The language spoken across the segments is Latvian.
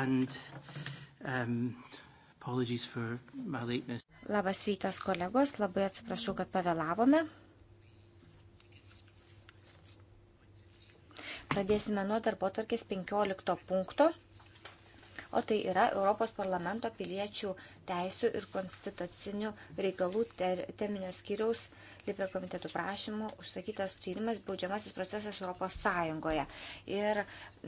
And, um, Labas rytas, kolegos, labai atsiprašau, kad pavėlavome. Pradėsime nuo darbo tarkės 15 punkto o tai yra Europos parlamento piliečių teisų ir konstitucinių reikalų teminio skyriaus Libė komitetų prašymų užsakytas tyrimas baudžiamasis procesas Europos Sąjungoje. Ir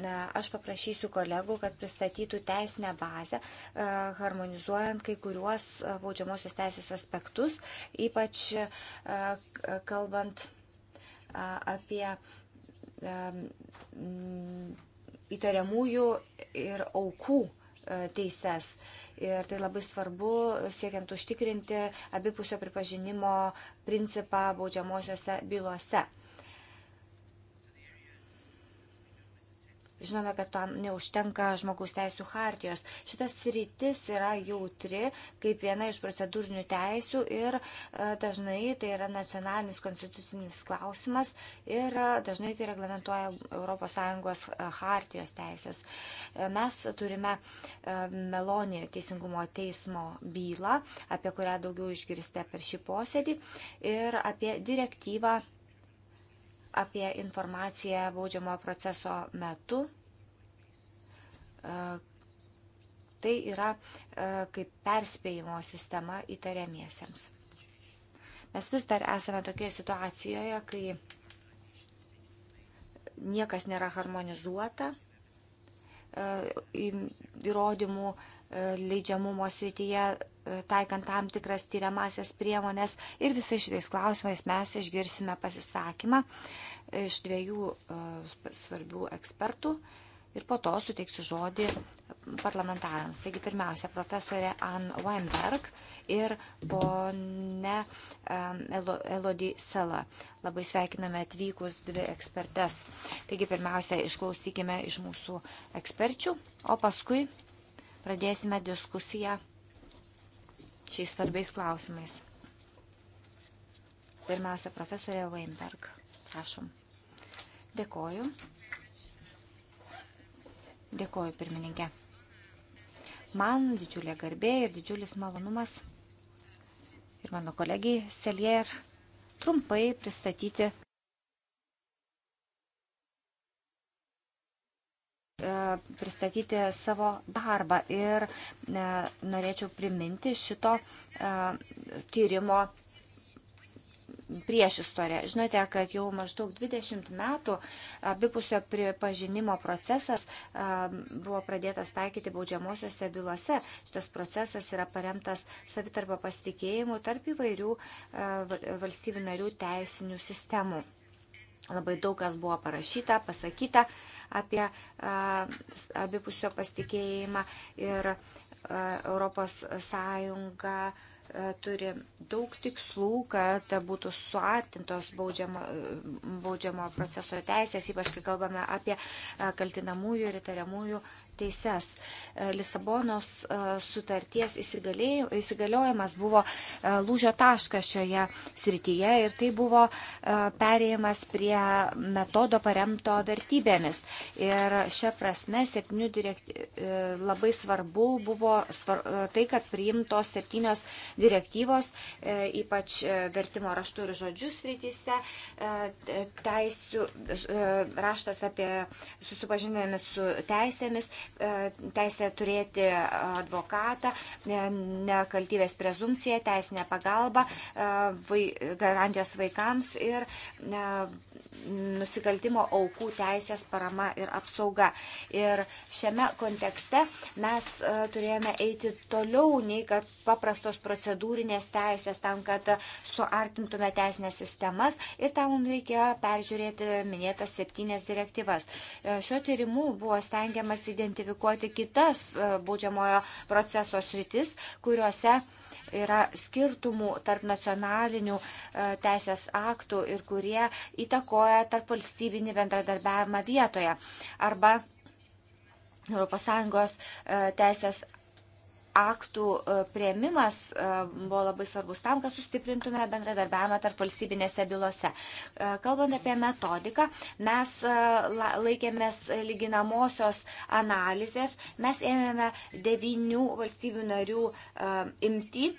na, aš paprašysiu kolegų, kad pristatytų teisinę bazę, e, harmonizuojant kai kuriuos e, baudžiamosios teisės aspektus, ypač e, kalbant apie įtariamųjų ir aukų E, teises. Ir tai labai svarbu, siekiant užtikrinti abipusio pripažinimo principą baudžiamosiose bylose. Žinome, kad tam neužtenka žmogaus teisų hartijos. Šitas rytis yra jautri kaip viena iš procedūrinių teisių ir e, dažnai tai yra nacionalinis konstitucinis klausimas ir e, dažnai tai reglamentuoja ES e, hartijos teisės. Mes turime Melonį teisingumo teismo bylą, apie kurią daugiau išgirste per šį posėdį ir apie direktyvą apie informaciją baudžiamo proceso metu. Tai yra e, kaip perspėjimo sistema įtariamiesiems. Mes vis dar esame tokioje situacijoje, kai niekas nėra harmonizuota, e, įrodymų leidžiamumo srityje, e, taikant tam tikras tyriamasias priemonės. Ir visais šitais klausimais mes išgirsime pasisakymą iš dviejų e, svarbių ekspertų. Ir po to suteiksiu žodį parlamentarams. Taigi pirmiausia, profesorė Ann Weinberg ir ponė e, Elodie Sela. Labai sveikiname atvykus dvi ekspertes. Taigi pirmiausia, išklausykime iš mūsų eksperčių, o paskui pradėsime diskusiją šiais svarbiais klausimais. Pirmiausia, profesorė Weinberg. Prašom. Dėkoju. Dėkoju, pirmininkė. Man didžiulė garbė ir didžiulis malonumas ir mano kolegijai Selier trumpai pristatyti E, pristatyti savo darbą. Ir e, norėčiau priminti šito e, tyrimo prieš istoriją. Žinote, kad jau maždaug 20 metų abipusio pripažinimo procesas buvo pradėtas taikyti baudžiamosiose bylose. Šitas procesas yra paremtas savitarpio pasitikėjimu tarp įvairių valstybių narių teisinių sistemų. Labai daug kas buvo parašyta, pasakyta apie abipusio pasitikėjimą ir Europos Sąjunga turi daug tikslų, kad būtų suartintos baudžiamo, baudžiamo proceso teisės, ypač kai kalbame apie kaltinamųjų ir įtariamųjų teises. E, Lisabonos e, sutarties įsigaliojimas buvo e, lūžio taškas šioje srityje ir tai buvo perėjimas prie metodo paremto vertybėmis. Ir šią prasme direkty... labai svarbu buvo svar... tai, kad priimtos septynios direktyvos, ypač vertimo raštų ir žodžių srityse, teisių, raštas apie susipažinėmis su teisėmis E, teisė turėti advokatą, e, nekaltybės prezumcija, teisinė pagalba, e, vai, garantijos vaikams ir nusikaltimo aukų teisės parama ir apsauga. Ir šiame kontekste mes e, turėjome eiti toliau nei kad paprastos procedūrinės teisės tam, kad suartintume teisinės sistemas ir tam mums reikėjo peržiūrėti minėtas septynės direktyvas. E, šiuo tyrimu buvo stengiamas identifikuoti kitas e, baudžiamojo proceso sritis, kuriuose yra skirtumų tarp nacionalinių e, teisės aktų ir kurie įtakoja tarp valstybinį bendradarbiavimą vietoje. Arba ES e, teisės aktų e, prieimimas e, buvo labai svarbus tam, kad sustiprintume bendradarbiavimą tarp valstybinėse bylose. E, kalbant apie metodiką, mes laikėmės lyginamosios analizės, mes ėmėme devinių valstybių narių imti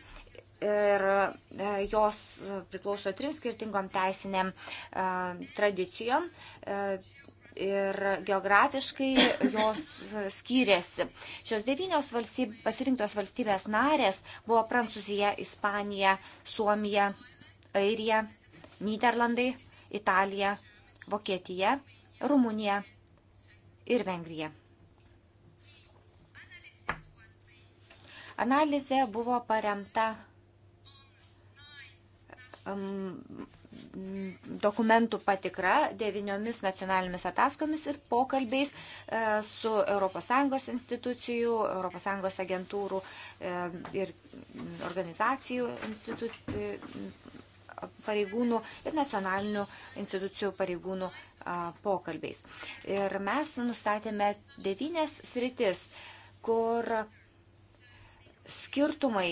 ir jos priklauso trim skirtingom teisiniam tradicijom ir geografiškai jos skyrėsi. Šios devynios valstyb, pasirinktos valstybės narės buvo Prancūzija, Ispanija, Suomija, Airija, Niderlandai, Italija, Vokietija, Rumunija ir Vengrija. Analizė buvo paremta um, dokumentų patikra deviniomis nacionalinėmis ataskomis ir pokalbiais e, su ES institucijų, ES agentūrų e, ir organizacijų institucijų e, pareigūnų ir nacionalinių institucijų pareigūnų pokalbiais. Ir mes nustatėme devynės sritis, kur skirtumai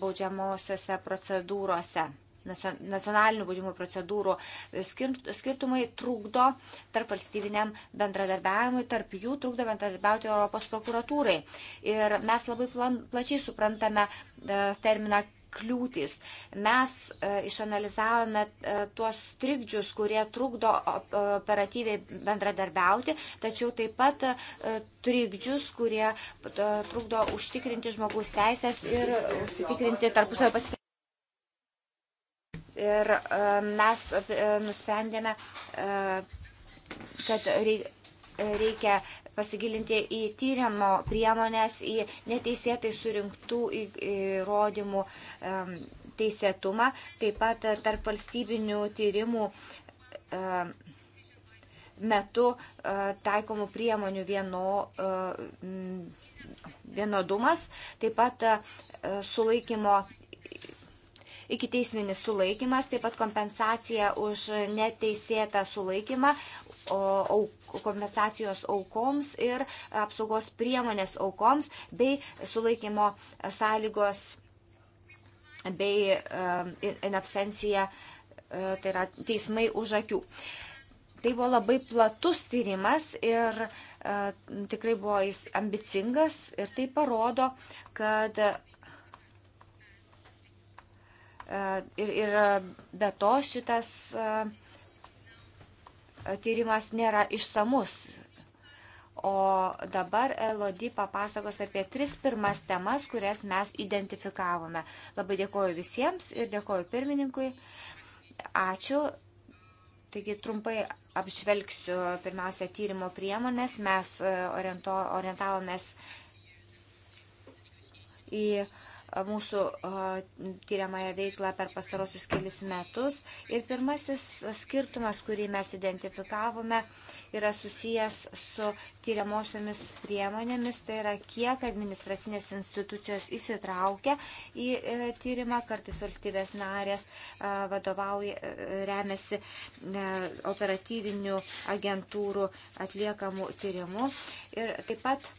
baudžiamosiose procedūrose nacionalinių baudžiamų procedūrų skirtumai trukdo tarp valstybiniam bendradarbiavimui, tarp jų trukdo bendradarbiauti Europos prokuratūrai. Ir mes labai plan, plačiai suprantame e, terminą kliūtis. Mes e, išanalizavome e, tuos trikdžius, kurie trukdo operatyviai bendradarbiauti, tačiau taip pat trikdžius, kurie trukdo užtikrinti žmogaus teisės ir užsitikrinti tarpusavio pasitikėjimą. Ir mes nusprendėme, kad reikia pasigilinti į tyrimo priemonės, į neteisėtai surinktų įrodymų teisėtumą, taip pat tarp valstybinių tyrimų metu e, taikomų priemonių vieno, e, vienodumas, taip pat e, sulaikymo iki teisminis sulaikimas, taip pat kompensacija už neteisėtą sulaikimą, kompensacijos aukoms ir apsaugos priemonės aukoms bei sulaikimo sąlygos bei in absencija, e, tai yra teismai už akių. Tai buvo labai platus tyrimas ir e, tikrai buvo jis ambicingas ir tai parodo, kad Uh, ir, ir uh, be to šitas uh, tyrimas nėra išsamus. O dabar Elodį papasakos apie tris pirmas temas, kurias mes identifikavome. Labai dėkoju visiems ir dėkoju pirmininkui. Ačiū. Taigi trumpai apžvelgsiu pirmiausia tyrimo priemonės. Mes orientavomės į uh, mūsų tyriamąją veiklą per pastarosius kelis metus. Ir pirmasis skirtumas, kurį mes identifikavome, yra susijęs su tyriamosiomis priemonėmis, tai yra kiek administracinės institucijos įsitraukia į e, tyrimą, kartais valstybės narės vadovauja, e, remiasi e, operatyvinių agentūrų atliekamų tyrimų. Ir taip pat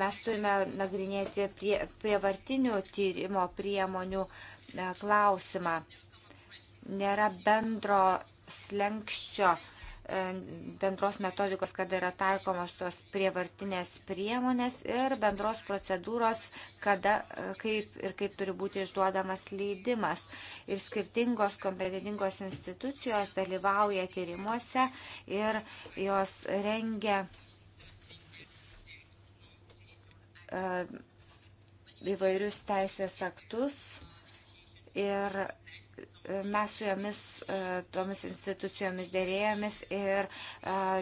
mes turime nagrinėti prie, prievartinių tyrimo priemonių e, klausimą. Nėra bendro slengščio, e, bendros metodikos, kada yra taikomos tos prievartinės priemonės ir bendros procedūros, kada, e, kaip ir kaip turi būti išduodamas leidimas. Ir skirtingos kompetentingos institucijos dalyvauja tyrimuose ir jos rengia Uh, įvairius teisės aktus ir uh, mes su jomis, uh, tomis institucijomis dėrėjomės ir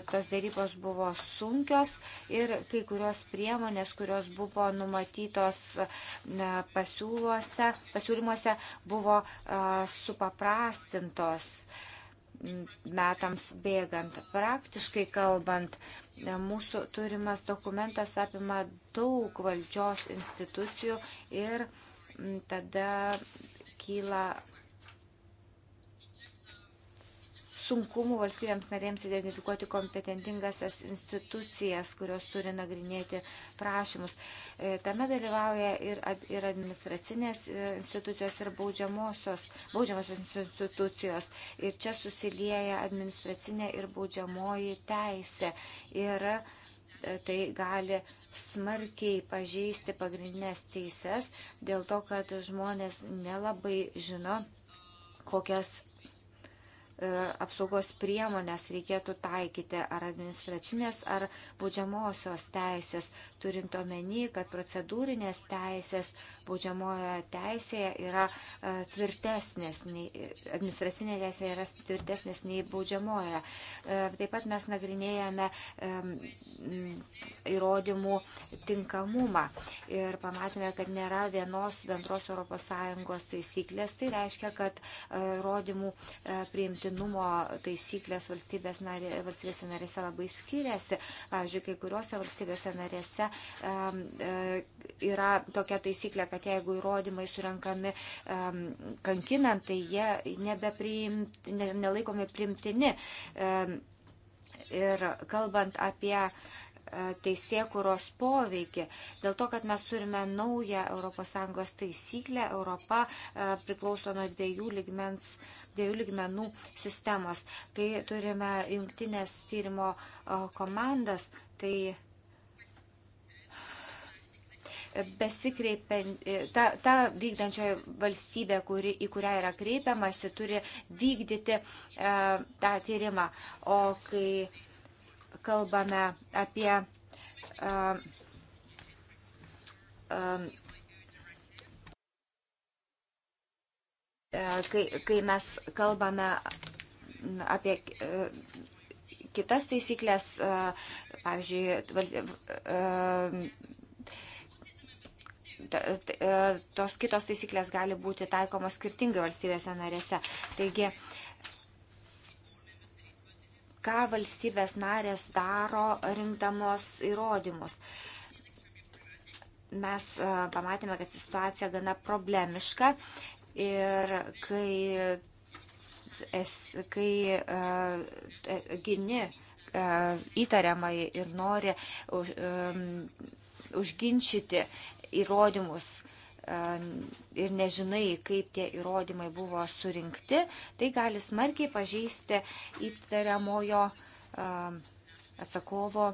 tos dėrybos buvo sunkios ir kai kurios priemonės, kurios buvo numatytos pasiūlymuose, buvo supaprastintos metams bėgant. Praktiškai kalbant, mūsų turimas dokumentas apima daug valdžios institucijų ir tada kyla sunkumų valstybėms narėms identifikuoti kompetentingasias institucijas, kurios turi nagrinėti prašymus. E, tame dalyvauja ir, ir administracinės e, institucijos, ir baudžiamosios, baudžiamosios institucijos. Ir čia susilieja administracinė ir baudžiamoji teisė. Ir e, tai gali smarkiai pažeisti pagrindinės teises dėl to, kad žmonės nelabai žino kokias E, apsaugos priemonės reikėtų taikyti ar administracinės, ar būdžiamosios teisės, turint omeny, kad procedūrinės teisės būdžiamojoje teisėje yra e, tvirtesnės, nei, administracinė teisė yra tvirtesnės nei būdžiamojoje. E, taip pat mes nagrinėjame įrodymų tinkamumą ir pamatėme, kad nėra vienos bendros ES taisyklės. Tai reiškia, kad įrodymų priimti būtinumo taisyklės valstybės narė, valstybėse narėse labai skiriasi. Pavyzdžiui, kai kuriuose valstybėse narėse e, yra tokia taisyklė, kad jeigu įrodymai surenkami kankinant, tai jie nebepriimt, ne, nelaikomi primtini. Ir kalbant apie e, teisėkuros poveikį. Dėl to, kad mes turime naują ES taisyklę, Europa e, priklauso nuo dviejų ligmens dviejų lygmenų sistemos. Kai turime jungtinės tyrimo komandas, tai e, ta, ta vykdančioji valstybė, kuri, į kurią yra kreipiamasi, turi vykdyti e, tą tyrimą. O kai kalbame apie e, e, E, kai, kai mes kalbame apie e, kitas taisyklės, e, pavyzdžiui, tos kitos taisyklės gali būti taikomos skirtingai valstybėse narėse. Taigi, ką valstybės narės daro rinkdamos įrodymus? Mes pamatėme, kad situacija gana problemiška Ir kai, es, kai uh, gini uh, įtariamai ir nori uh, um, užginčyti įrodymus, uh, ir nežinai, kaip tie įrodymai buvo surinkti, tai gali smarkiai pažeisti įtariamojo atsakovo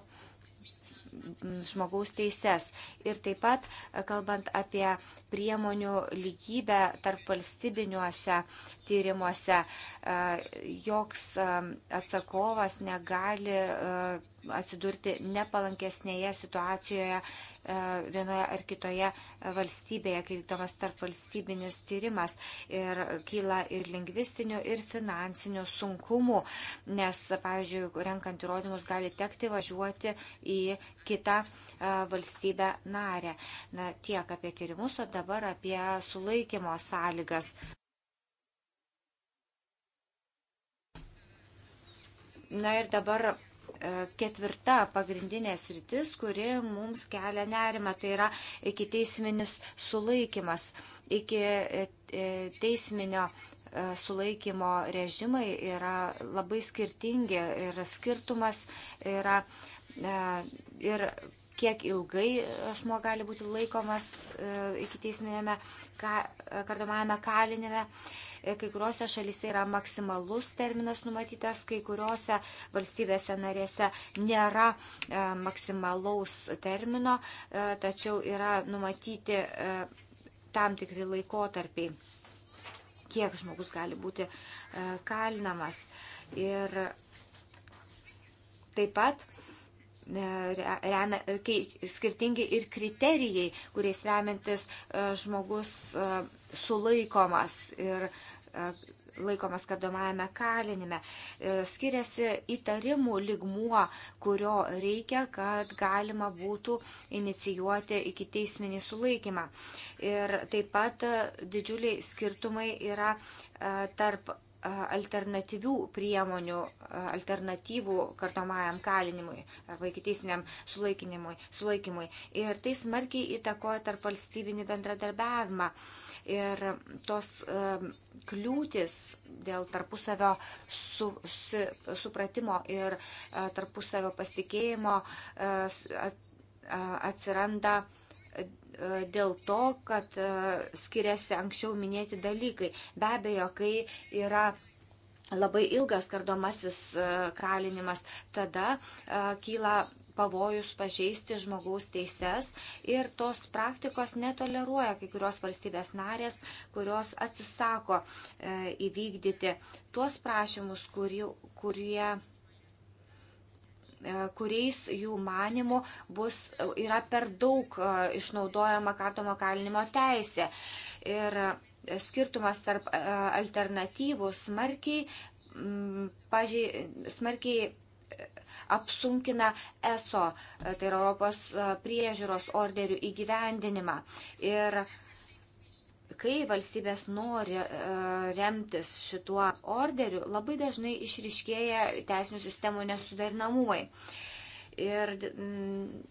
žmogaus teises. Ir taip pat, e, kalbant apie priemonių lygybę tarp valstybiniuose tyrimuose, e, joks e, atsakovas negali atsidurti nepalankesnėje situacijoje e, vienoje ar kitoje valstybėje, kai vykdomas tarp valstybinis tyrimas ir kyla ir lingvistinių, ir finansinių sunkumų, nes, pavyzdžiui, renkant įrodymus gali tekti važiuoti į kitą e, valstybę narę. Na, tiek apie tyrimus, o dabar apie sulaikymo sąlygas. Na ir dabar ketvirta pagrindinė sritis, kuri mums kelia nerimą, tai yra iki teisminis sulaikimas. E, iki teisminio e, sulaikymo režimai yra labai skirtingi ir skirtumas yra e, ir kiek ilgai asmo gali būti laikomas iki teisminėme kardomajame kalinime. Ka, E, kai kuriuose šalyse yra maksimalus terminas numatytas, kai kuriuose valstybėse narėse nėra e, maksimalaus termino, e, tačiau yra numatyti tam tikri laikotarpiai kiek žmogus gali būti kalinamas. Ir taip pat remia, skirtingi ir kriterijai, kuriais remiantis žmogus sulaikomas ir e, laikomas kardomajame kalinime. E, skiriasi įtarimų ligmuo, kurio reikia, kad galima būtų inicijuoti iki teisminį sulaikymą. Ir taip pat e, didžiuliai skirtumai yra tarp alternatyvių priemonių, alternatyvų kardomajam kalinimui arba ikiteisiniam sulaikinimui, sulaikimui. Ir tai smarkiai įtakoja tarp valstybinį bendradarbiavimą. Ir tos kliūtis dėl tarpusavio su, su, supratimo ir tarpusavio pasitikėjimo atsiranda E, dėl to, kad e, skiriasi anksčiau minėti dalykai. Be abejo, kai yra labai ilgas kardomasis e, kalinimas, tada kyla pavojus pažeisti žmogaus teises ir tos praktikos netoleruoja kai kurios valstybės narės, kurios atsisako įvykdyti tuos prašymus, kurie, kurie E, kuriais jų manimų bus, yra per daug e, išnaudojama kartomo kalinimo teisė. Ir skirtumas tarp e, alternatyvų smarkiai, pažiūrėjau, smarkiai apsunkina ESO, tai yra Europos priežiūros orderių įgyvendinimą. Ir uh, kai valstybės nori e, remtis šituo orderiu, labai dažnai išriškėja teisinių sistemų nesuderinamumai. Ir mm,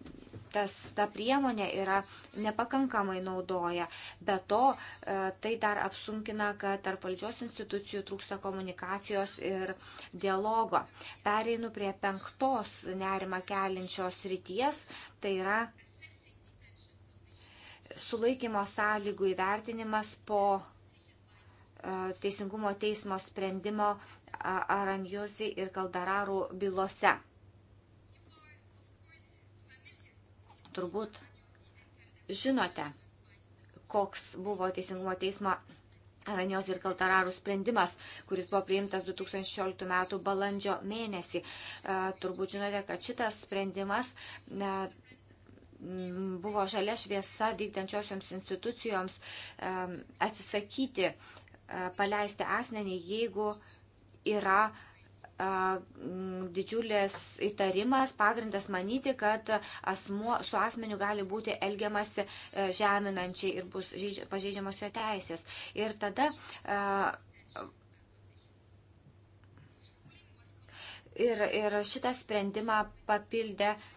tas, ta priemonė yra nepakankamai naudoja. Be to, e, tai dar apsunkina, kad tarp valdžios institucijų trūksta komunikacijos ir dialogo. Pereinu prie penktos nerima kelinčios ryties, tai yra sulaikymo sąlygų įvertinimas po e, Teisingumo teismo sprendimo Aranjuzi ir Kaldararų bylose. Turbūt žinote, koks buvo Teisingumo teismo Aranios ir Kaltararų sprendimas, kuris buvo priimtas 2016 m. balandžio mėnesį. E, turbūt žinote, kad šitas sprendimas e, buvo žalia šviesa vykdančiosioms institucijoms atsisakyti e, paleisti asmenį, jeigu yra e, didžiulės įtarimas, pagrindas manyti, kad asmuo, su asmeniu gali būti elgiamasi e, žeminančiai ir bus pažeidžiamos jo teisės. Ir tada ir, ir šitą sprendimą papildė uh,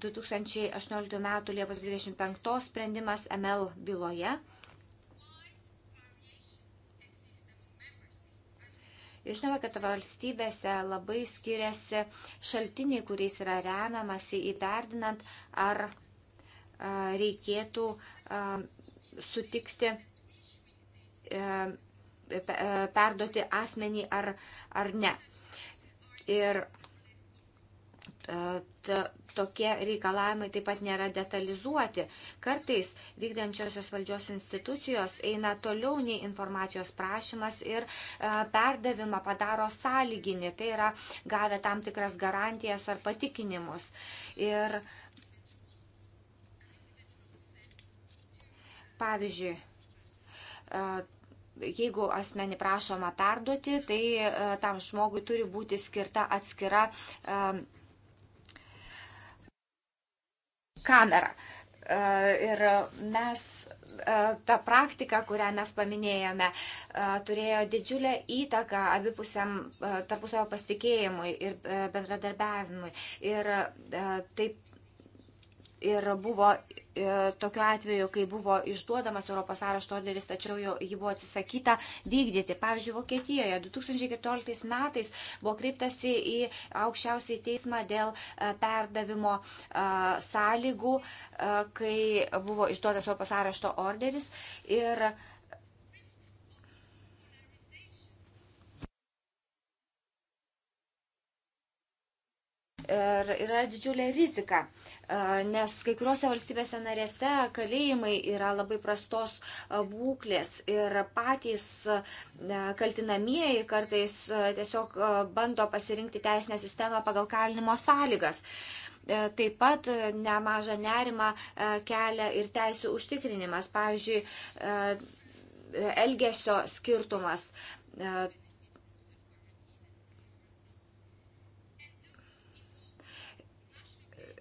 2018 m. Liepos 25 sprendimas ML byloje. Žinoma, kad valstybėse labai skiriasi šaltiniai, kuriais yra renamasi įverdinant, ar reikėtų sutikti e, e, perduoti asmenį ar, ar ne. Ir ta, tokie reikalavimai taip pat nėra detalizuoti. Kartais vykdančiosios valdžios institucijos eina toliau nei informacijos prašymas ir e, perdavimą padaro sąlyginį, tai yra gavę tam tikras garantijas ar patikinimus. Ir pavyzdžiui, e, jeigu asmenį prašoma perduoti, tai e, tam žmogui turi būti skirta atskira e, kamerą. E, ir mes e, ta praktika, kurią mes paminėjome, e, turėjo didžiulę įtaką abipusiam tarpusavio pasitikėjimui ir bendradarbiavimui. Ir taip ir buvo E, tokiu atveju, kai buvo išduodamas Europos arešto orderis, tačiau jį buvo atsisakyta vykdyti. Pavyzdžiui, Vokietijoje 2014 metais buvo kreiptasi į aukščiausiai teismą dėl e, perdavimo e, sąlygų, kai buvo išduotas Europos arešto orderis. Ir Ir yra didžiulė rizika, nes kai kuriuose valstybėse narėse kalėjimai yra labai prastos būklės ir patys kaltinamieji kartais tiesiog bando pasirinkti teisinę sistemą pagal kalinimo sąlygas. E, taip pat e, nemažą nerimą e, kelia ir teisų užtikrinimas, pavyzdžiui, elgesio skirtumas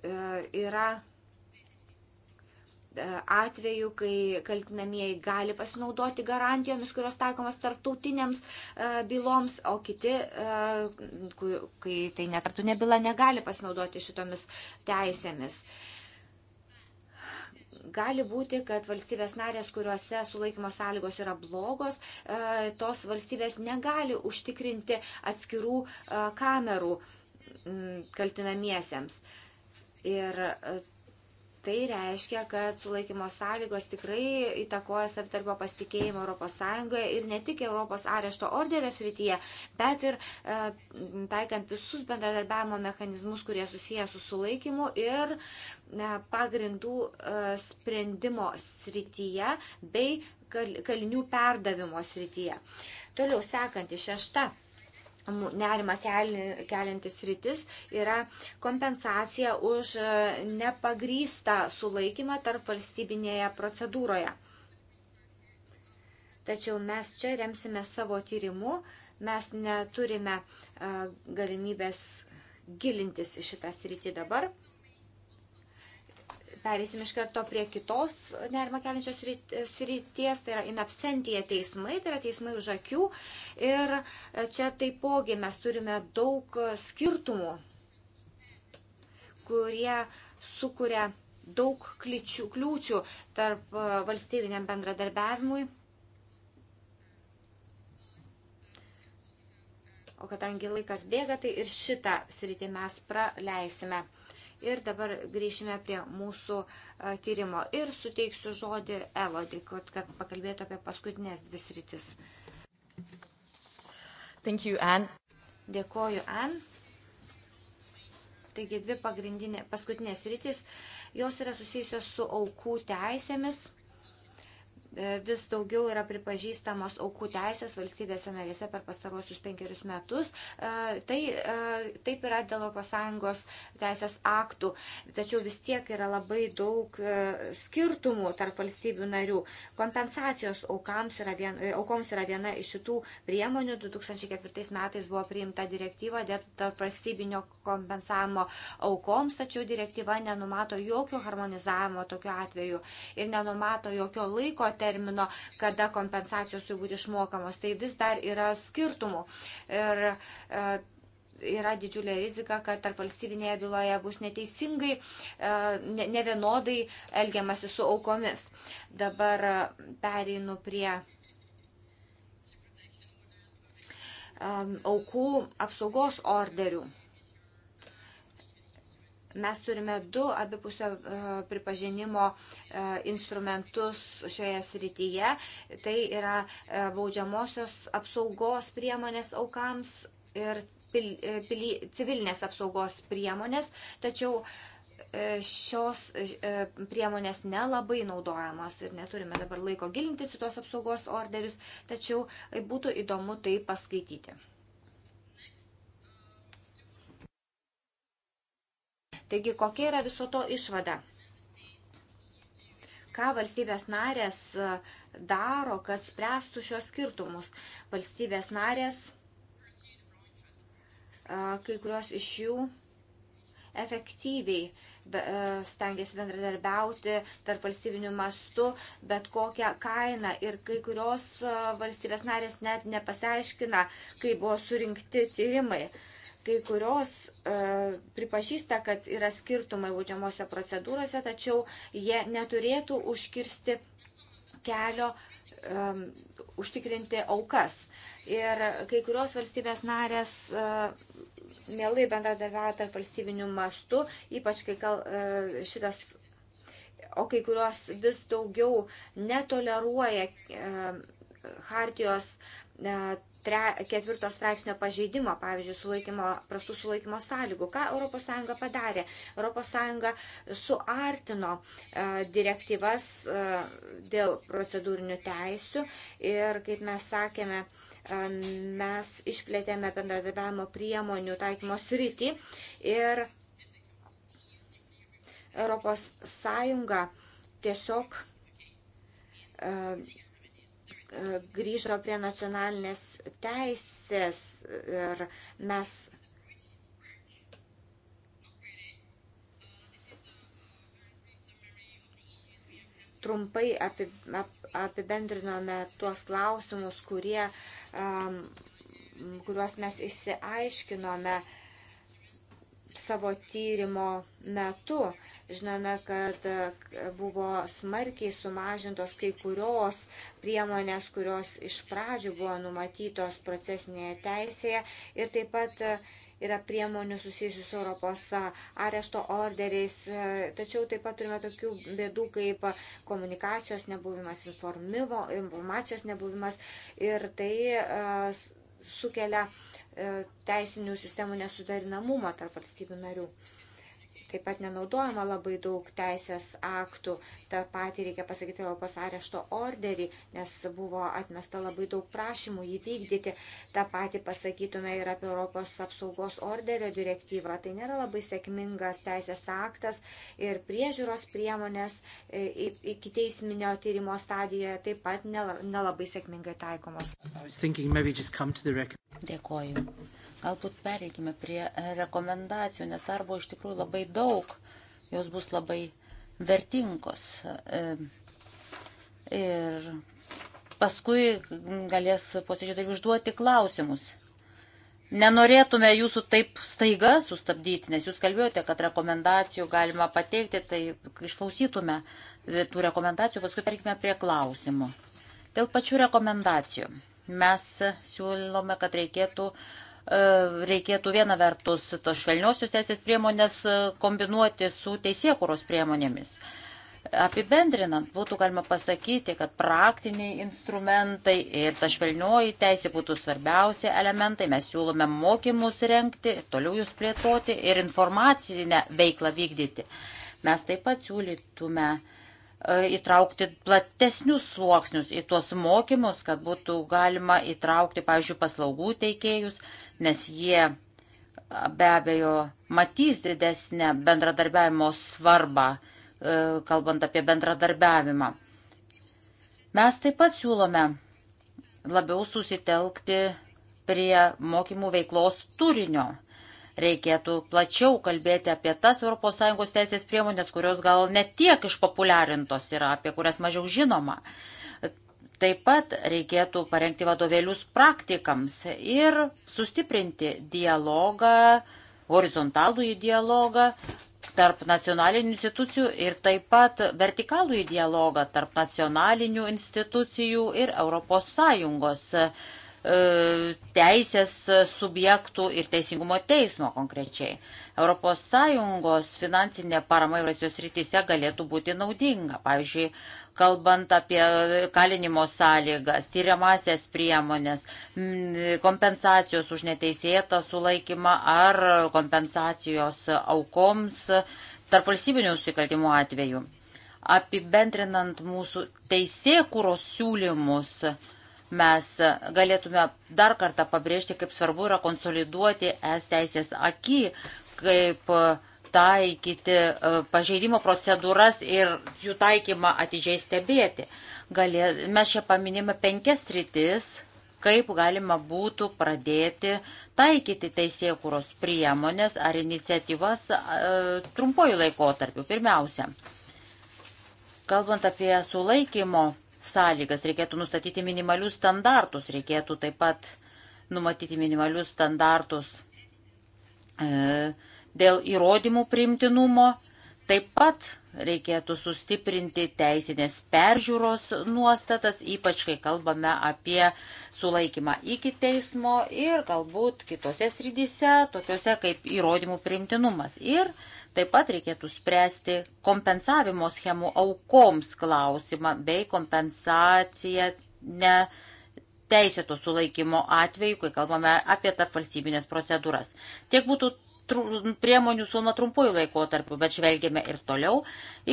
E, yra e, atveju, kai kaltinamieji gali pasinaudoti garantijomis, kurios taikomas tarptautiniams e, byloms, o kiti, kai tai netartunė byla, negali pasinaudoti šitomis teisėmis. Gali būti, kad valstybės narės, kuriuose sulaikymo sąlygos yra blogos, tos valstybės negali užtikrinti atskirų kamerų kaltinamiesiems. Ir e, tai reiškia, kad sulaikymo sąlygos tikrai įtakoja savitarpio pasitikėjimą ES ir ne tik Europos arešto orderio srityje, bet ir e, taikant visus bendradarbiavimo mechanizmus, kurie susiję su sulaikymu ir e, pagrindų e, sprendimo srityje bei kal, kalinių perdavimo srityje. Toliau sekanti šešta nerima keliantis rytis yra kompensacija už e, nepagrystą sulaikymą tarp valstybinėje procedūroje. Tačiau mes čia remsime savo tyrimu, mes neturime e, galimybės gilintis į šitą sritį dabar. Pereisim iš karto prie kitos nerima keliančios srities, tai yra inapsentija teismai, tai yra teismai už akių. Ir e, čia taipogi mes turime daug skirtumų, kurie sukuria daug kličių, kliūčių tarp e, valstybiniam bendradarbiavimui. O kadangi laikas bėga, tai ir šitą sritį mes praleisime. Ir dabar grįžime prie mūsų tyrimo ir suteiksiu žodį Elodį, kad, kad pakalbėtų apie paskutinės dvi sritis. Thank you, Anne. Dėkoju, Anne. Taigi dvi pagrindinė, paskutinės rytis, jos yra susijusios su aukų teisėmis vis daugiau yra pripažįstamos aukų teisės valstybėse narėse per pastarosius penkerius metus. E, tai e, taip yra dėl ES teisės aktų, tačiau vis tiek yra labai daug e, skirtumų tarp valstybių narių. Kompensacijos aukams yra vien, aukoms yra viena iš šitų priemonių. 2004 metais buvo priimta direktyva dėl valstybinio kompensavimo aukoms, tačiau direktyva nenumato jokio harmonizavimo tokiu atveju ir nenumato jokio laiko termino termino, kada kompensacijos turi būti išmokamos. Tai vis dar yra skirtumų. Ir, e, Yra didžiulė rizika, kad tarp valstybinėje byloje bus neteisingai, e, nevienodai elgiamasi su aukomis. Dabar e, pereinu prie aukų apsaugos orderių. Mes turime du abipusio e, pripažinimo e, instrumentus šioje srityje. Tai yra e, baudžiamosios apsaugos priemonės aukams ir pil, pil, civilinės apsaugos priemonės. Tačiau šios priemonės nelabai naudojamos ir neturime dabar laiko gilintis į tos apsaugos orderius, tačiau būtų įdomu tai paskaityti. Taigi, kokia yra viso to išvada? Ką valstybės narės e, daro, kad spręstų šios skirtumus? Valstybės narės, e, kai kurios iš jų efektyviai e, stengiasi bendradarbiauti tarp valstybinių mastų, bet kokią kainą. Ir kai kurios valstybės narės net nepasiaiškina, kai buvo surinkti tyrimai. Uh, Kai kurios e, pripažįsta, kad yra skirtumai būdžiamosios procedūrose, tačiau jie neturėtų užkirsti kelio e, užtikrinti aukas. Ir kai kurios valstybės narės e, mielai bendradarbiauja tarp valstybinių mastų, ypač kai kal, e, šitas o kai kurios vis daugiau netoleruoja e, Hartijos E, tre, ketvirto straipsnio pažeidimo, pavyzdžiui, sulaikymo, prastų sulaikymo sąlygų. Ką ES padarė? ES suartino e, direktyvas e, dėl procedūrinių teisių ir, kaip mes sakėme, mes išplėtėme bendradarbiavimo priemonių taikymo sritį ir ES tiesiog grįžo prie nacionalinės teisės ir mes trumpai apibendrinome tuos klausimus, kurie, kuriuos mes išsiaiškinome savo tyrimo metu. Žinome, kad e, buvo smarkiai sumažintos kai kurios priemonės, kurios iš pradžių buvo numatytos procesinėje teisėje ir taip pat e, yra priemonių susijusių su Europos arešto orderiais, e, tačiau taip pat turime tokių bėdų kaip komunikacijos nebuvimas, informacijos nebuvimas ir tai sukelia teisinių sistemų nesuderinamumą tarp valstybių narių. Taip pat nenaudojama labai daug teisės aktų. Ta pati reikia pasakyti Europos arešto orderį, nes buvo atmesta labai daug prašymų jį vykdyti. Ta pati pasakytume ir apie Europos apsaugos orderio direktyvą. Tai nėra labai sėkmingas teisės aktas ir priežiūros priemonės e, iki teisminio tyrimo stadijoje taip pat nelabai sėkmingai taikomos. Dėkoju. Galbūt pereikime prie rekomendacijų, nes darbo iš tikrųjų labai daug, jos bus labai vertingos. E, ir paskui galės posėdžio dalyvių užduoti klausimus. Nenorėtume jūsų taip staiga sustabdyti, nes jūs kalbėjote, kad rekomendacijų galima pateikti, tai išklausytume tų rekomendacijų, paskui tarkime prie klausimų. Dėl pačių rekomendacijų mes siūlome, kad reikėtų E, reikėtų viena vertus tos švelniosios teisės priemonės e, kombinuoti su teisėkuros priemonėmis. Apibendrinant, būtų galima pasakyti, kad praktiniai instrumentai ir ta švelnioji teisė būtų svarbiausi elementai. Mes siūlome mokymus renkti, toliau jūs plėtoti ir informacinę veiklą vykdyti. Mes taip pat siūlytume uh, E, įtraukti platesnius sluoksnius į tuos mokymus, kad būtų galima įtraukti, pavyzdžiui, paslaugų teikėjus, nes jie be abejo matys didesnę bendradarbiavimo svarbą, e, kalbant apie bendradarbiavimą. Mes taip pat siūlome labiau susitelkti prie mokymų veiklos turinio Reikėtų plačiau kalbėti apie tas ES teisės priemonės, kurios gal netiek išpopuliarintos yra, apie kurias mažiau žinoma. Taip pat reikėtų parengti vadovėlius praktikams ir sustiprinti dialogą, horizontalų į dialogą tarp nacionalinių institucijų ir taip pat vertikalų į dialogą tarp nacionalinių institucijų ir ES E, teisės subjektų ir teisingumo teismo konkrečiai. ES finansinė parama įvairiose rytise galėtų būti naudinga. Pavyzdžiui, kalbant apie kalinimo sąlygas, tyriamasias priemonės, kompensacijos už neteisėtą sulaikymą ar kompensacijos aukoms tarp valstybinių nusikaltimų atveju. Apibendrinant mūsų teisėkūros siūlymus, mes galėtume dar kartą pabrėžti, kaip svarbu yra konsoliduoti es teisės akį, kaip e, taikyti e, pažeidimo procedūras ir jų taikymą atidžiai stebėti. Galė, mes čia paminime penkias rytis, kaip galima būtų pradėti taikyti teisėkūros priemonės ar iniciatyvas e, trumpoju laikotarpiu. Pirmiausia, kalbant apie sulaikymo sąlygas, reikėtų nustatyti minimalius standartus, reikėtų taip pat numatyti minimalius standartus e, dėl įrodymų primtinumo, taip pat reikėtų sustiprinti teisinės peržiūros nuostatas, ypač kai kalbame apie sulaikymą iki teismo ir galbūt kitose srityse, tokiuose kaip įrodymų primtinumas. Ir Taip pat reikėtų spręsti kompensavimo schemų aukoms klausimą bei kompensaciją ne teisėto sulaikymo atveju, kai kalbame apie tarp valstybinės procedūras. Tiek būtų priemonių suma trumpųjų laikotarpių, bet žvelgėme ir toliau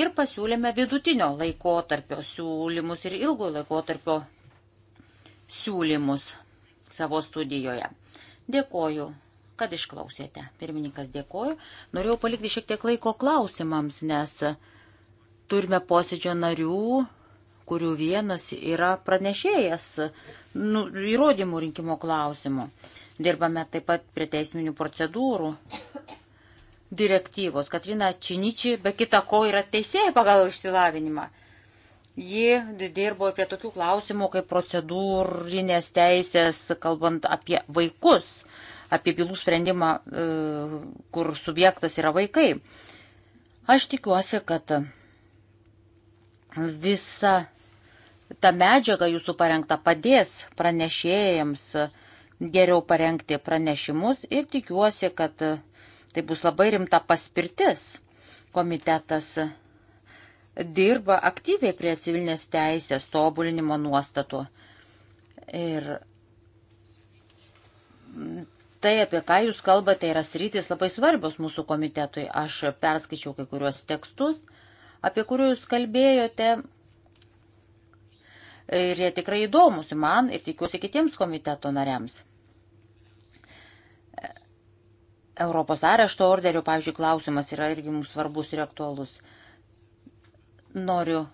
ir pasiūlėme vidutinio laikotarpio siūlymus ir ilgojo laikotarpio siūlymus savo studijoje. Dėkoju kad išklausėte. Pirmininkas dėkoju. Norėjau palikti šiek tiek laiko klausimams, nes turime posėdžio narių, kurių vienas yra pranešėjas nu, įrodymų rinkimo klausimų. Dirbame taip pat prie teisminių procedūrų direktyvos. Katrina Činičiai, be kita ko, yra teisėja pagal išsilavinimą. Ji dirbo prie tokių klausimų kaip procedūrinės teisės, kalbant apie vaikus apie bylų sprendimą, e, kur subjektas yra vaikai. Aš tikiuosi, kad visa ta medžiaga jūsų parengta padės pranešėjams geriau parengti pranešimus ir tikiuosi, kad tai bus labai rimta paspirtis. Komitetas dirba aktyviai prie civilinės teisės tobulinimo nuostatų. Ir tai, apie ką jūs kalbate, yra sritis labai svarbios mūsų komitetui. Aš perskaičiau kai kuriuos tekstus, apie kuriuos jūs kalbėjote. Ir jie tikrai įdomus man ir tikiuosi kitiems komiteto nariams. Europos arešto orderio, pavyzdžiui, klausimas yra irgi mums svarbus ir aktualus. Noriu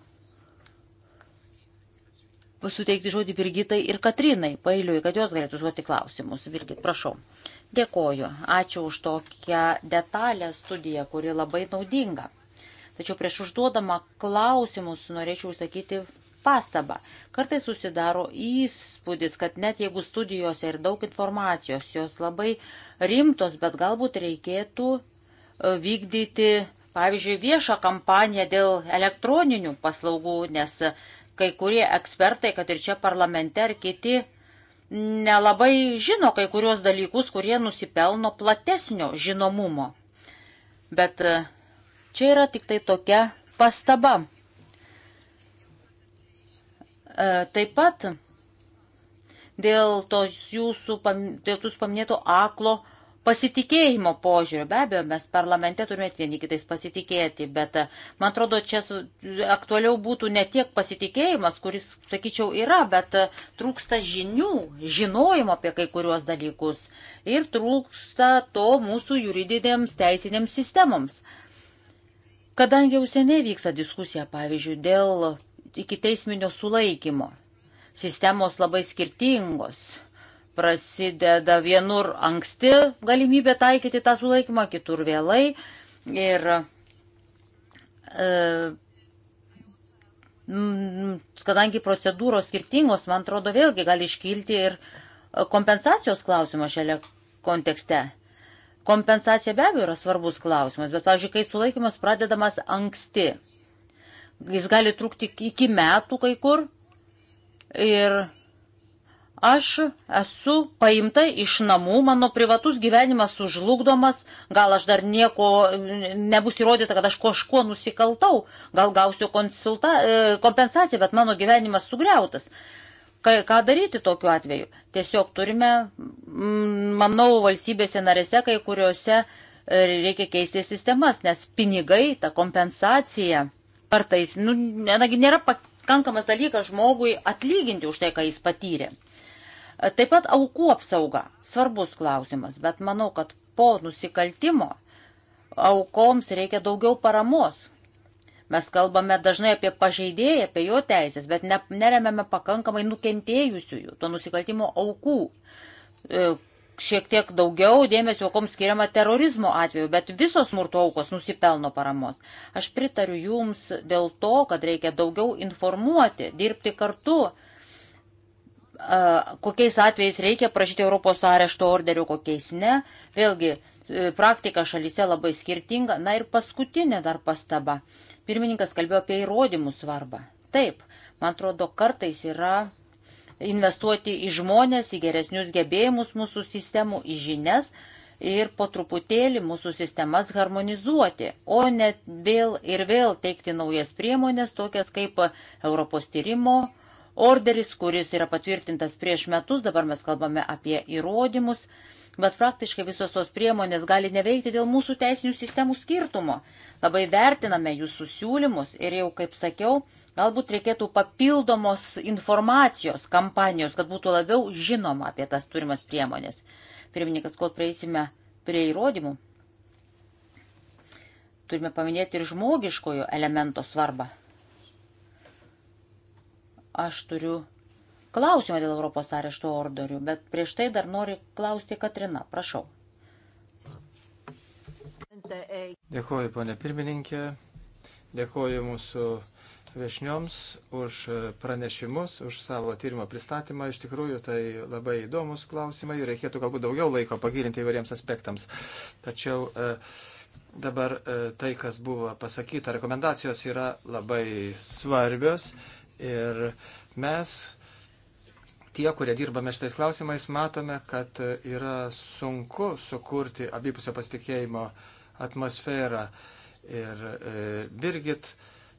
suteikti žodį Birgitai ir Katrinai, pailiui, kad jos galėtų užduoti klausimus. Birgit, prašau. Dėkoju. Ačiū už tokią detalę studiją, kuri labai naudinga. Tačiau prieš užduodama klausimus norėčiau sakyti pastabą. Kartai susidaro įspūdis, kad net jeigu studijose ir daug informacijos, jos labai rimtos, bet galbūt reikėtų e, vykdyti, pavyzdžiui, viešą kampaniją dėl elektroninių paslaugų, nes kai kurie ekspertai, kad ir čia parlamente ar kiti, nelabai žino kai kurios dalykus, kurie nusipelno platesnio žinomumo. Bet e, čia yra tik tai tokia pastaba. E, taip pat dėl tos jūsų, dėl jūsų paminėto aklo pasitikėjimo požiūrio. Be abejo, mes parlamente turime vieni kitais pasitikėti, bet e, man atrodo, čia aktualiau būtų ne tiek pasitikėjimas, kuris, sakyčiau, yra, bet e, trūksta žinių, žinojimo apie kai kuriuos dalykus ir trūksta to mūsų juridinėms teisinėms sistemoms. Kadangi jau seniai vyksta diskusija, pavyzdžiui, dėl iki teisminio sulaikymo. Sistemos labai skirtingos prasideda vienur anksti galimybė taikyti tą sulaikymą, kitur vėlai. Ir e, kadangi procedūros skirtingos, man atrodo, vėlgi gali iškilti ir kompensacijos klausimas šalia kontekste. Kompensacija be abejo yra svarbus klausimas, bet, pavyzdžiui, kai sulaikimas pradedamas anksti, jis gali trukti iki metų kai kur ir Aš esu paimta iš namų, mano privatus gyvenimas sužlugdomas, gal aš dar nieko, nebus įrodyta, kad aš kažkuo nusikaltau, gal gausiu konsulta, e, kompensaciją, bet mano gyvenimas sugriautas. Ką, ką daryti tokiu atveju? Tiesiog turime, mm, manau, valstybėse narėse, kai kuriuose e, reikia keisti sistemas, nes pinigai, ta kompensacija, kartais, nu, nėra pakankamas dalykas žmogui atlyginti už tai, ką jis patyrė. Taip pat aukų apsauga. Svarbus klausimas, bet manau, kad po nusikaltimo aukoms reikia daugiau paramos. Mes kalbame dažnai apie pažeidėją, apie jo teisės, bet ne, neremiame pakankamai nukentėjusiųjų, to nusikaltimo aukų. E, šiek tiek daugiau dėmesio aukoms skiriama terorizmo atveju, bet visos smurto aukos nusipelno paramos. Aš pritariu jums dėl to, kad reikia daugiau informuoti, dirbti kartu kokiais atvejais reikia prašyti Europos arešto orderių, kokiais ne. Vėlgi, e, praktika šalyse labai skirtinga. Na ir paskutinė dar pastaba. Pirmininkas kalbėjo apie įrodymų svarbą. Taip, man atrodo, kartais yra investuoti į žmonės, į geresnius gebėjimus mūsų sistemų, į žinias ir po truputėlį mūsų sistemas harmonizuoti, o ne vėl ir vėl teikti naujas priemonės, tokias kaip Europos tyrimo orderis, kuris yra patvirtintas prieš metus, dabar mes kalbame apie įrodymus, bet praktiškai visos tos priemonės gali neveikti dėl mūsų teisinių sistemų skirtumo. Labai vertiname jūsų siūlymus ir jau, kaip sakiau, galbūt reikėtų papildomos informacijos kampanijos, kad būtų labiau žinoma apie tas turimas priemonės. Pirmininkas, kol prieisime prie įrodymų turime paminėti ir žmogiškojo elemento svarbą. Aš turiu klausimą dėl Europos arešto orderių, bet prieš tai dar noriu klausti Katrina. Prašau. Dėkuoju, ponė pirmininkė. Dėkuoju mūsų viešnioms už pranešimus, už savo tyrimo pristatymą. Iš tikrųjų, tai labai įdomus klausimai. Reikėtų galbūt daugiau laiko pagilinti įvairiems aspektams. Tačiau e, dabar e, tai, kas buvo pasakyta, rekomendacijos yra labai svarbios Ir mes, tie, kurie dirbame šitais klausimais, matome, kad yra sunku sukurti abipusio pasitikėjimo atmosferą. Ir e, Birgit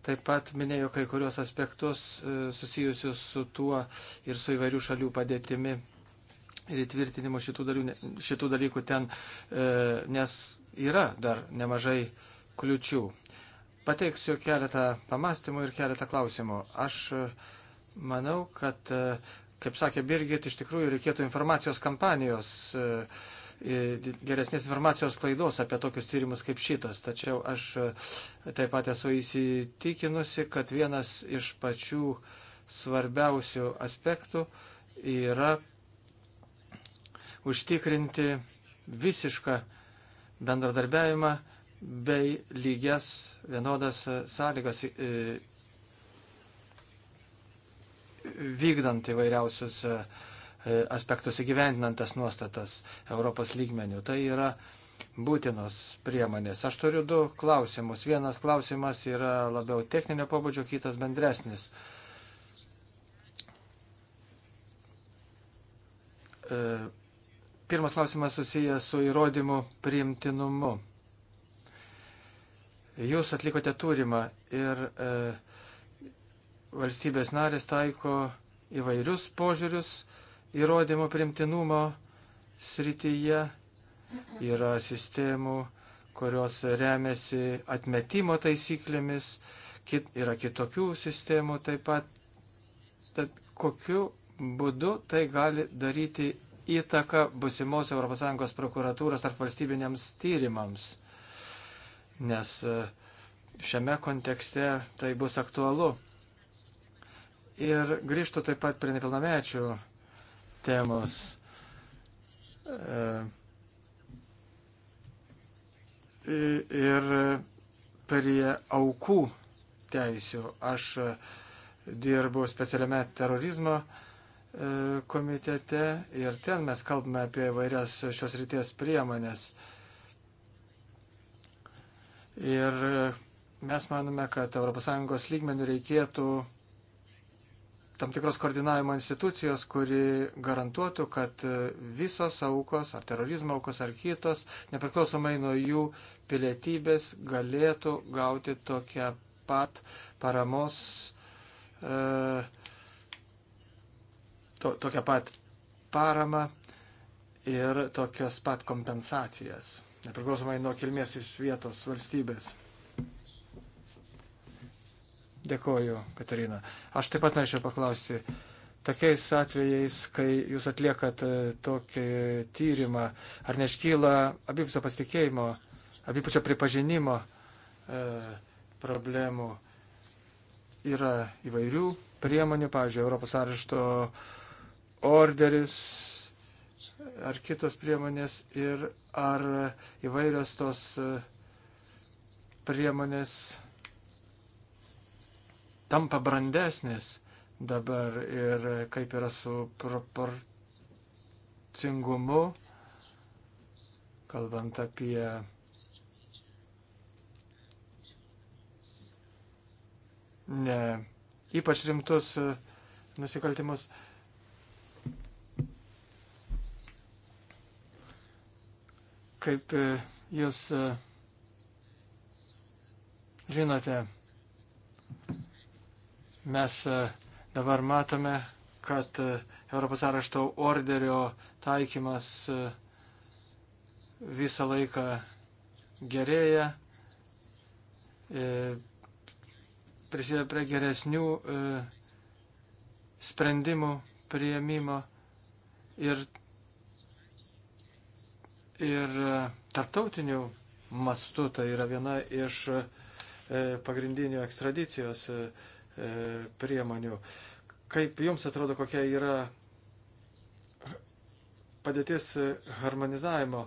taip pat minėjo kai kurios aspektus e, susijusius su tuo ir su įvairių šalių padėtimi ir įtvirtinimu šitų, dalių, šitų dalykų ten, e, nes yra dar nemažai kliučių pateiksiu keletą pamastymų ir keletą klausimų. Aš e, manau, kad, e, kaip sakė Birgit, iš tikrųjų reikėtų informacijos kampanijos, e, geresnės informacijos klaidos apie tokius tyrimus kaip šitas. Tačiau aš taip pat esu įsitikinusi, kad vienas iš pačių svarbiausių aspektų yra užtikrinti visišką bendradarbiavimą bei lygias vienodas sąlygas e, vykdant įvairiausius e, aspektus įgyvendinant tas nuostatas Europos lygmenių. Tai yra būtinos priemonės. Aš turiu du klausimus. Vienas klausimas yra labiau techninio pobūdžio, kitas bendresnis. E, pirmas klausimas susijęs su įrodymų priimtinumu. Jūs atlikote turimą ir e, valstybės narės taiko įvairius požiūrius įrodymo primtinumo srityje. Yra sistemų, kurios remiasi atmetimo taisyklėmis, kit, yra kitokių sistemų taip pat. Tad kokiu būdu tai gali daryti įtaką busimos ES prokuratūros ar valstybinėms tyrimams? nes e, šiame kontekste tai bus aktualu. Ir grįžtų taip pat prie nepilnamečių temos. E, ir prie aukų teisių. Aš e, dirbu specialiame terorizmo komitete ir ten mes kalbame apie vairias šios ryties priemonės. Uh, Ir e, mes manome, kad ES lygmenių reikėtų tam tikros koordinavimo institucijos, kuri garantuotų, kad e, visos aukos, ar terorizmo aukos, ar kitos, nepriklausomai nuo jų pilietybės, galėtų gauti tokią pat paramos, e, to, tokią pat paramą ir tokias pat kompensacijas nepriklausomai nuo kilmės iš vietos valstybės. Dėkoju, Katarina. Aš taip pat norėčiau paklausti, tokiais atvejais, kai jūs atliekat e, tokį tyrimą, ar neškyla abipusio pasitikėjimo, abipusio pripažinimo e, problemų? Yra įvairių priemonių, pavyzdžiui, Europos arešto orderis, ar kitos priemonės ir ar įvairios tos e, priemonės tampa brandesnės dabar ir kaip yra su proporcingumu, kalbant apie ne ypač rimtus e, nusikaltimus. Uh, Kaip e, jūs e, žinote, mes e, dabar matome, kad Europos arešto orderio taikymas visą laiką gerėja, prisideda prie geresnių sprendimų prieimimo ir Ir e, tarptautinių mastų tai yra viena iš e, pagrindinių ekstradicijos e, priemonių. Kaip jums atrodo, kokia yra padėtis harmonizavimo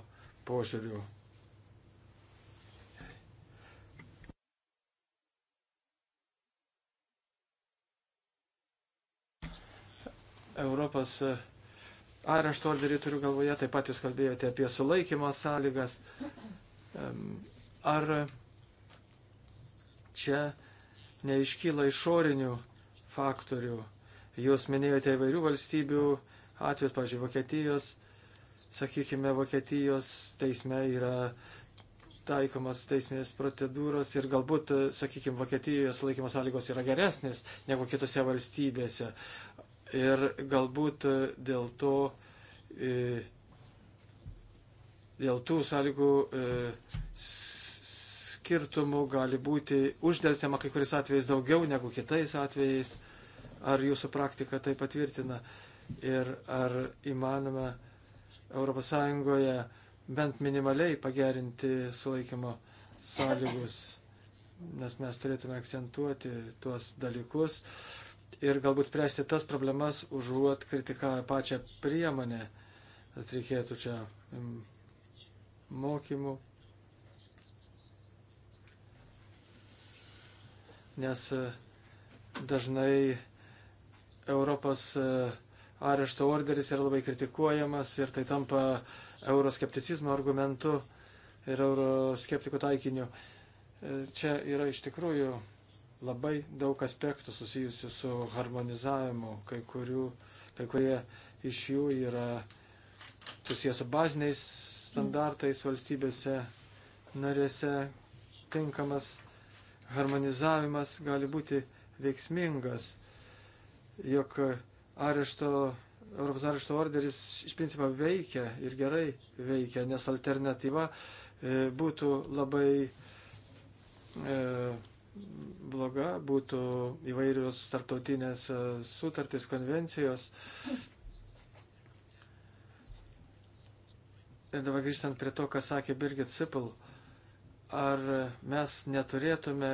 požiūrių? Europos arešto orderį turiu galvoje, taip pat jūs kalbėjote apie sulaikymo sąlygas. Ar čia neiškyla išorinių faktorių? Jūs minėjote įvairių valstybių atvejus, pažiūrėjau, Vokietijos, sakykime, Vokietijos teisme yra taikomas teisminės procedūros ir galbūt, sakykime, Vokietijoje sulaikymo sąlygos yra geresnės negu kitose valstybėse ir galbūt e, dėl to, e, dėl tų sąlygų e, skirtumų gali būti uždelsiama kai kuris atvejais daugiau negu kitais atvejais. Ar jūsų praktika tai patvirtina? Ir ar įmanoma ES bent minimaliai pagerinti sulaikymo sąlygus? Nes mes turėtume akcentuoti tuos dalykus. Uh, ir galbūt spręsti tas problemas, užuot kritikavę pačią priemonę. Tad reikėtų čia mm, mokymų. Nes e, dažnai e, Europos e, arešto orderis yra labai kritikuojamas ir tai tampa euroskepticizmo argumentu ir euroskeptikų taikiniu. Čia yra iš tikrųjų labai daug aspektų susijusių su harmonizavimu, kai, kurių, kai kurie iš jų yra susijęs su baziniais standartais valstybėse narėse. Tinkamas harmonizavimas gali būti veiksmingas, jog arešto Europos arešto orderis iš principo veikia ir gerai veikia, nes alternatyva e, būtų labai e, bloga būtų įvairios tarptautinės e, sutartys, konvencijos. Ir dabar grįžtant prie to, ką sakė Birgit Sipil, ar mes neturėtume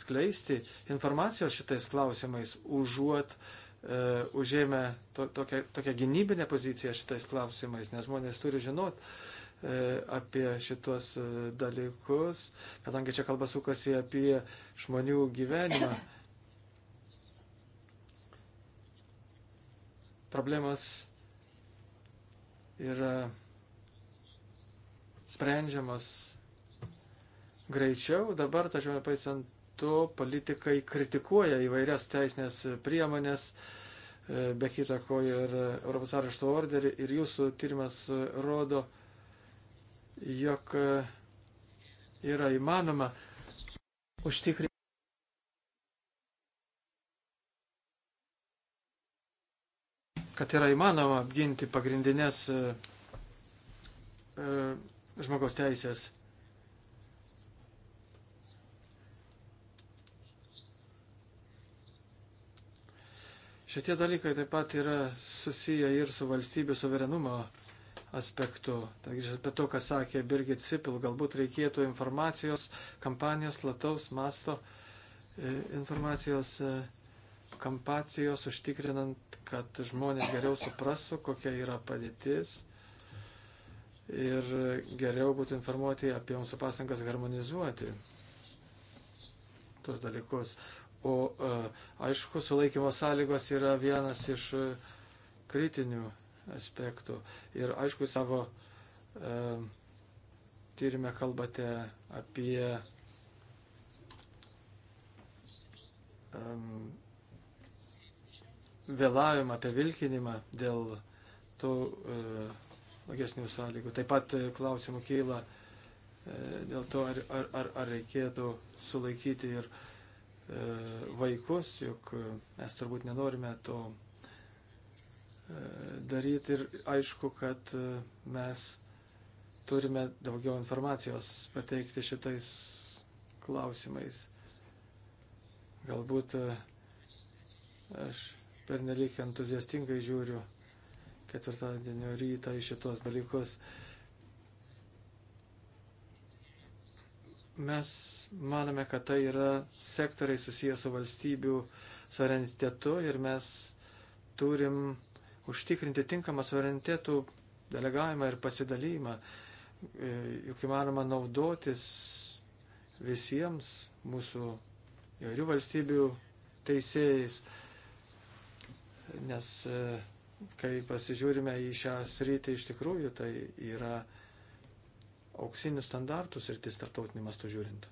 skleisti informacijos šitais klausimais, užuot e, užėmę to, tokią, tokią gynybinę poziciją šitais klausimais, nes žmonės turi žinoti, E, apie šitos e, dalykus, kadangi čia kalba sukasi apie žmonių gyvenimą. Problemas yra sprendžiamas greičiau. Dabar, tačiau nepaisant to, politikai kritikuoja įvairias teisinės priemonės, e, be kita ko ir Europos arešto orderį. Ir jūsų tyrimas rodo, jog e, yra įmanoma užtikrinti. kad yra įmanoma apginti pagrindinės e, e, žmogaus teisės. Šitie dalykai taip pat yra susiję ir su valstybių suverenumo aspektu. Takže apie to, ką sakė Birgit Sipil, galbūt reikėtų informacijos, kampanijos plataus masto e, informacijos e, kampacijos, užtikrinant, kad žmonės geriau suprastų, kokia yra padėtis ir geriau būtų informuoti apie mūsų pastangas harmonizuoti tos dalykus. O e, aišku, sulaikymo sąlygos yra vienas iš kritinių aspektų. Ir aišku, savo e, tyrimę kalbate apie e, vėlavimą, apie vilkinimą dėl tų e, logesnių sąlygų. Taip pat e, klausimų kyla e, dėl to, ar, ar, ar, ar reikėtų sulaikyti ir e, vaikus, juk e, mes turbūt nenorime to daryti ir aišku, kad e, mes turime daugiau informacijos pateikti šitais klausimais. Galbūt e, aš pernelyg entuziastingai žiūriu ketvirtadienio rytą į šitos dalykus. Mes manome, kad tai yra sektoriai susijęs su valstybių suverenitetu ir mes turim užtikrinti tinkamą suverenitetų delegavimą ir pasidalymą, e, juk įmanoma naudotis visiems mūsų įvairių valstybių teisėjais, nes e, kai pasižiūrime į šią sritį iš tikrųjų, tai yra auksinių standartų sritis tarptautiniu mastu žiūrint.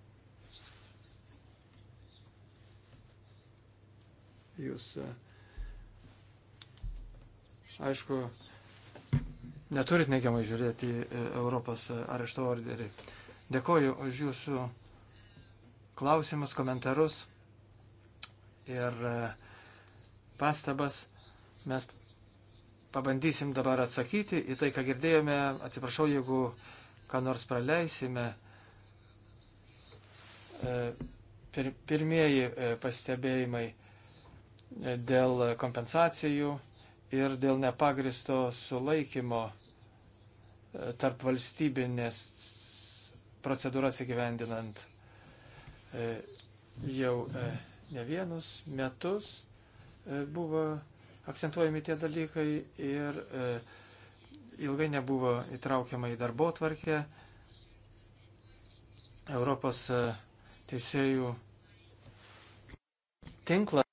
Jūs uh, aišku, neturit neigiamai žiūrėti į e, Europos arešto orderį. Dėkoju už jūsų klausimus, komentarus ir e, pastabas. Mes pabandysim dabar atsakyti į tai, ką girdėjome. Atsiprašau, jeigu ką nors praleisime. E, pirmieji pastebėjimai dėl kompensacijų ir dėl nepagristo sulaikymo e, tarp valstybinės procedūras įgyvendinant e, jau e, ne vienus metus buvo akcentuojami tie dalykai ir ilgai nebuvo įtraukiama į darbo tvarkę Europos teisėjų tinklą.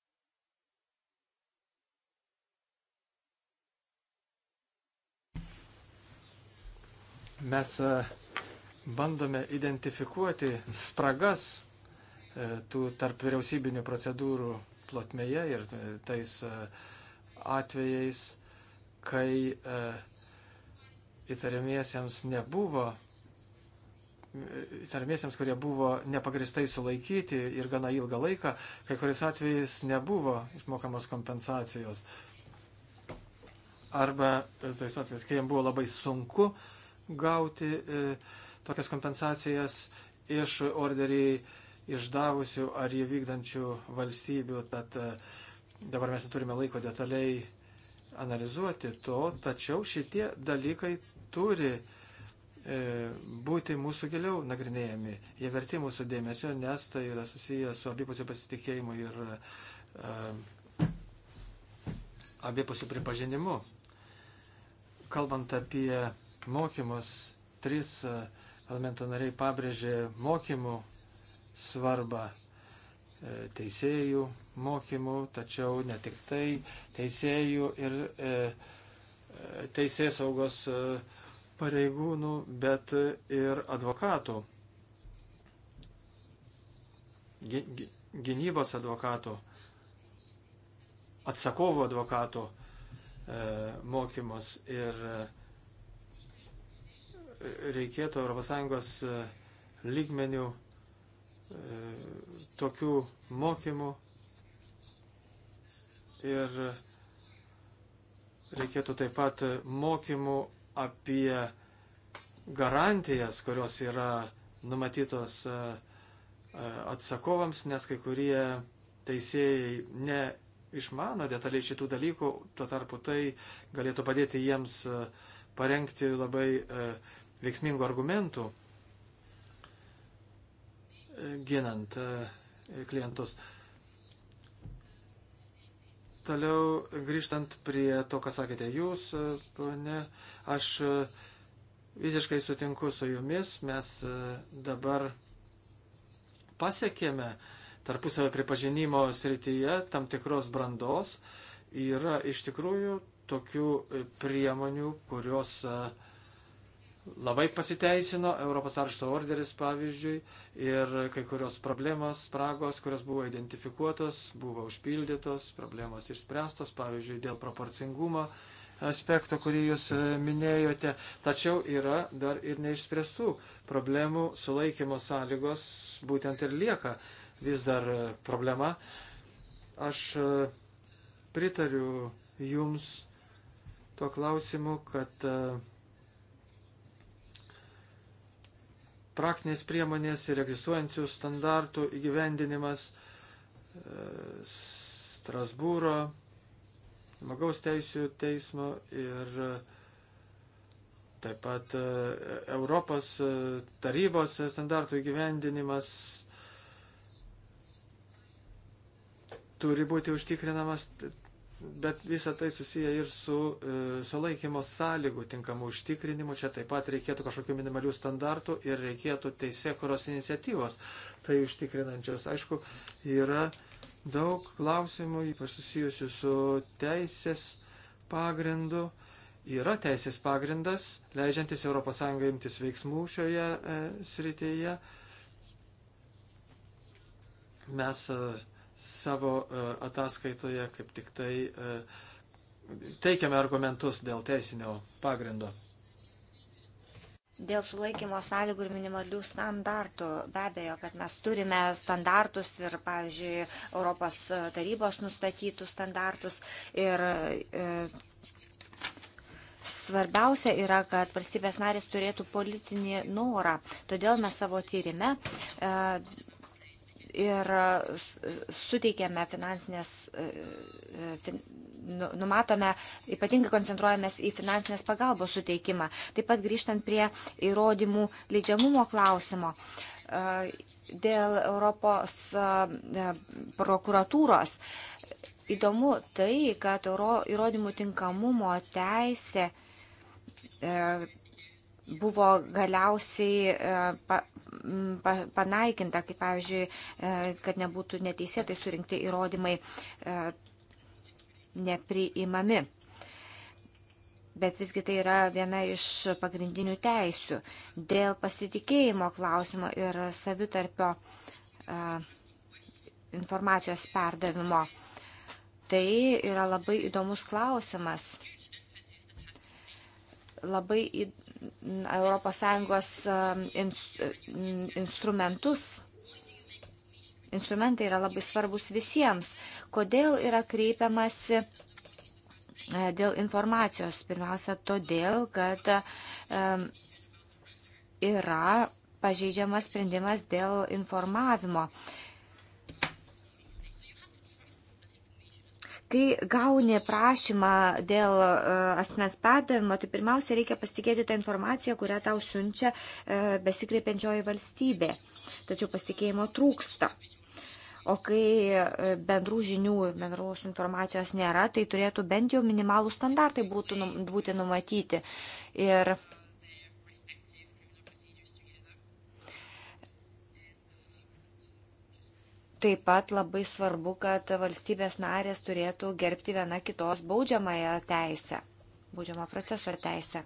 Mes e, bandome identifikuoti spragas e, tų tarp vyriausybinių procedūrų plotmėje ir tais e, atvejais, kai įtariamiesiems nebuvo, įtariamiesiems, kurie buvo nepagristai sulaikyti ir gana ilgą laiką, kai kuriais atvejais nebuvo išmokamos kompensacijos. Arba tais atvejais, kai jiems buvo labai sunku uh, gauti e, tokias kompensacijas iš orderį išdavusių ar įvykdančių valstybių. Tad e, dabar mes neturime laiko detaliai analizuoti to, tačiau šitie dalykai turi e, būti mūsų giliau nagrinėjami. Jie verti mūsų dėmesio, nes tai yra susijęs su abipusiu pasitikėjimu ir uh, abipusiu pripažinimu. Kalbant apie uh, mokymus. Trys e, parlamento nariai pabrėžė mokymų svarbą e, teisėjų mokymų, tačiau ne tik tai teisėjų ir e, e teisės saugos pareigūnų, bet ir advokatų, gynybos advokatų, atsakovų advokatų e, mokymus ir e, reikėtų ES e, lygmenių e, tokių mokymų ir reikėtų taip pat mokymų apie garantijas, kurios yra numatytos e, atsakovams, nes kai kurie teisėjai neišmano detaliai šitų dalykų, tuo tarpu tai galėtų padėti jiems parengti labai veiksmingų argumentų e, ginant e, klientus. Toliau grįžtant prie to, ką sakėte jūs, e, ponė, aš visiškai sutinku su jumis, mes dabar pasiekėme tarpusavio pripažinimo srityje tam tikros brandos. Yra iš tikrųjų tokių priemonių, kurios uh, labai pasiteisino, Europos arešto orderis pavyzdžiui, ir kai kurios problemos, spragos, kurios buvo identifikuotos, buvo užpildytos, problemos išspręstos, pavyzdžiui, dėl proporcingumo aspekto, kurį jūs e, minėjote. Tačiau yra dar ir neišspręstų problemų, sulaikymo sąlygos būtent ir lieka vis dar e, problema. Aš e, pritariu jums tuo klausimu, kad uh, praktinės priemonės ir egzistuojančių standartų įgyvendinimas e, Strasbūro, žmogaus teisų teismo ir e, taip pat e, Europos tarybos standartų įgyvendinimas turi būti užtikrinamas Bet visa tai susiję ir su e, sulaikymo sąlygų tinkamų užtikrinimu. Čia taip pat reikėtų kažkokių minimalių standartų ir reikėtų teisėkuros iniciatyvos tai užtikrinančios. Aišku, yra daug klausimų, ypač susijusių su teisės pagrindu. Yra teisės pagrindas, leidžiantis ES imtis veiksmų šioje e, srityje. Mes e, savo e, ataskaitoje kaip tik tai e, teikiame argumentus dėl teisinio pagrindo. Dėl sulaikymo sąlygų ir minimalių standartų, be abejo, kad mes turime standartus ir, pavyzdžiui, Europos tarybos nustatytų standartus ir e, svarbiausia yra, kad valstybės narės turėtų politinį norą. Todėl mes savo tyrime e, ir e, suteikiame finansinės, e, e, fin, nu, numatome, ypatingai koncentruojamės į finansinės pagalbos suteikimą. Taip pat grįžtant prie įrodymų leidžiamumo klausimo. Dėl Europos prokuratūros. Įdomu tai, kad įrodymų tinkamumo teisė buvo galiausiai panaikinta, kaip pavyzdžiui, e, kad nebūtų neteisėtai surinkti įrodymai e, nepriimami. Bet visgi tai yra viena iš pagrindinių teisių. Dėl pasitikėjimo klausimo ir savitarpio e, informacijos perdavimo. Tai yra labai įdomus klausimas labai į ES um, instrumentus. Instrumentai yra labai svarbus visiems. Kodėl yra kreipiamasi e, dėl informacijos? Pirmiausia, todėl, kad um, yra pažeidžiamas sprendimas dėl informavimo. Kai gauni prašymą dėl e, asmens perdavimo, tai pirmiausia reikia pasitikėti tą informaciją, kurią tau siunčia e, besikreipiančioji valstybė. Tačiau pasitikėjimo trūksta. O kai e, bendrų žinių, bendros informacijos nėra, tai turėtų bent jau minimalų standartai būtų, būti numatyti. Ir Taip pat labai svarbu, kad valstybės narės turėtų gerbti viena kitos baudžiamąją teisę, baudžiamą proceso teisę.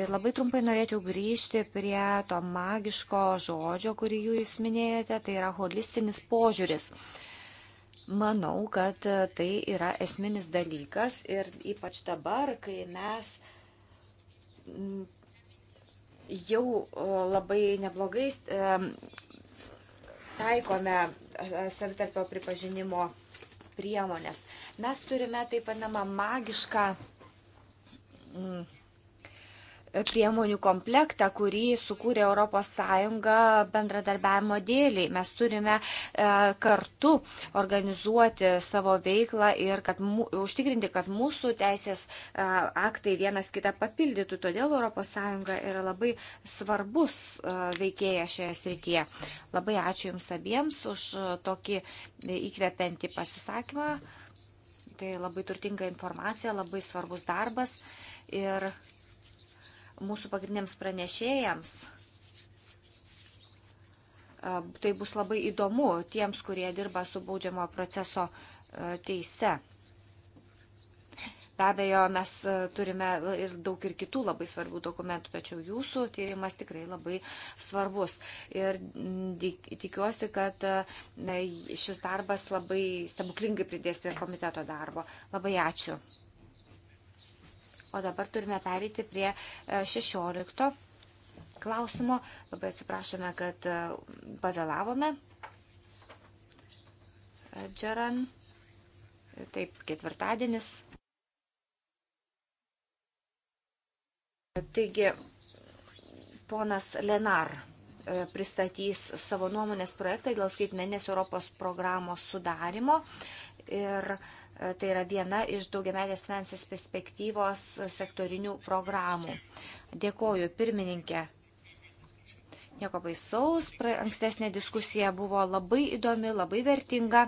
Ir labai trumpai norėčiau grįžti prie to magiško žodžio, kurį jūs minėjote, tai yra holistinis požiūris. Manau, kad tai yra esminis dalykas ir ypač dabar, kai mes jau labai neblogai taikome e, savitarpio pripažinimo priemonės. Mes turime taip vadinamą magišką. Mm, priemonių komplektą, kurį sukūrė ES bendradarbiavimo dėliai. Mes turime e, kartu organizuoti savo veiklą ir kad mū, užtikrinti, kad mūsų teisės e, aktai vienas kitą papildytų. Todėl ES yra labai svarbus e, veikėjas šioje srityje. Labai ačiū Jums abiems už tokį įkvepiantį pasisakymą. Tai labai turtinga informacija, labai svarbus darbas ir mūsų pagrindiniams pranešėjams. Tai bus labai įdomu tiems, kurie dirba su baudžiamo proceso teise. Be abejo, mes turime ir daug ir kitų labai svarbių dokumentų, tačiau jūsų tyrimas tikrai labai svarbus. Ir tikiuosi, kad šis darbas labai stebuklingai pridės prie komiteto darbo. Labai ačiū. O dabar turime pereiti prie 16 e, klausimo. Labai atsiprašome, kad e, pavėlavome. E, Džeran. Taip, ketvirtadienis. Taigi, ponas Lenar pristatys savo nuomonės projektą dėl skaitmenės Europos programos sudarimo ir uh, E, tai yra viena iš daugiametės finansės perspektyvos sektorinių programų. Dėkoju, pirmininkė. Nieko baisaus, ankstesnė diskusija buvo labai įdomi, labai vertinga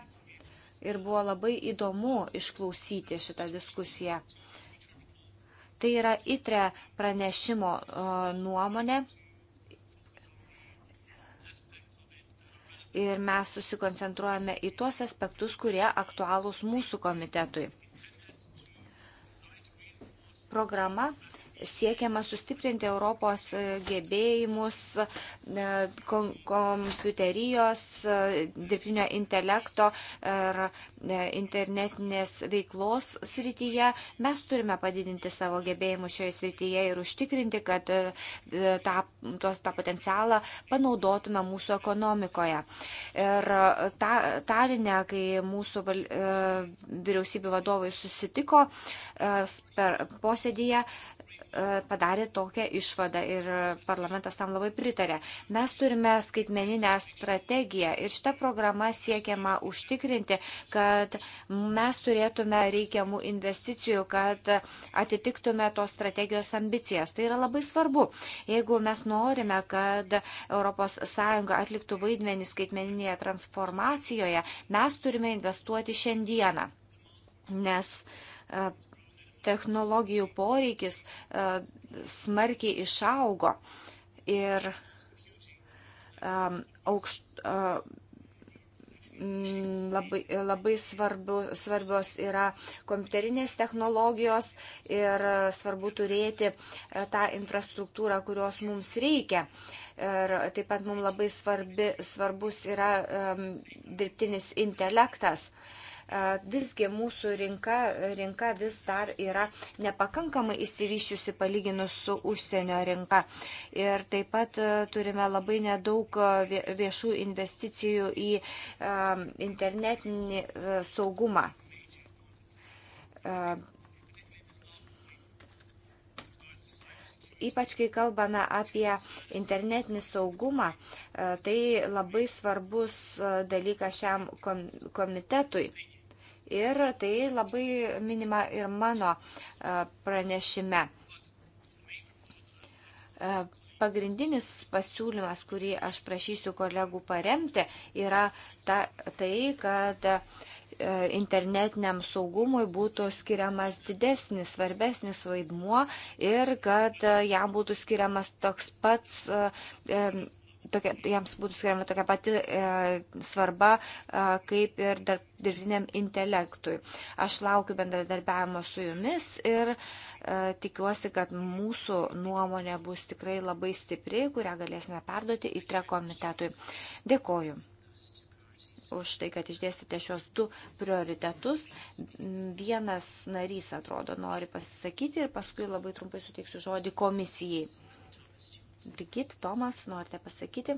ir buvo labai įdomu išklausyti šitą diskusiją. Tai yra ITRE pranešimo e, nuomonė ir mes susikoncentruojame į tuos aspektus, kurie aktualūs mūsų komitetui. Programa siekiama sustiprinti Europos e, gebėjimus e, kompiuterijos, e, dirbtinio intelekto ir internetinės veiklos srityje. Mes turime padidinti savo gebėjimus šioje srityje ir užtikrinti, kad tą, tos, tą potencialą panaudotume mūsų ekonomikoje. Ir ta, tarinė, kai mūsų val, vyriausybių vadovai susitiko per posėdyje, E, padarė tokią išvadą ir parlamentas tam labai pritarė. Mes turime skaitmeninę strategiją ir šitą programą siekiama užtikrinti, kad mes turėtume reikiamų investicijų, kad atitiktume tos strategijos ambicijas. Tai yra labai svarbu. Jeigu mes norime, kad ES atliktų vaidmenį skaitmeninėje transformacijoje, mes turime investuoti šiandieną. Nes uh, technologijų poreikis e, smarkiai išaugo ir e, aukšt, e, labai, labai svarbu, svarbios yra kompiuterinės technologijos ir svarbu turėti tą infrastruktūrą, kurios mums reikia. Ir taip pat mums labai svarbi, svarbus yra um, dirbtinis intelektas. Uh, Visgi mūsų rinka, rinka vis dar yra nepakankamai įsivyščiusi palyginus su užsienio rinka. Ir taip pat turime labai nedaug viešų investicijų į internetinį saugumą ypač kai kalbame apie internetinį saugumą, tai labai svarbus dalykas šiam komitetui ir tai labai minima ir mano e, pranešime. E, pagrindinis pasiūlymas, kurį aš prašysiu kolegų paremti, yra ta, tai, kad e, internetiniam saugumui būtų skiriamas didesnis, svarbesnis vaidmuo ir kad jam būtų skiriamas toks pats tokia, jiems būtų skiriama tokia pati e, svarba, e, kaip ir dar, dirbtiniam intelektui. Aš laukiu bendradarbiavimo su jumis ir e, tikiuosi, kad mūsų nuomonė bus tikrai labai stipri, kurią galėsime perduoti į tre komitetui. Dėkoju už tai, kad išdėstėte šios du prioritetus. Vienas narys, atrodo, nori pasisakyti ir paskui labai trumpai suteiksiu žodį komisijai. Brigit, Tomas, norite pasakyti?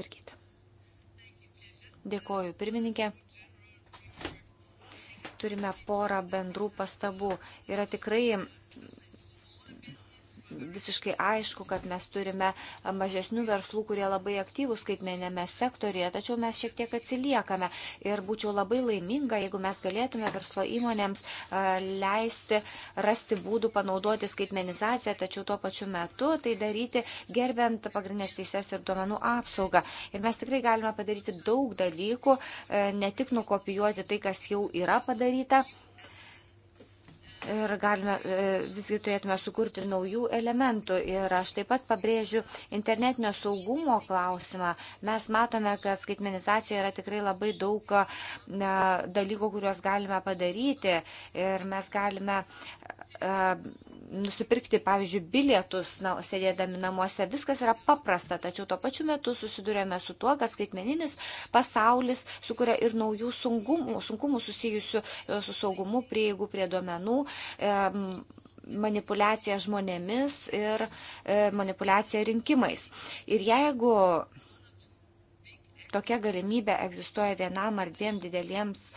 Birgit. Dėkoju, pirmininkė. Turime porą bendrų pastabų. Yra tikrai visiškai aišku, kad mes turime mažesnių verslų, kurie labai aktyvūs skaitmenėme sektorėje, tačiau mes šiek tiek atsiliekame. Ir būčiau labai laiminga, jeigu mes galėtume verslo įmonėms leisti rasti būdų panaudoti skaitmenizaciją, tačiau tuo pačiu metu tai daryti gerbent pagrindinės teises ir duomenų apsaugą. Ir mes tikrai galime padaryti daug dalykų, e, ne tik nukopijuoti tai, kas jau yra padaryta ir galime, e, visgi turėtume sukurti naujų elementų. Ir aš taip pat pabrėžiu internetinio saugumo klausimą. Mes matome, kad skaitmenizacijoje yra tikrai labai daug e, dalykų, kuriuos galime padaryti. Ir mes galime e, nusipirkti, pavyzdžiui, bilietus na, sėdėdami namuose. Viskas yra paprasta, tačiau tuo pačiu metu susidurėme su tuo, kad skaitmeninis pasaulis sukuria ir naujų sunkumų, sunkumų susijusių e, su saugumu, prieigų prie duomenų. E, manipulacija žmonėmis ir e, manipulacija rinkimais. Ir jeigu tokia galimybė egzistuoja vienam ar dviem dideliems e,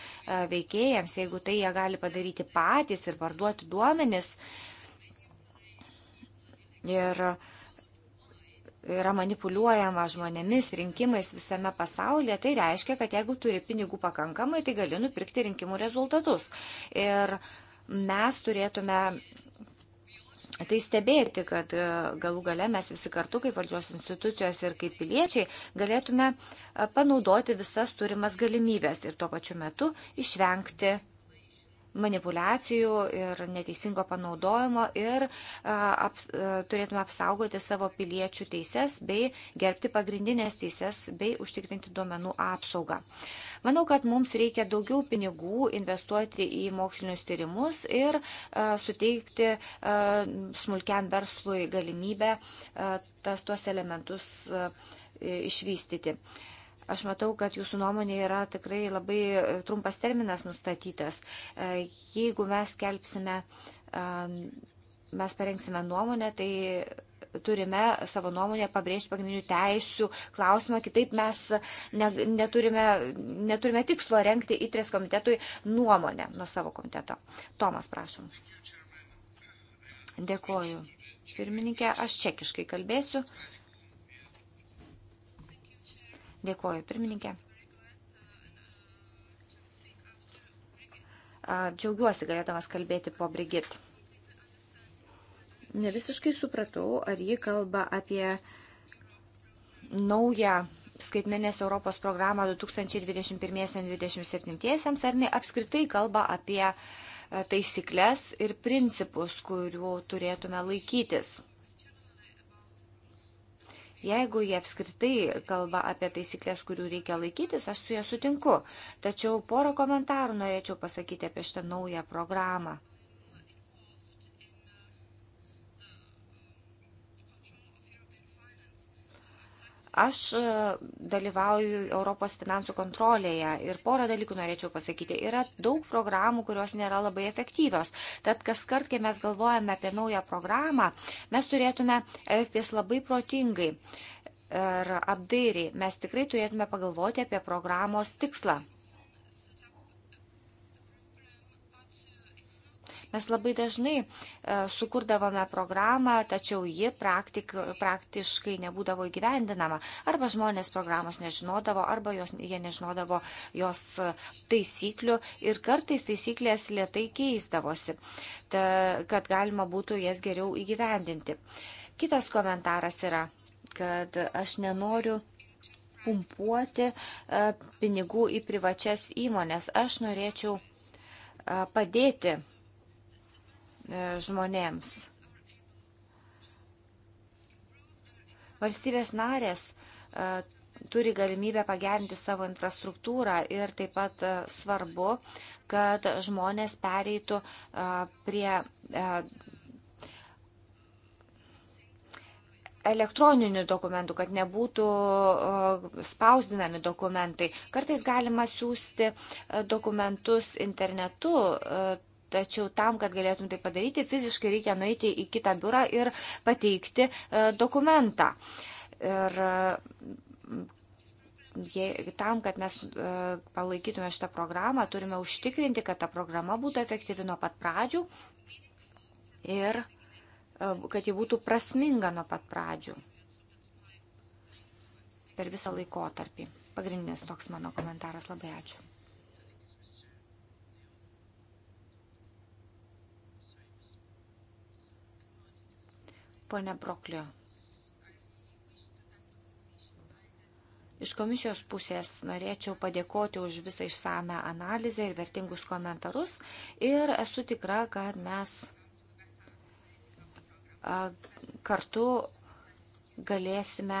veikėjams, jeigu tai jie gali padaryti patys ir parduoti duomenis, ir yra manipuliuojama žmonėmis, rinkimais visame pasaulyje, tai reiškia, kad jeigu turi pinigų pakankamai, tai gali nupirkti rinkimų rezultatus. Ir mes turėtume tai stebėti, kad e, galų gale mes visi kartu, kaip valdžios institucijos ir kaip piliečiai, galėtume e, panaudoti visas turimas galimybės ir tuo pačiu metu išvengti manipulacijų ir neteisingo panaudojimo ir aps, turėtume apsaugoti savo piliečių teises bei gerbti pagrindinės teises bei užtikrinti duomenų apsaugą. Manau, kad mums reikia daugiau pinigų investuoti į mokslinius tyrimus ir suteikti smulkiam verslui galimybę tas tuos elementus išvystyti. Uh, Aš matau, kad jūsų nuomonė yra tikrai labai e, trumpas terminas nustatytas. E, jeigu mes kelpsime, mes parengsime nuomonę, tai turime savo nuomonę pabrėžti pagrindinių teisių klausimą, kitaip mes ne, neturime, neturime tikslo renkti įtrės e komitetui nuomonę nuo savo komiteto. Tomas, prašom. Dėkoju. Pirmininkė, aš čekiškai kalbėsiu. Dėkuoju, pirmininkė. Džiaugiuosi galėdamas kalbėti po Brigit. Ne visiškai supratau, ar ji kalba apie naują skaitmenės Europos programą 2021-2027, ar ne apskritai kalba apie taisyklės ir principus, kurių turėtume laikytis. Jeigu jie apskritai kalba apie taisyklės, kurių reikia laikytis, aš su jie sutinku. Tačiau porą komentarų norėčiau pasakyti apie šitą naują programą. Aš e, dalyvauju Europos finansų kontrolėje ir porą dalykų norėčiau pasakyti. Yra daug programų, kurios nėra labai efektyvios. Tad kas kart, kai mes galvojame apie naują programą, mes turėtume elgtis labai protingai ir apdairiai. Mes tikrai turėtume pagalvoti apie programos tikslą. Mes labai dažnai e, sukurdavome programą, tačiau ji praktik, praktiškai nebūdavo įgyvendinama. Arba žmonės programos nežinodavo, arba jos, jie nežinodavo jos e, taisyklių ir kartais taisyklės lietai keisdavosi, ta, kad galima būtų jas geriau įgyvendinti. Kitas komentaras yra, kad aš nenoriu pumpuoti e, pinigų į privačias įmonės. Aš norėčiau padėti E, žmonėms. Valstybės narės e, turi galimybę pagerinti savo infrastruktūrą ir taip pat e, svarbu, kad žmonės pereitų prie elektroninių dokumentų, kad nebūtų spausdinami dokumentai. Kartais galima siūsti dokumentus internetu, Tačiau tam, kad galėtum tai padaryti, fiziškai reikia nueiti į kitą biurą ir pateikti e, dokumentą. Ir e, tam, kad mes e, palaikytume šitą programą, turime užtikrinti, kad ta programa būtų efektyvi nuo pat pradžių ir kad ji būtų prasminga nuo pat pradžių per visą laikotarpį. Pagrindinis toks mano komentaras. Labai ačiū. Pone Broklio. Iš komisijos pusės norėčiau padėkoti už visą išsame analizę ir vertingus komentarus ir esu tikra, kad mes kartu galėsime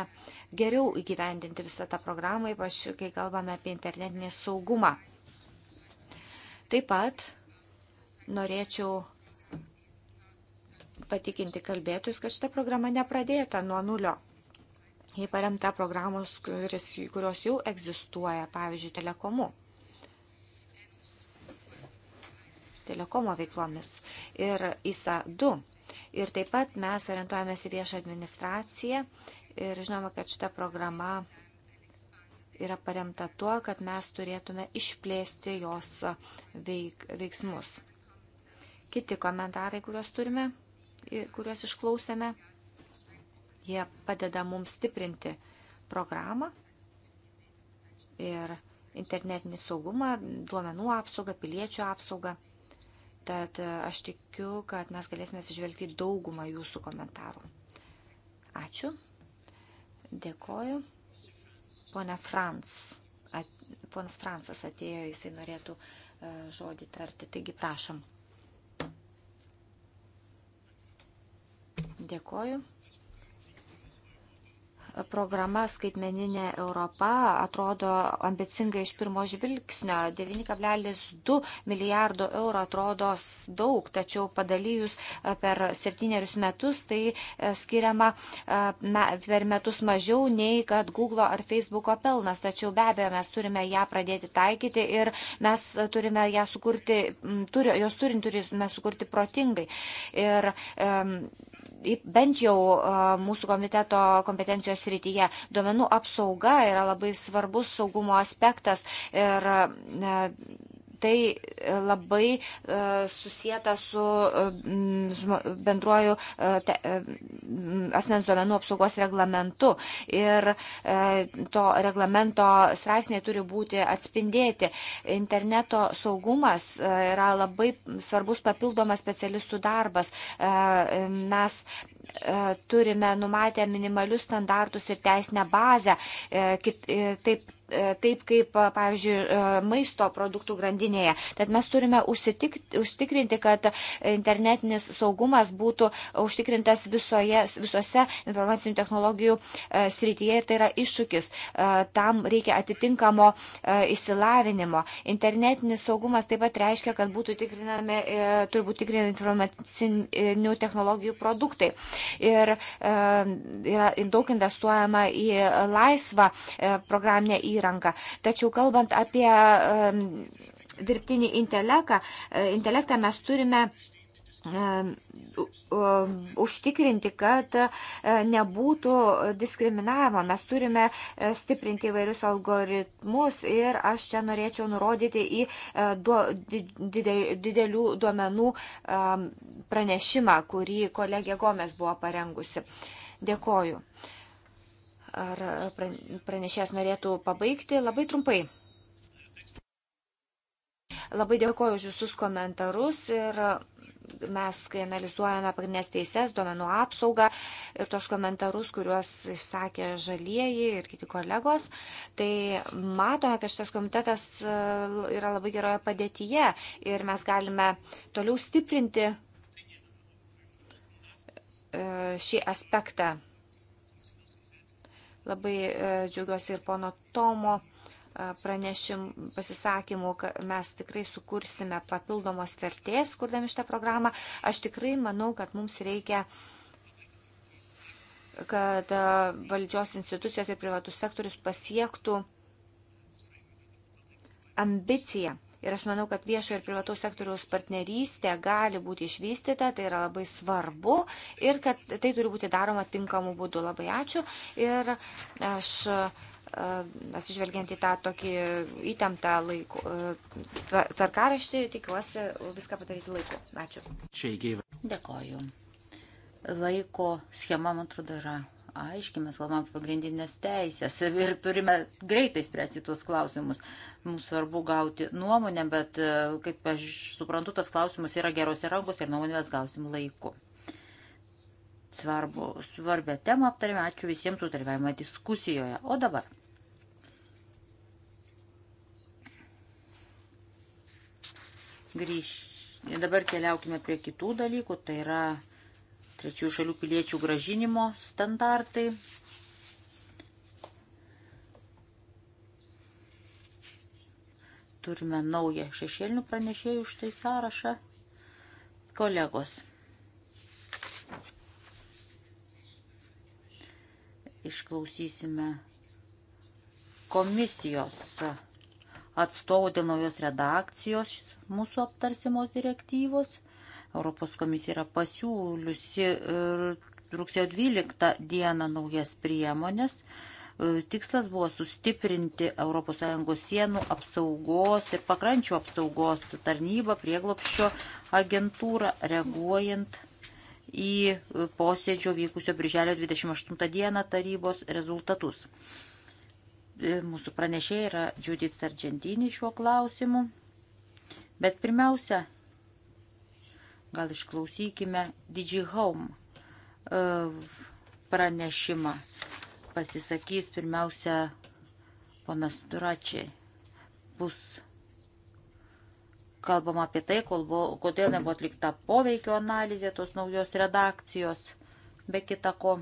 geriau įgyvendinti visą tą programą, ypač kai kalbame apie internetinį saugumą. Taip pat norėčiau patikinti kalbėtojus, kad šita programa nepradėta nuo nulio. Jie paremta programos, kuris, kurios jau egzistuoja, pavyzdžiui, telekomu. Telekomo veiklomis ir ISA 2. Ir taip pat mes orientuojamės į viešą administraciją ir žinoma, kad šita programa yra paremta tuo, kad mes turėtume išplėsti jos veik, veiksmus. Kiti komentarai, kuriuos turime kuriuos išklausėme. Jie padeda mums stiprinti programą ir internetinį saugumą, duomenų apsaugą, piliečių apsaugą. Tad e, aš tikiu, kad mes galėsime atsižvelgti daugumą jūsų komentarų. Ačiū. Dėkoju. Pone Frans. At, ponas Fransas atėjo, jisai norėtų uh, žodį tarti. Taigi prašom. Dėkoju. Programa skaitmeninė Europa atrodo ambicingai iš pirmo žvilgsnio. 9,2 milijardo eurų atrodo daug, tačiau padalyjus e, per septynerius metus tai e, skiriama e, per metus mažiau nei kad Google ar Facebook'o pelnas. Tačiau be abejo mes turime ją pradėti taikyti ir mes turime ją sukurti, turi, jos turint turime sukurti protingai. Ir, um, bent jau mūsų komiteto kompetencijos rytyje. Duomenų apsauga yra labai svarbus saugumo aspektas ir tai e, labai e, susijęta su e, bendruoju te, asmens duomenų apsaugos reglamentu. Ir to reglamento straipsniai turi būti atspindėti. Interneto saugumas yra labai svarbus papildomas specialistų darbas. Mes turime numatę minimalius standartus ir teisinę bazę. Taip taip kaip, pavyzdžiui, maisto produktų grandinėje. Tad mes turime užtikrinti, kad internetinis saugumas būtų užtikrintas visoje, visose informacinių technologijų srityje ir tai yra iššūkis. Tam reikia atitinkamo išsilavinimo. Internetinis saugumas taip pat reiškia, kad būtų tikrinami, e, turbūt tikrinami informacinių technologijų produktai. Ir yra daug investuojama į laisvą e, programinę įrangą įrangą. Tačiau kalbant apie dirbtinį intelektą, e, intelektą mes turime užtikrinti, kad e, nebūtų diskriminavimo. Mes turime e, stiprinti įvairius algoritmus ir aš čia norėčiau nurodyti į du, didelių duomenų pranešimą, kurį kolegė Gomes buvo parengusi. Dėkoju. Ar pranešėjas norėtų pabaigti labai trumpai? Labai dėkoju už visus komentarus ir mes, kai analizuojame pagrindinės teises, duomenų apsaugą ir tos komentarus, kuriuos išsakė žalieji ir kiti kolegos, tai matome, kad šitas komitetas yra labai geroje padėtyje ir mes galime toliau stiprinti šį aspektą Labai e, džiaugiuosi ir pono Tomo e, pranešim pasisakymų, kad mes tikrai sukursime papildomos vertės, kurdami šitą programą. Aš tikrai manau, kad mums reikia kad e, valdžios institucijos ir privatus sektorius pasiektų ambiciją Ir aš manau, kad viešo ir privataus sektoriaus partnerystė gali būti išvystyta, tai yra labai svarbu ir kad tai turi būti daroma tinkamu būdu. Labai ačiū. Ir aš e, atsižvelgiant į tą tokį įtemptą laiko e, tvarkaraštį, tikiuosi viską padaryti laiku. Ačiū. Dėkoju. Laiko schema, man atrodo, yra aiškiai mes kalbam apie pagrindinės teisės ir turime greitai spręsti tuos klausimus. Mums svarbu gauti nuomonę, bet e, kaip aš suprantu, tas klausimas yra gerose rankose ir nuomonę mes gausim laiku. Svarbu, svarbę temą aptarėme, ačiū visiems už dalyvavimą diskusijoje. O dabar. Grįž. Dabar keliaukime prie kitų dalykų, tai yra trečių šalių piliečių gražinimo standartai. Turime naują šešėlinių pranešėjų už tai sąrašą. Kolegos. Išklausysime komisijos atstovų dėl naujos redakcijos mūsų aptarsimos direktyvos Europos komisija yra pasiūliusi e, rugsėjo 12 dieną naujas priemonės. E, tikslas buvo sustiprinti ES sienų apsaugos ir pakrančių apsaugos tarnybą, prieglopščio agentūrą, reaguojant į posėdžio vykusio birželio 28 dieną tarybos rezultatus. E, mūsų pranešėja yra Judith Sargentini šiuo klausimu. Bet pirmiausia, Gal išklausykime DigiHome e, pranešimą. Pasisakys pirmiausia ponas Duračiai. Bus kalbama apie tai, buvo, kodėl nebuvo atlikta poveikio analizė tos naujos redakcijos, be kita ko.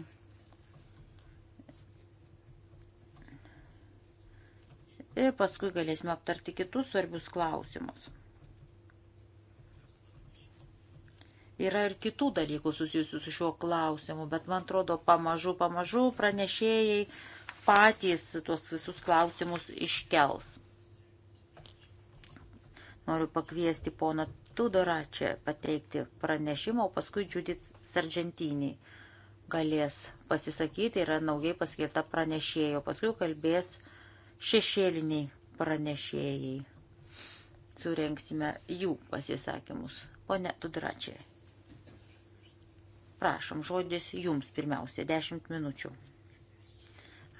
Ir paskui galėsime aptarti kitus svarbius klausimus. Yra ir kitų dalykų susijusių su šiuo klausimu, bet man atrodo, pamažu, pamažu pranešėjai patys tuos visus klausimus iškels. Noriu pakviesti poną Tudorą čia pateikti pranešimą, o paskui Judith Sargentinį galės pasisakyti, yra naujai paskirta pranešėjo, paskui kalbės šešėliniai pranešėjai. Surenksime jų pasisakymus. Pone Tudračiai. Prašom, žodis jums pirmiausia, 10 minučių.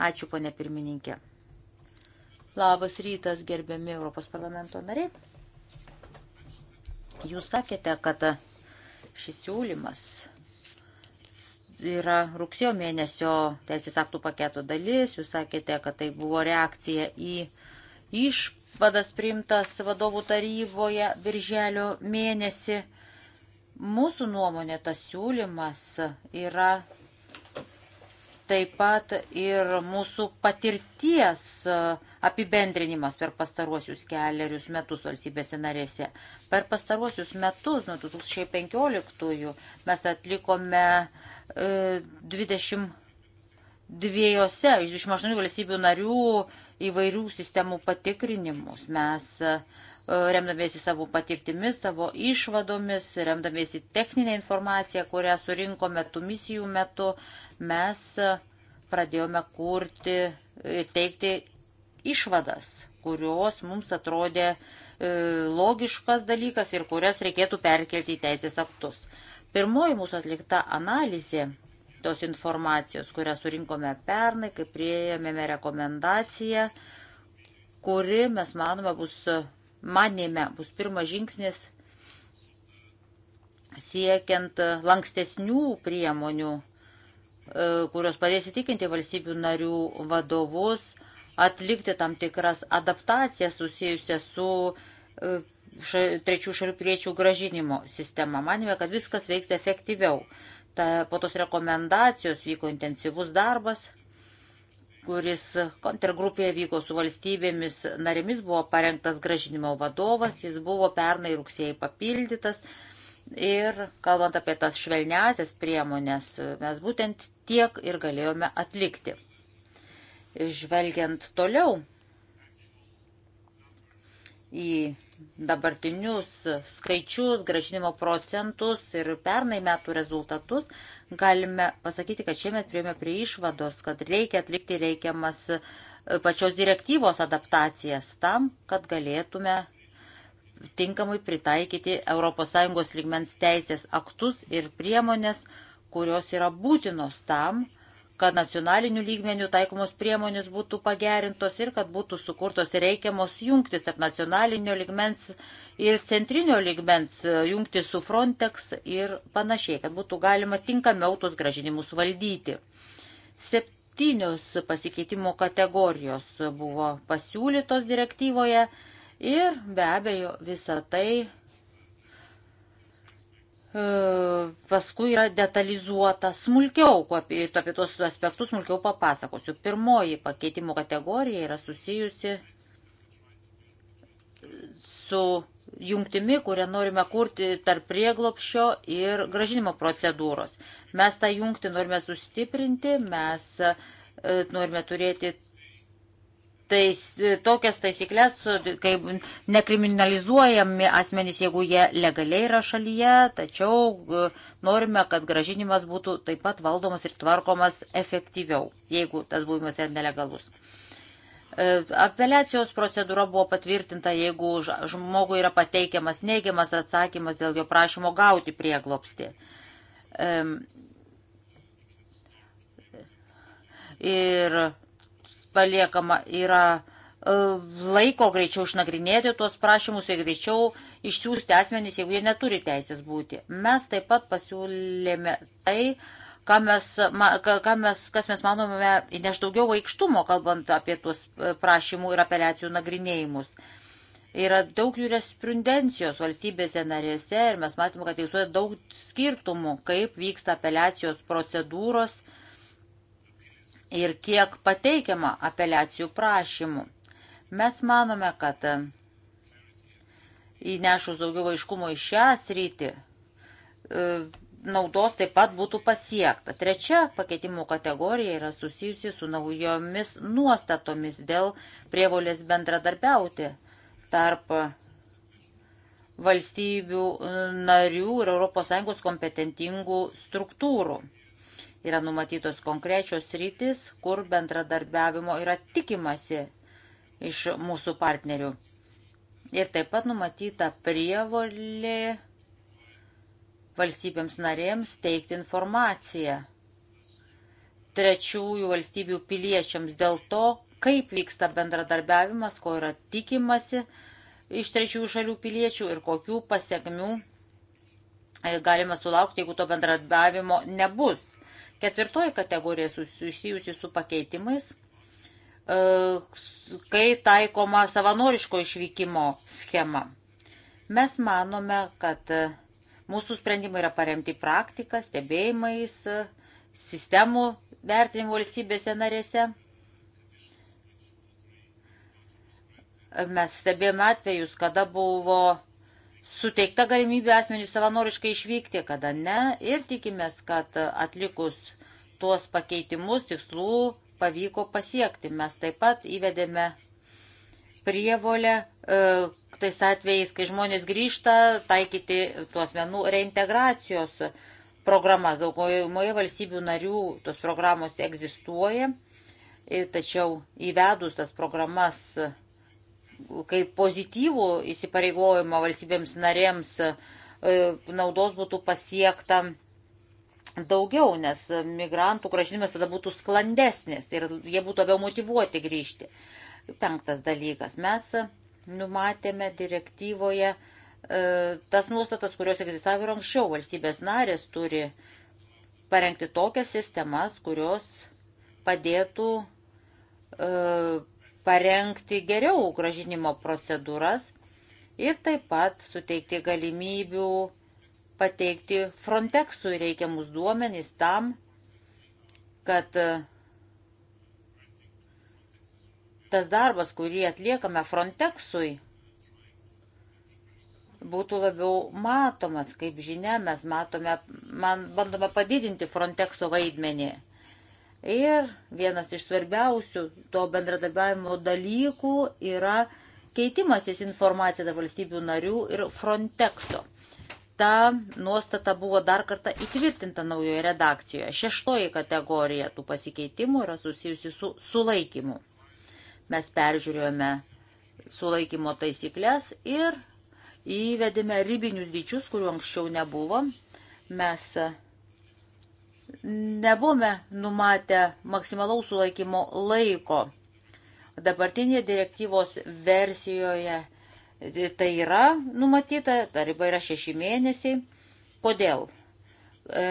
Ačiū, ponė pirmininkė. Labas rytas, gerbiami Europos parlamento nariai. Jūs sakėte, kad šis siūlymas yra rugsėjo mėnesio teisės aktų paketo dalis. Jūs sakėte, kad tai buvo reakcija į išvadas priimtas vadovų taryboje birželio mėnesį. Mūsų nuomonė tas siūlymas yra taip pat ir mūsų patirties apibendrinimas per pastaruosius keliarius metus valstybėse narėse. Per pastaruosius metus, nuo 2015, mes atlikome 22 e, iš 28 valstybių narių įvairių sistemų patikrinimus. Mes E, remdamiesi savo patirtimis, savo išvadomis, remdamiesi techninę informaciją, kurią surinkome tų misijų metu, mes e, pradėjome kurti ir teikti išvadas, kurios mums atrodė e, logiškas dalykas ir kurias reikėtų perkelti į teisės aktus. Pirmoji mūsų atlikta analizė tos informacijos, kurią surinkome pernai, kai prieėmėme rekomendaciją, kuri, mes manome, bus manėme, bus pirmas žingsnis siekiant lankstesnių priemonių, e, kurios padės įtikinti valstybių narių vadovus, atlikti tam tikras adaptacijas susijusias su e, ša, trečių šalių priečių gražinimo sistema. Manime, kad viskas veiks efektyviau. Ta, po tos rekomendacijos vyko intensyvus darbas kuris kontrgrupėje vyko su valstybėmis narėmis, buvo parengtas gražinimo vadovas, jis buvo pernai rugsėjai papildytas. Ir kalbant apie tas švelniasias priemonės, mes būtent tiek ir galėjome atlikti. Žvelgiant toliau į dabartinius skaičius, gražinimo procentus ir pernai metų rezultatus, galime pasakyti, kad šiemet priėmė prie išvados, kad reikia atlikti reikiamas e, pačios direktyvos adaptacijas tam, kad galėtume tinkamai pritaikyti ES lygmens teisės aktus ir priemonės, kurios yra būtinos tam, kad kad nacionalinių lygmenių taikomos priemonės būtų pagerintos ir kad būtų sukurtos reikiamos jungtis tarp nacionalinio lygmens ir centrinio lygmens, jungtis su Frontex ir panašiai, kad būtų galima tinkamiau tos gražinimus valdyti. Septynios pasikeitimo kategorijos buvo pasiūlytos direktyvoje ir be abejo visą tai E, paskui yra detalizuota smulkiau, apie, apie tuos aspektus smulkiau papasakosiu. Pirmoji pakeitimo kategorija yra susijusi su jungtimi, kurią norime kurti tarp prieglopšio ir gražinimo procedūros. Mes tą jungtį norime sustiprinti, mes e, norime turėti tais, tokias taisyklės, kaip nekriminalizuojami asmenys, jeigu jie legaliai yra šalyje, tačiau e, norime, kad gražinimas būtų taip pat valdomas ir tvarkomas efektyviau, jeigu tas buvimas yra nelegalus. E, apeliacijos procedūra buvo patvirtinta, jeigu žmogui yra pateikiamas neigiamas atsakymas dėl jo prašymo gauti prieglopsti. Ir paliekama yra e, laiko greičiau išnagrinėti tuos prašymus ir greičiau išsiųsti asmenys, jeigu jie neturi teisės būti. Mes taip pat pasiūlėme tai, ką mes, ką mes, kas mes manome, įneš daugiau vaikštumo, kalbant apie tuos e, prašymų ir apeliacijų nagrinėjimus. Yra daug jurisprudencijos valstybėse narėse ir mes matome, kad egzistuoja daug skirtumų, kaip vyksta apeliacijos procedūros ir kiek pateikiama apeliacijų prašymų. Mes manome, kad e, įnešus daugiau aiškumo į šią sritį, e, naudos taip pat būtų pasiekta. Trečia pakeitimų kategorija yra susijusi su naujomis nuostatomis dėl prievolės bendradarbiauti tarp valstybių e, narių ir ES kompetentingų struktūrų. Yra numatytos konkrečios rytis, kur bendradarbiavimo yra tikimasi iš mūsų partnerių. Ir taip pat numatyta prievolė valstybėms narėms teikti informaciją trečiųjų valstybių piliečiams dėl to, kaip vyksta bendradarbiavimas, ko yra tikimasi iš trečiųjų šalių piliečių ir kokių pasiekmių e, galima sulaukti, jeigu to bendradarbiavimo nebus. Ketvirtoji kategorija susijusi su pakeitimais, e, kai taikoma savanoriško išvykimo schema. Mes manome, kad e, mūsų sprendimai yra paremti praktika, stebėjimais, sistemų vertinimu valstybėse narėse. Mes stebėjome atvejus, kada buvo suteikta galimybė asmeniui savanoriškai išvykti, kada ne. Ir tikimės, kad atlikus tuos pakeitimus tikslų pavyko pasiekti. Mes taip pat įvedėme prievolę e, tais atvejais, kai žmonės grįžta, taikyti tuos menų reintegracijos programas. Daugumoje valstybių narių tos programos egzistuoja, tačiau įvedus tas programas kaip pozityvų įsipareigojimą valstybėms narėms e, naudos būtų pasiekta daugiau, nes migrantų gražinimas tada būtų sklandesnis ir jie būtų labiau motivuoti grįžti. Penktas dalykas. Mes numatėme direktyvoje e, tas nuostatas, kurios egzistavo ir anksčiau. Valstybės narės turi parengti tokias sistemas, kurios padėtų e, parengti geriau gražinimo procedūras ir taip pat suteikti galimybių pateikti Frontexui reikiamus duomenys tam, kad e, tas darbas, kurį atliekame Frontexui, būtų labiau matomas. Kaip žinia, mes matome, man bandome padidinti Frontexo vaidmenį. Ir vienas iš svarbiausių to bendradarbiavimo dalykų yra keitimasis informacija tarp valstybių narių ir Frontexo. Ta nuostata buvo dar kartą įtvirtinta naujoje redakcijoje. Šeštoji kategorija tų pasikeitimų yra susijusi su sulaikymu. Mes peržiūrėjome sulaikymo taisyklės ir įvedėme ribinius dydžius, kurių anksčiau nebuvo. Mes nebuvome numatę maksimalaus sulaikymo laiko. Dabartinėje direktyvos versijoje tai yra numatyta, ta riba yra šeši mėnesiai. Kodėl? E,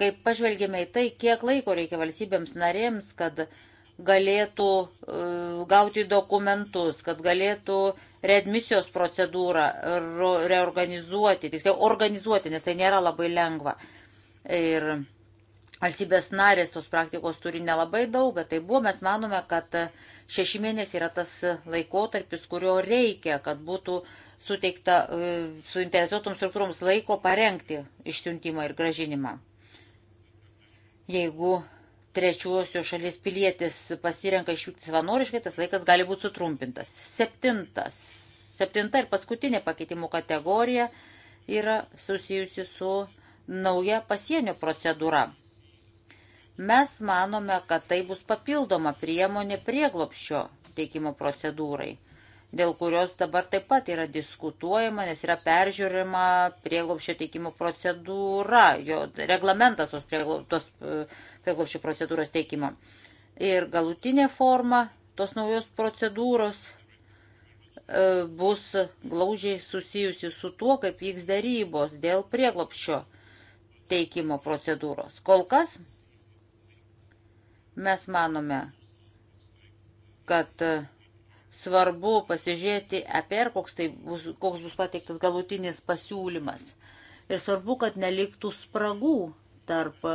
kaip pažvelgėme į tai, kiek laiko reikia valstybėms narėms, kad galėtų e, gauti dokumentus, kad galėtų readmisijos procedūrą reorganizuoti, tiksliau organizuoti, nes tai nėra labai lengva. Ir Valstybės narės tos praktikos turi nelabai daug, bet tai buvo, mes manome, kad šeši mėnesiai yra tas laikotarpis, kurio reikia, kad būtų suteikta e, suinteresuotoms struktūroms laiko parengti išsiuntimą ir gražinimą. Jeigu trečiosios šalies pilietis pasirenka išvykti savanoriškai, tas laikas gali būti sutrumpintas. Septintas. Septinta ir paskutinė pakeitimų kategorija yra susijusi su nauja pasienio procedūra. Mes manome, kad tai bus papildoma priemonė prieglopščio teikimo procedūrai, dėl kurios dabar taip pat yra diskutuojama, nes yra peržiūrima prieglopščio teikimo procedūra, jo reglamentas tos, prieglop, tos e, prieglopščio procedūros teikimo. Ir galutinė forma tos naujos procedūros e, bus glaužiai susijusi su tuo, kaip vyks darybos dėl prieglopščio teikimo procedūros. Kol kas Mes manome, kad e, svarbu pasižiūrėti apie ir koks, tai bus, koks bus pateiktas galutinis pasiūlymas. Ir svarbu, kad neliktų spragų tarp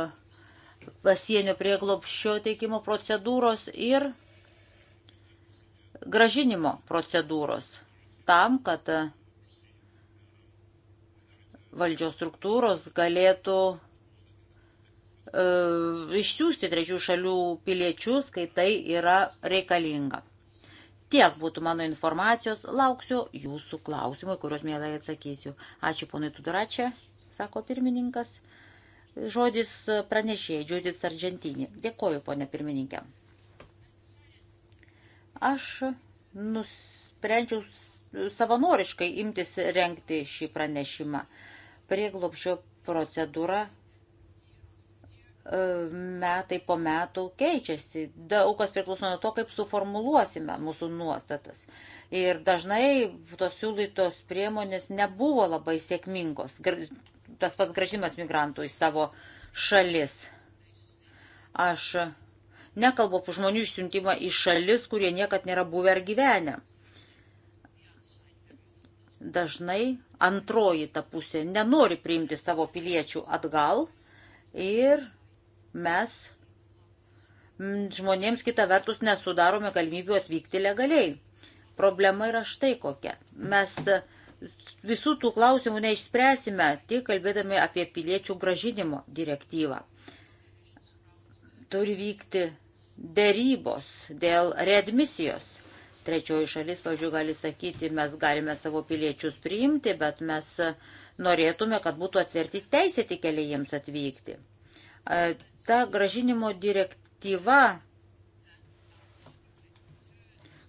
pasienio prieglopščio teikimo procedūros ir gražinimo procedūros tam, kad e, valdžios struktūros galėtų E, išsiųsti trečių šalių piliečius, kai tai yra reikalinga. Tiek būtų mano informacijos, lauksiu jūsų klausimų, kuriuos mielai atsakysiu. Ačiū ponui Tudoračia, sako pirmininkas. Žodis pranešėjai, Džiudits Argentinį. Dėkoju, ponė pirmininkė. Aš nusprendžiau savanoriškai imtis renkti šį pranešimą. Prieglopšio procedūra E, metai po metų keičiasi. Daug kas priklauso nuo to, kaip suformuluosime mūsų nuostatas. Ir dažnai tos siūlytos priemonės nebuvo labai sėkmingos. Tas pats gražimas migrantų į savo šalis. Aš nekalbu apie žmonių išsiuntimą į šalis, kurie niekad nėra buvę ar gyvenę. Dažnai antroji ta pusė nenori priimti savo piliečių atgal ir mes žmonėms kitą vertus nesudarome galimybių atvykti legaliai. Problema yra štai kokia. Mes e, visų tų klausimų neišspręsime, tik kalbėdami apie piliečių gražinimo direktyvą. Turi vykti dėrybos dėl readmisijos. Trečioji šalis, pavyzdžiui, gali sakyti, mes galime savo piliečius priimti, bet mes norėtume, kad būtų atverti teisėti keliai jiems atvykti. E, ta gražinimo direktyva,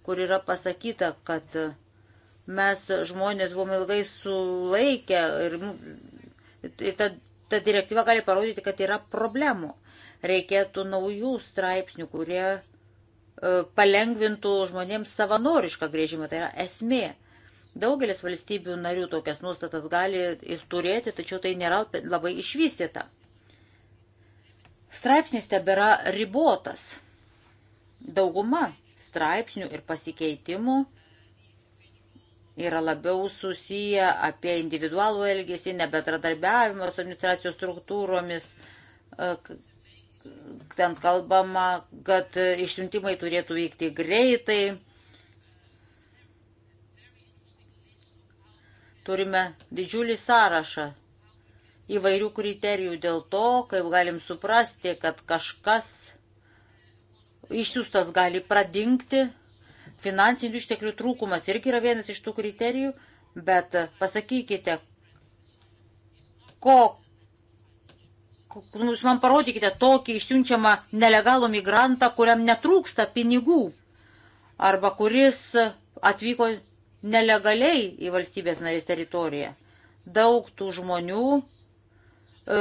kur yra pasakyta, kad mes žmonės buvome ilgai sulaikę ir, ir ta, ta direktyva gali parodyti, kad yra problemų. Reikėtų naujų straipsnių, kurie e, palengvintų žmonėms savanorišką grėžimą, tai yra esmė. Daugelis valstybių narių tokias nuostatas gali ir turėti, tačiau tai nėra labai išvystyta. Straipsnis tebėra ribotas. Dauguma straipsnių ir pasikeitimų yra labiau susiję apie individualų elgesį, nebetradarbiavimą su administracijos struktūromis. E, ten kalbama, kad išsiuntimai turėtų vykti greitai. Turime didžiulį sąrašą įvairių kriterijų dėl to, kaip galim suprasti, kad kažkas išsiųstas gali pradingti. Finansinių išteklių trūkumas irgi yra vienas iš tų kriterijų, bet pasakykite, ko, jūs man parodykite tokį išsiunčiamą nelegalų migrantą, kuriam netrūksta pinigų arba kuris atvyko nelegaliai į valstybės narės teritoriją. Daug tų žmonių E,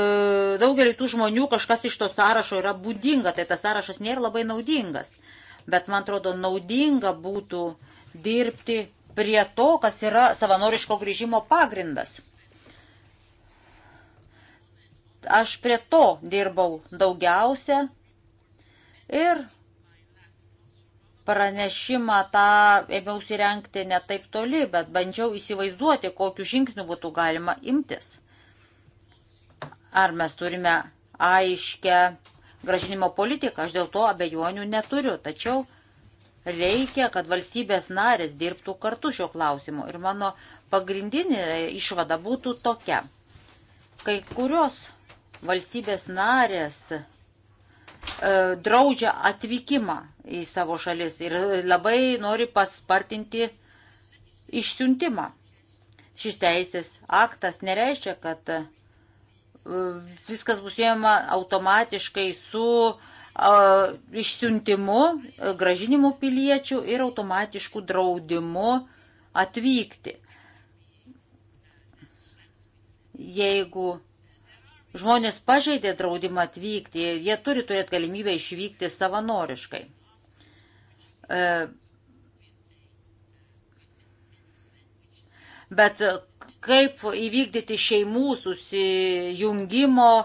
daugeliu tų žmonių kažkas iš to sąrašo yra būdinga, tai tas sąrašas nėra labai naudingas. Bet man atrodo, naudinga būtų dirbti prie to, kas yra savanoriško grįžimo pagrindas. Aš prie to dirbau daugiausia ir pranešimą tą ėmiausi renkti ne taip toli, bet bandžiau įsivaizduoti, kokiu žingsniu būtų galima imtis. Ar mes turime aiškę gražinimo politiką, aš dėl to abejonių neturiu, tačiau reikia, kad valstybės narės dirbtų kartu šio klausimu. Ir mano pagrindinė išvada būtų tokia. Kai kurios valstybės narės e, draudžia atvykimą į savo šalis ir labai nori paspartinti išsiuntimą. Šis teisės aktas nereiškia, kad viskas bus siejama automatiškai su a, išsiuntimu, a, gražinimu piliečių ir automatišku draudimu atvykti. Jeigu žmonės pažeidė draudimą atvykti, jie turi turėti galimybę išvykti savanoriškai. A, e, bet kaip įvykdyti šeimų susijungimo e,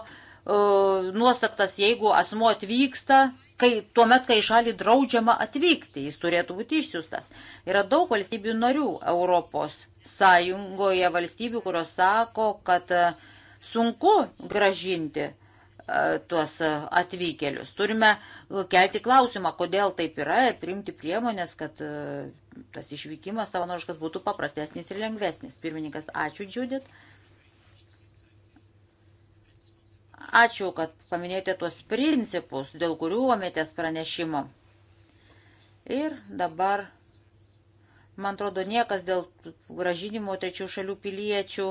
nuostatas, jeigu asmo atvyksta, kai tuo met, kai šalį draudžiama atvykti, jis turėtų būti išsiųstas. Yra daug valstybių narių Europos sąjungoje valstybių, kurios sako, kad e, sunku gražinti e, tuos atvykėlius. Turime kelti klausimą, kodėl taip yra ir priimti priemonės, kad tas išvykimas savanoriškas būtų paprastesnis ir lengvesnis. Pirmininkas, ačiū Džiudit. Ačiū, kad paminėjote tuos principus, dėl kurių omėtės pranešimo. Ir dabar, man atrodo, niekas dėl gražinimo trečių šalių piliečių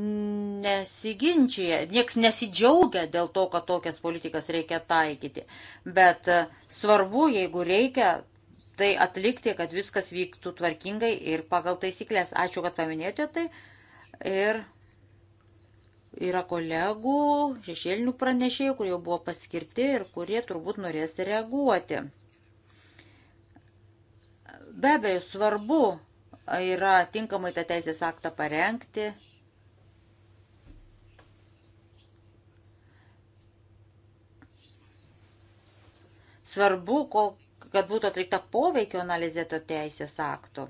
nesiginčia, nieks nesidžiaugia dėl to, kad tokias politikas reikia taikyti. Bet e, svarbu, jeigu reikia, tai atlikti, kad viskas vyktų tvarkingai ir pagal taisyklės. Ačiū, kad paminėjote tai. Ir yra kolegų, šešėlinių pranešėjų, kurie buvo paskirti ir kurie turbūt norės reaguoti. Be abejo, svarbu yra tinkamai tą teisės aktą parengti. Svarbu, kokia kad būtų atlikta poveikio analizė to teisės akto.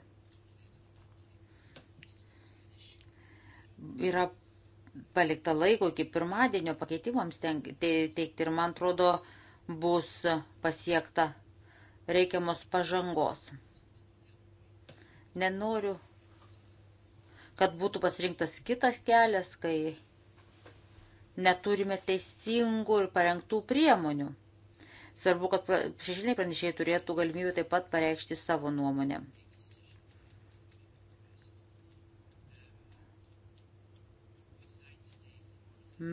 Yra palikta laiko iki pirmadienio pakeitimams teikti ir man atrodo bus pasiekta reikiamos pažangos. Nenoriu, kad būtų pasirinktas kitas kelias, kai neturime teisingų ir parengtų priemonių. Svarbu, kad šešiniai pranešėjai turėtų galimybę taip pat pareikšti savo nuomonę.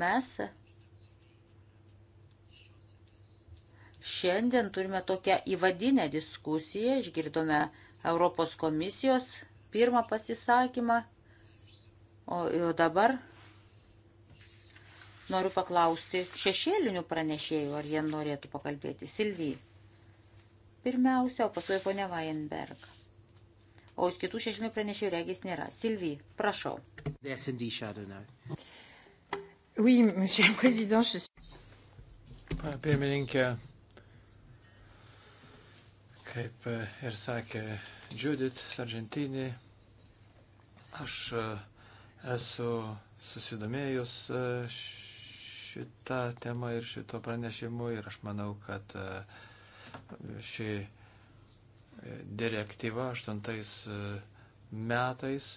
Mes šiandien turime tokią įvadinę diskusiją, išgirdome Europos komisijos pirmą pasisakymą, o dabar Noriu paklausti šešėlinių pranešėjų, ar jie norėtų pakalbėti. Silvijai. Pirmiausia, o paskui ponia Weinberg. O kitų šešėlinių pranešėjų regis nėra. Silvijai, prašau. Oui, monsieur le président, je suis. Pirmininkė, kaip eh, ir sakė Judith Sargentinį, aš eh, esu susidomėjus š eh, šitą temą ir šito pranešimu ir aš manau, kad e, ši e, direktyva aštuntais e, metais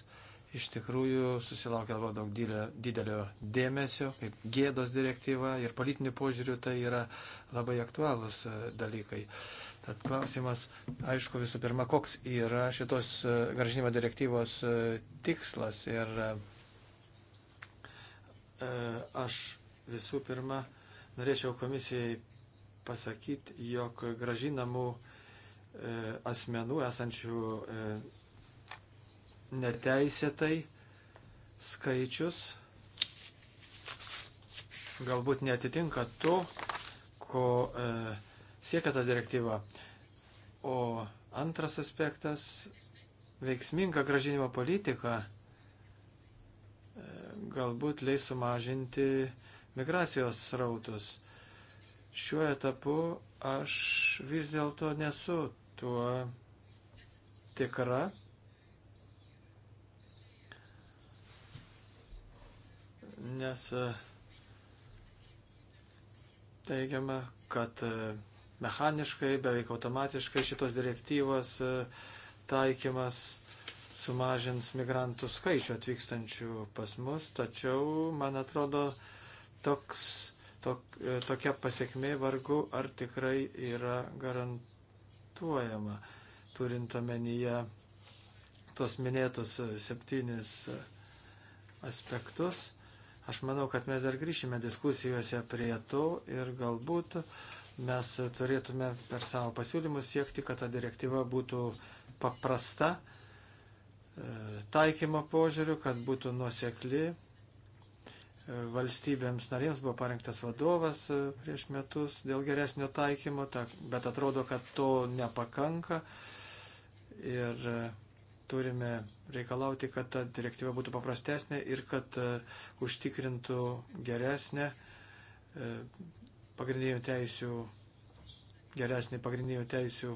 iš tikrųjų susilaukė labai daug didelio dėmesio, kaip gėdos direktyva ir politinių požiūrių tai yra labai aktualūs dalykai. Tad klausimas, aišku, visų pirma, koks yra šitos gražinimo direktyvos tikslas ir aš Visų pirma, norėčiau komisijai pasakyti, jog gražinamų e, asmenų esančių e, neteisėtai skaičius galbūt netitinka to, ko e, siekia ta direktyva. O antras aspektas - veiksminga gražinimo politika galbūt leis sumažinti uh, migracijos srautus. Šiuo etapu aš vis dėlto nesu tuo tikra. Nes e, teigiama, kad e, mechaniškai, beveik automatiškai šitos direktyvos e, taikymas sumažins migrantų skaičių atvykstančių pas mus, tačiau, man atrodo, toks, tok, e, tokia pasiekmė vargu ar tikrai yra garantuojama, turint omenyje tuos minėtus septynis aspektus. Aš manau, kad mes dar grįšime diskusijose prie to ir galbūt mes turėtume per savo pasiūlymus siekti, kad ta direktyva būtų paprasta e, taikymo požiūriu, kad būtų nuosekli valstybėms narėms buvo parengtas vadovas e, prieš metus dėl geresnio taikymo, bet atrodo, kad to nepakanka ir e, turime reikalauti, kad ta direktyva būtų paprastesnė ir kad e, užtikrintų geresnę pagrindinių teisių, geresnį pagrindinių teisių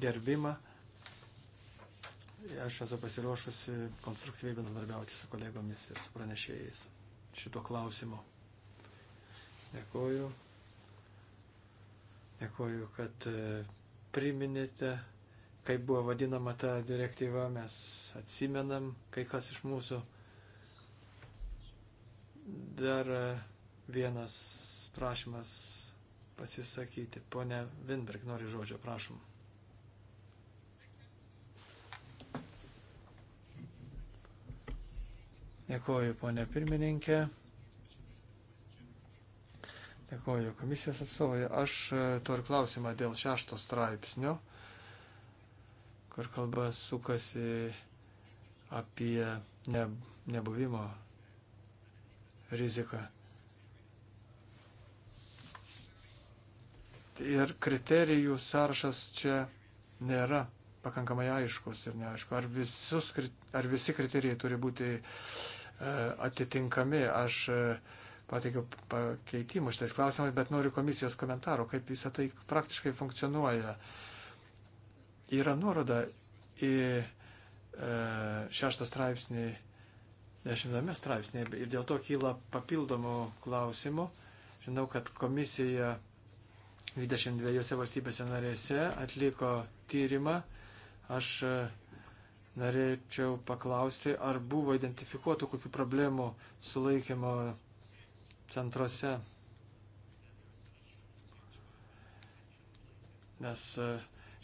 gerbimą. Aš esu pasiruošusi konstruktyviai bendradarbiauti su kolegomis ir su pranešėjais šito klausimu. Dėkoju. Dėkoju, kad e, priminėte, kaip buvo vadinama ta direktyva, mes atsimenam kai kas iš mūsų. Dar e, vienas prašymas pasisakyti. Pone Vinberg, nori žodžio, prašom. Dėkuoju, ponė pirmininkė. Dėkuoju komisijos atstovai. Aš e, turiu klausimą dėl šešto straipsnio, kur kalba sukasi apie ne, nebuvimo riziką. Ir kriterijų sąrašas čia nėra pakankamai aiškus ir neaišku, ar, visus, ar visi kriterijai turi būti uh, E, atitinkami. Aš e, pateikiau pakeitimų šitais klausimais, bet noriu komisijos komentaro, kaip visą tai praktiškai funkcionuoja. Yra nuoroda į e, šeštą straipsnį, dešimtame straipsnė ir dėl to kyla papildomų klausimų. Žinau, kad komisija 22 valstybėse narėse atliko tyrimą. Aš Norėčiau paklausti, ar buvo identifikuotų kokių problemų sulaikymo centruose. Nes e,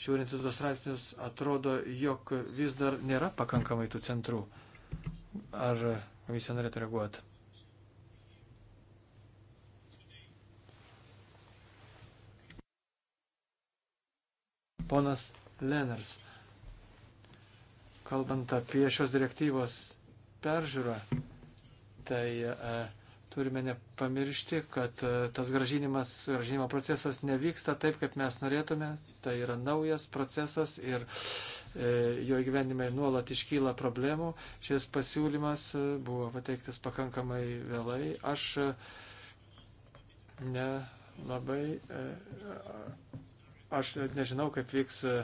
žiūrint į tos straipsnius, atrodo, jog vis dar nėra pakankamai tų centrų. Ar komisija norėtų reaguoti? Ponas Lenars kalbant apie šios direktyvos peržiūrą, tai e, turime nepamiršti, kad e, tas gražinimas, gražinimo procesas nevyksta taip, kaip mes norėtume. Tai yra naujas procesas ir e, jo gyvenime nuolat iškyla problemų. Šis pasiūlymas e, buvo pateiktas pakankamai vėlai. Aš e, nelabai. E, Aš nežinau, kaip vyks e,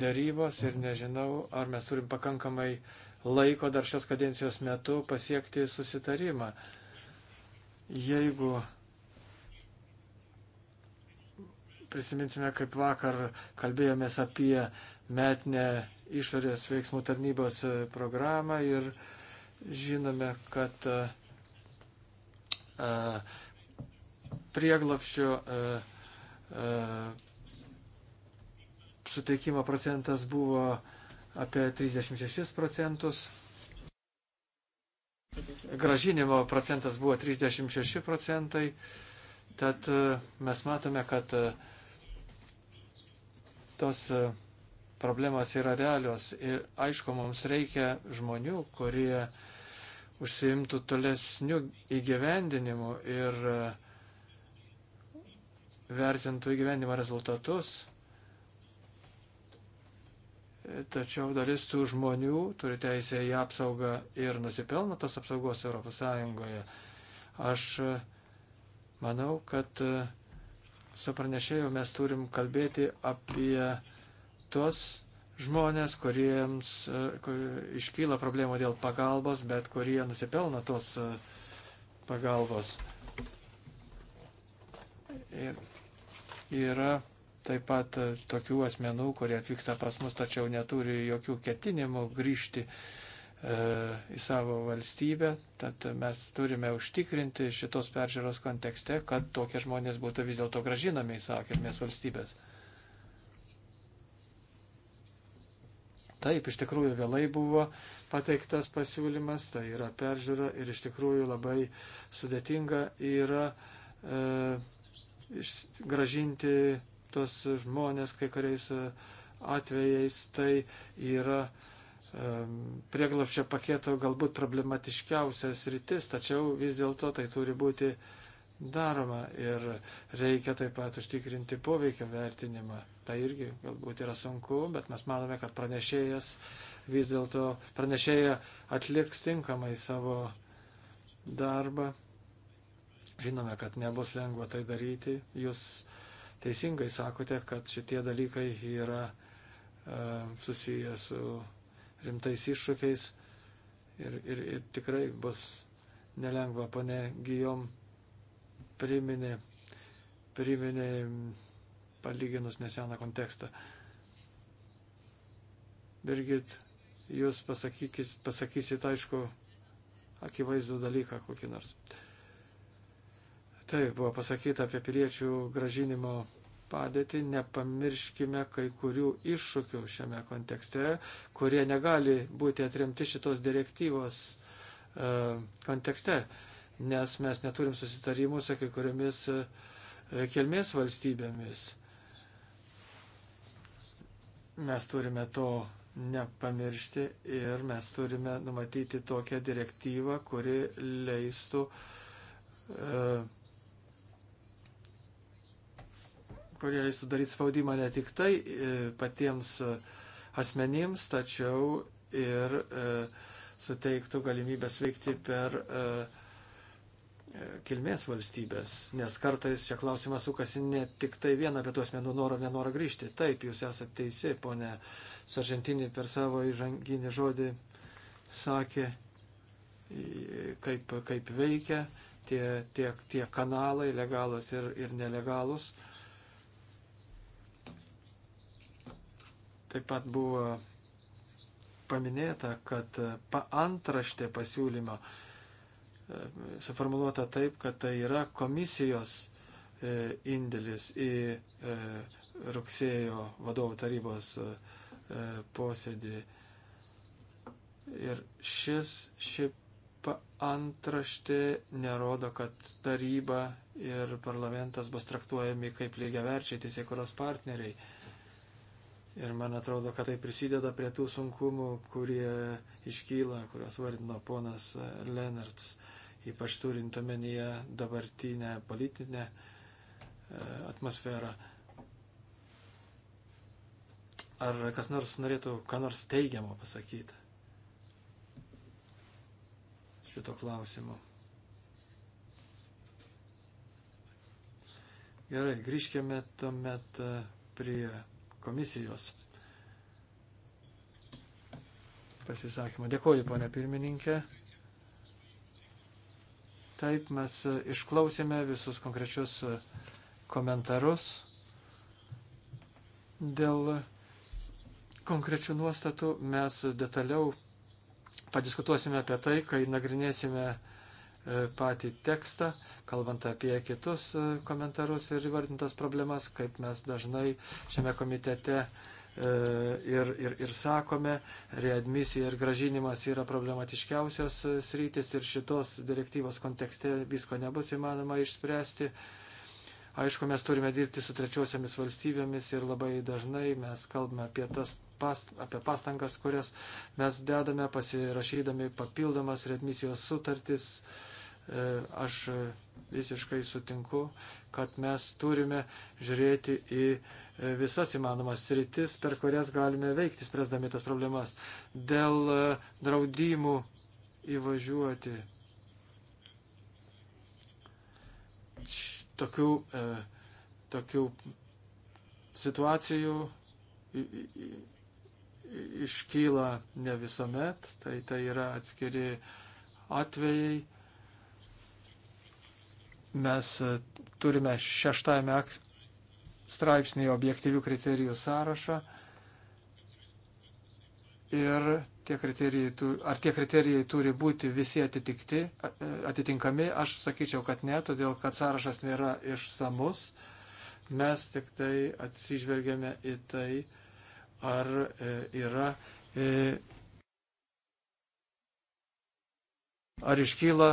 dėrybos ir nežinau, ar mes turim pakankamai laiko dar šios kadencijos metu pasiekti susitarimą. Jeigu prisiminsime, kaip vakar kalbėjomės apie metinę išorės veiksmų tarnybos programą ir žinome, kad e, e, prieglapščio e, suteikimo procentas buvo apie 36 procentus, gražinimo procentas buvo 36 procentai, tad e, mes matome, kad e, tos e, problemos yra realios ir aišku, mums reikia žmonių, kurie užsiimtų tolesnių įgyvendinimų ir vertintų įgyvendimo rezultatus tačiau dalis tų žmonių turi teisę į apsaugą ir nusipelno tos apsaugos ES. Aš e, manau, kad e, su pranešėju mes turim kalbėti apie tuos žmonės, kuriems e, kur, iškyla problemų dėl pagalbos, bet kurie nusipelno tos pagalbos. Ir yra taip pat e, tokių asmenų, kurie atvyksta pas mus, tačiau neturi jokių ketinimų grįžti e, į savo valstybę, tad mes turime užtikrinti šitos peržiūros kontekste, kad tokie žmonės būtų vis dėlto gražinami į savo kilmės valstybės. Taip, iš tikrųjų vėlai buvo pateiktas pasiūlymas, tai yra peržiūra ir iš tikrųjų labai sudėtinga yra e, gražinti tos žmonės kai kuriais e, atvejais tai yra e, prieglapščio paketo galbūt problematiškiausias rytis, tačiau vis dėlto tai turi būti daroma ir reikia taip pat užtikrinti poveikio vertinimą. Tai irgi galbūt yra sunku, bet mes manome, kad pranešėjas vis dėlto pranešėja atliks tinkamai savo darbą. Žinome, kad nebus lengva tai daryti. Jūs teisingai sakote, kad šitie dalykai yra e, susiję su rimtais iššūkiais ir, ir, ir tikrai bus nelengva, pane Gijom priminė, priminė palyginus neseną kontekstą. Birgit, jūs pasakykis, pasakysit, aišku, akivaizdų dalyką kokį nors. Uh, Taip, buvo pasakyta apie piliečių gražinimo padėtį, nepamirškime kai kurių iššūkių šiame kontekste, kurie negali būti atremti šitos direktyvos e, kontekste, nes mes neturim susitarimų su kai kuriomis e, kelmės valstybėmis. Mes turime to nepamiršti ir mes turime numatyti tokią direktyvą, kuri leistų e, kurie leistų daryti spaudimą ne tik tai e, patiems e, asmenims, tačiau ir e, suteiktų galimybės veikti per kilmės valstybės, nes kartais čia klausimas sukasi ne tik tai vieną apie tuos menų norą ar nenorą grįžti. Taip, jūs esate teisi, ponė Saržantinė per savo įžanginį žodį sakė, kaip, kaip veikia tie, tie, tie kanalai, legalus ir, ir nelegalus. Uh, Taip pat buvo paminėta, kad e, antraštė pasiūlymo e, suformuoluota taip, kad tai yra komisijos e, indėlis į rugsėjo vadovų tarybos posėdį. Ir šis, ši antraštė nerodo, kad taryba ir parlamentas bus traktuojami kaip lygiaverčiai teisėkuros partneriai. Ir man atrodo, kad tai prisideda prie tų sunkumų, kurie iškyla, kurios vardino ponas Lenarts, ypač turint omenyje dabartinę politinę e, atmosferą. Ar kas nors norėtų ką nors teigiamo pasakyti šito klausimu? Gerai, grįžkime tuomet e, prie komisijos pasisakymą. Dėkuoju, ponė pirmininkė. Taip, mes išklausėme visus konkrečius komentarus dėl konkrečių nuostatų. Mes detaliau padiskutuosime apie tai, kai nagrinėsime E, patį tekstą, kalbant apie kitus e, komentarus ir įvardintas problemas, kaip mes dažnai šiame komitete e, ir, ir, ir sakome, readmisija ir gražinimas yra problematiškiausios sritis ir šitos direktyvos kontekste visko nebus įmanoma išspręsti. Aišku, mes turime dirbti su trečiosiamis valstybėmis ir labai dažnai mes kalbame apie tas past, apie pastangas, kurias mes dedame pasirašydami papildomas readmisijos sutartis, uh, E, aš e, visiškai sutinku, kad mes turime žiūrėti į e, visas įmanomas sritis, per kurias galime veikti, spręsdami tas problemas. Dėl draudimų įvažiuoti. Tokių, e, tokių situacijų iškyla ne visuomet, tai tai yra atskiri atvejai Mes e, turime šeštajame straipsnėje objektyvių kriterijų sąrašą ir tie kriterijai, ar tie kriterijai turi būti visi atitikti, e, atitinkami, aš sakyčiau, kad ne, todėl kad sąrašas nėra išsamus, mes tik tai atsižvelgiame į tai, ar e, yra, ar iškyla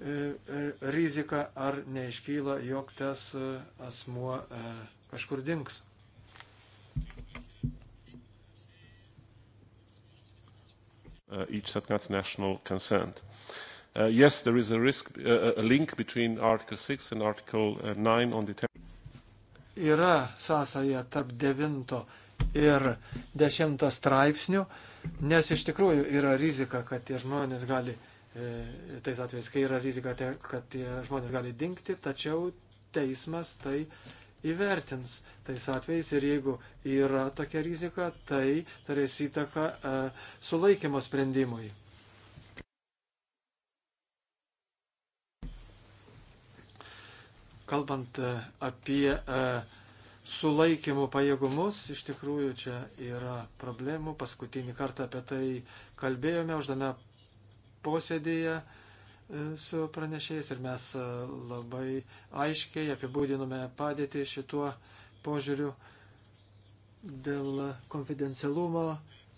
E, e, rizika, ar neiškyla, jog tas e, asmuo kažkur dinks. Uh, each subnet national consent. Uh, yes, there is a risk, uh, a link between Article 6 and Article 9 uh, on the. Yra sąsaja tarp 9 ir 10 straipsnių, nes iš tikrųjų yra rizika, kad tie žmonės gali uh, E, tais atvejais, kai yra rizika, kad tie žmonės gali dinkti, tačiau teismas tai įvertins tais atvejais ir jeigu yra tokia rizika, tai turės įtaką e, sulaikymo sprendimui. Kalbant e, apie sulaikymų pajėgumus, iš tikrųjų čia yra problemų. Paskutinį kartą apie tai kalbėjome, uždame posėdėje e, su pranešėjais ir mes e, labai aiškiai apibūdinome padėtį šituo požiūriu dėl konfidencialumo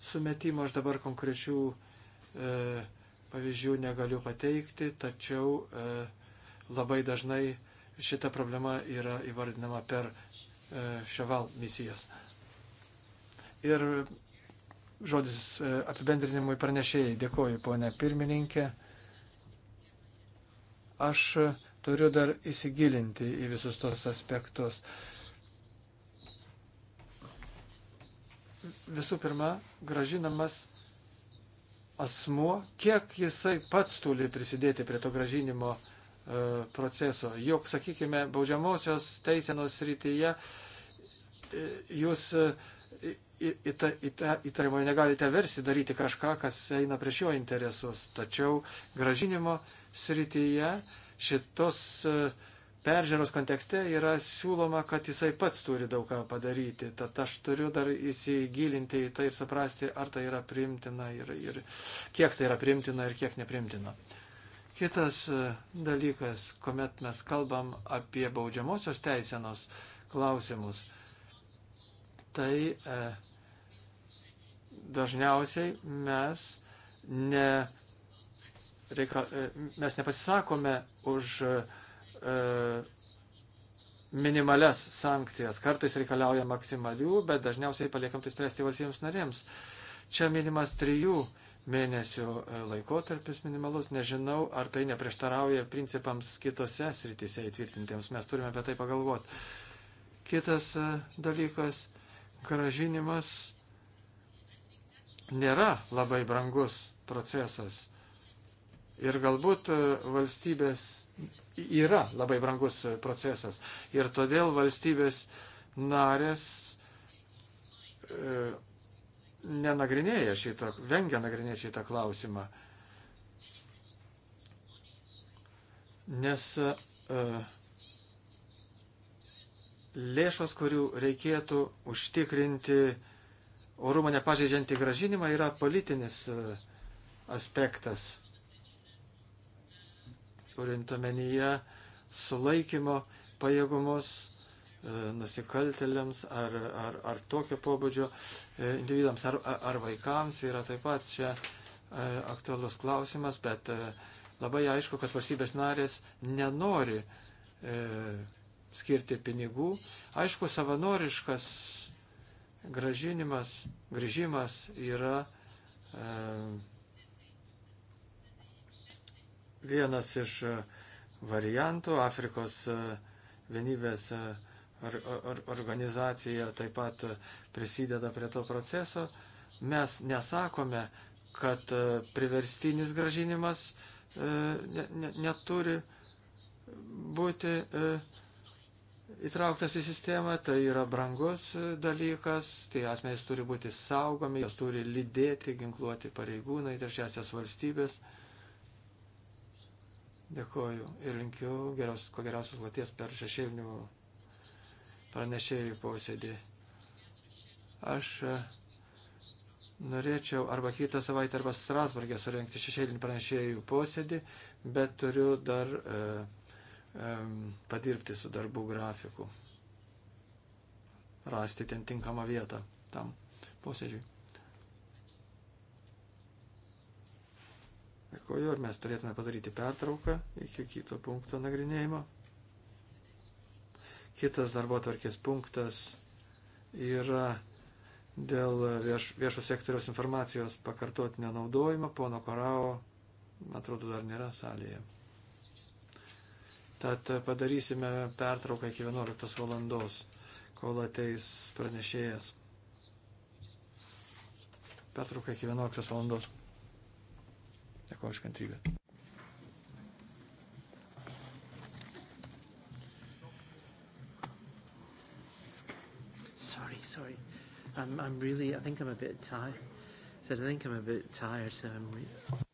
sumetimo. Aš dabar konkrečių e, pavyzdžių negaliu pateikti, tačiau e, labai dažnai šita problema yra įvardinama per e, ševal misijas. Ir Žodis e, apibendrinimui pranešėjai. Dėkoju, ponė pirmininkė. Aš e, turiu dar įsigilinti į visus tos aspektus. Visų pirma, gražinamas asmuo, kiek jisai pats turi prisidėti prie to gražinimo e, proceso. Juk, sakykime, baudžiamosios teisenos rytyje e, jūs e, įta, įta, įtariamojo negalite versi daryti kažką, kas eina prieš jo interesus. Tačiau gražinimo srityje šitos e, peržiūros kontekste yra siūloma, kad jisai pats turi daug ką padaryti. Tad aš turiu dar įsigilinti į tai ir suprasti, ar tai yra primtina ir, ir kiek tai yra primtina ir kiek neprimtina. Kitas e, dalykas, kuomet mes kalbam apie baudžiamosios teisenos klausimus, tai e, dažniausiai mes, ne, reika, e, mes nepasisakome už e, minimales sankcijas. Kartais reikalauja maksimalių, bet dažniausiai paliekam tai spręsti valstybėms narėms. Čia minimas trijų mėnesių e, laikotarpis minimalus. Nežinau, ar tai neprieštarauja principams kitose srityse įtvirtintiems. Mes turime apie tai pagalvoti. Kitas e, dalykas - gražinimas nėra labai brangus procesas. Ir galbūt e, valstybės yra labai brangus procesas. Ir todėl valstybės narės e, nenagrinėja šitą, vengia nagrinėti šitą klausimą. Nes e, lėšos, kurių reikėtų užtikrinti orumo nepažeidžiantį gražinimą yra politinis e, aspektas, turint omenyje sulaikymo pajėgumus e, nusikaltėliams ar, ar, ar tokio pobūdžio e, individams ar, ar vaikams yra taip pat čia aktualus klausimas, bet labai aišku, kad valstybės narės nenori skirti pinigų. Aišku, savanoriškas gražinimas, grįžimas yra e, vienas iš e, variantų. Afrikos e, vienybės e, or, or, organizacija taip pat prisideda prie to proceso. Mes nesakome, kad priverstinis gražinimas e, ne, ne, neturi būti e, įtrauktas į sistemą, tai yra brangus dalykas, tie asmenys turi būti saugomi, jos turi lydėti ginkluoti pareigūnai, trečiasias valstybės. Dėkoju ir linkiu geriaus, ko geriausios laties per šešėlinių pranešėjų posėdį. Aš e, norėčiau arba kitą savaitę arba Strasburgė surenkti šešėlinį pranešėjų posėdį, bet turiu dar. E, padirbti su darbų grafiku, rasti ten tinkamą vietą tam posėdžiui. Dėkuoju, ar mes turėtume padaryti pertrauką iki kito punkto nagrinėjimo. Kitas darbo tvarkės punktas yra dėl vieš, viešo sektoriaus informacijos pakartotinio naudojimo. Pono Korao, atrodo, dar nėra salėje. Tad e, padarysime pertrauką iki 11 valandos, kol ateis pranešėjas. Pertrauką iki 11 valandos. Dėkuoju iš kantrybės. sorry. I'm, I'm really, I think I'm a bit tired. I said, I think I'm a bit tired, so I'm. Re-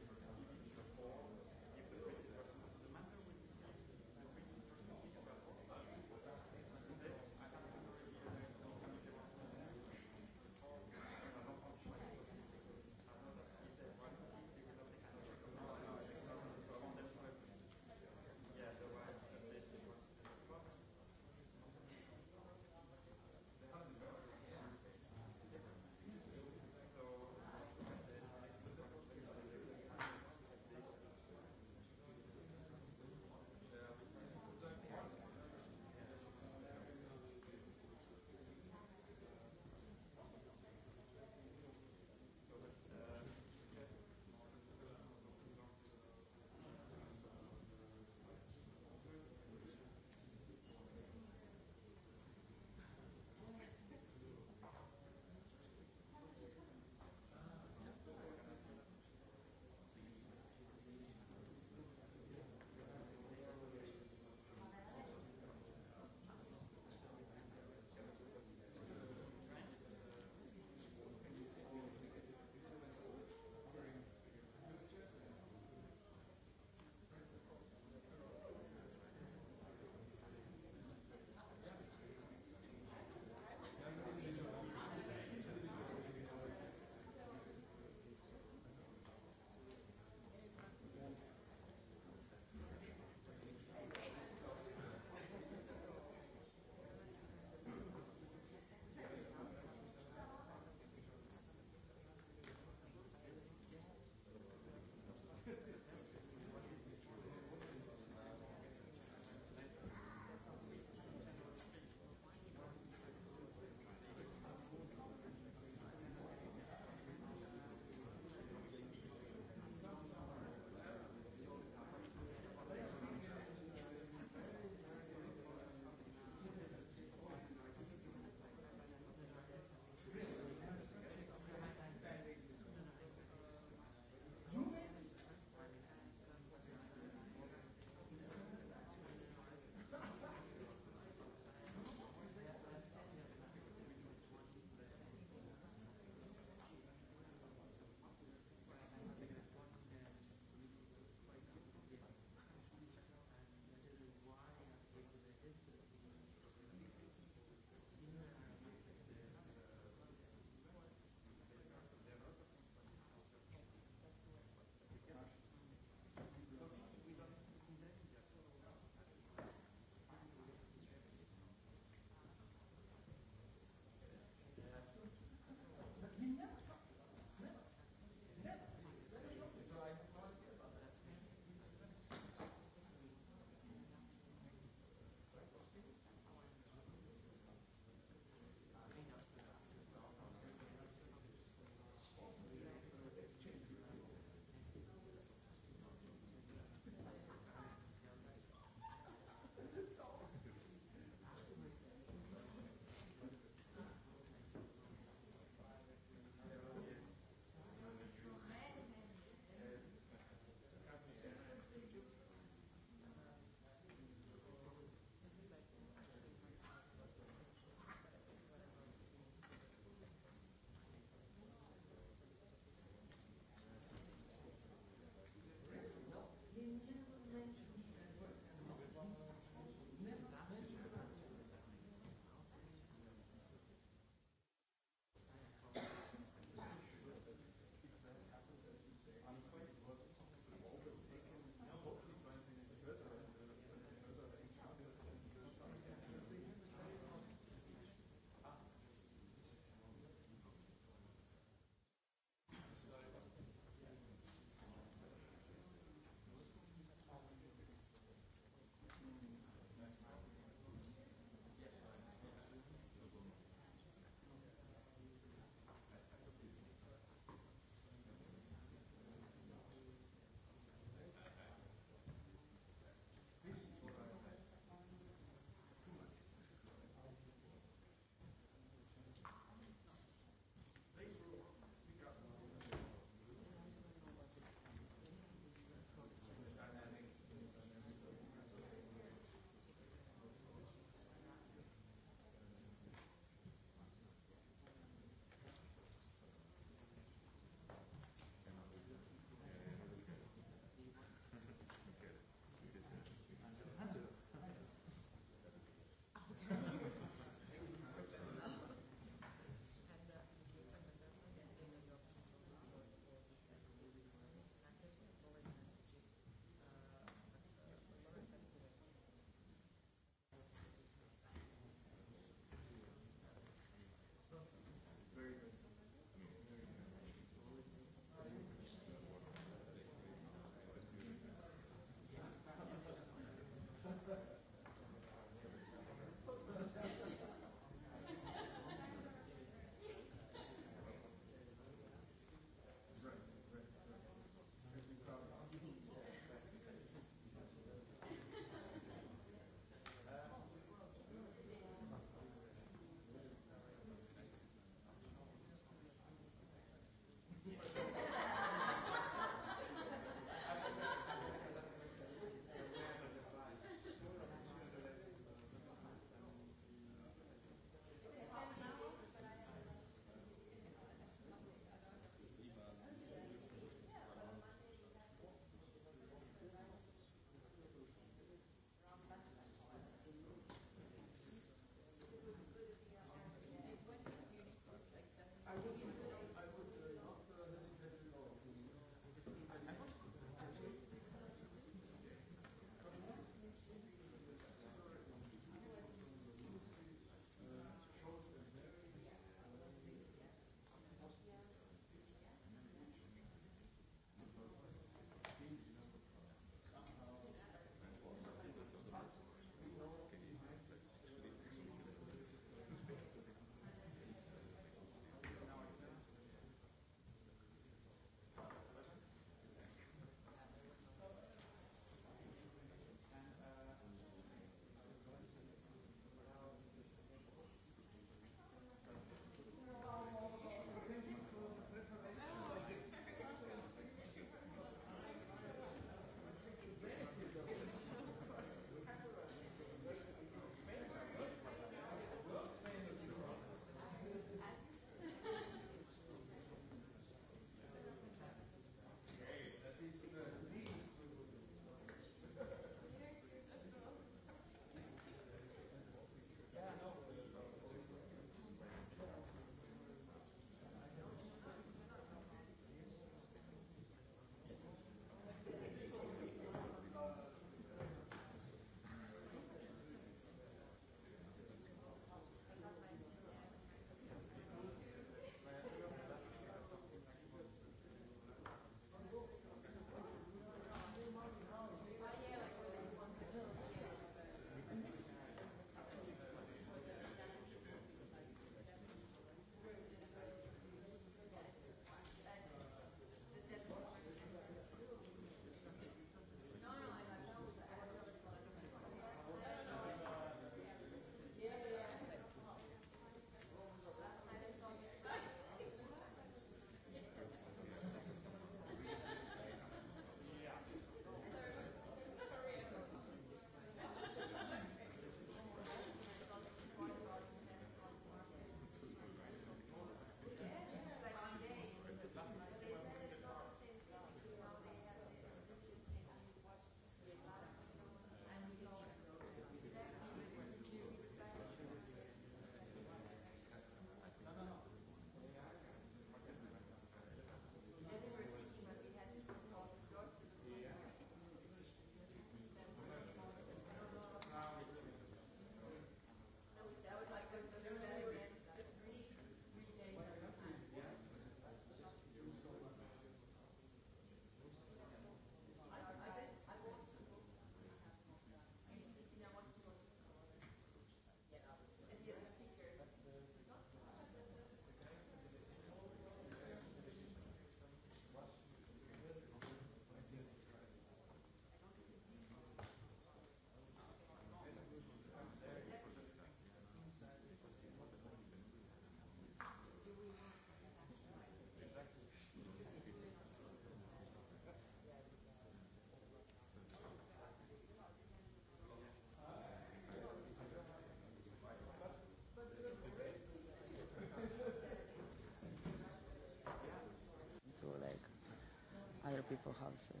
people's houses.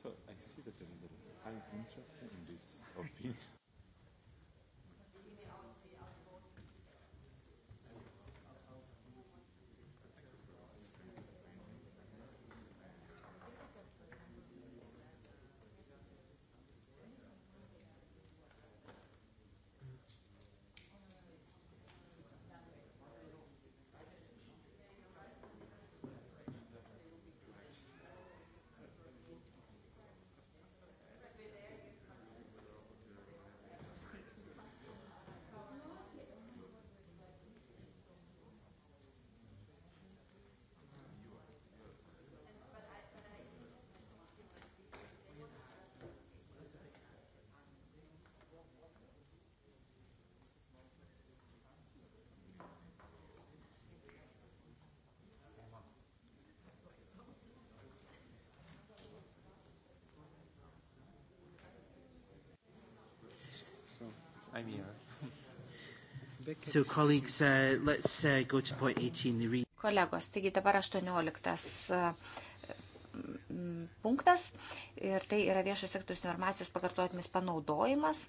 So I see that there is a high interest in this opinion. I'm here. so, colleagues, uh, let's uh, go to point 18. The re- Kolegos, taigi dabar 18. Uh, punktas ir tai yra viešo sektoriaus informacijos pakartotinis panaudojimas.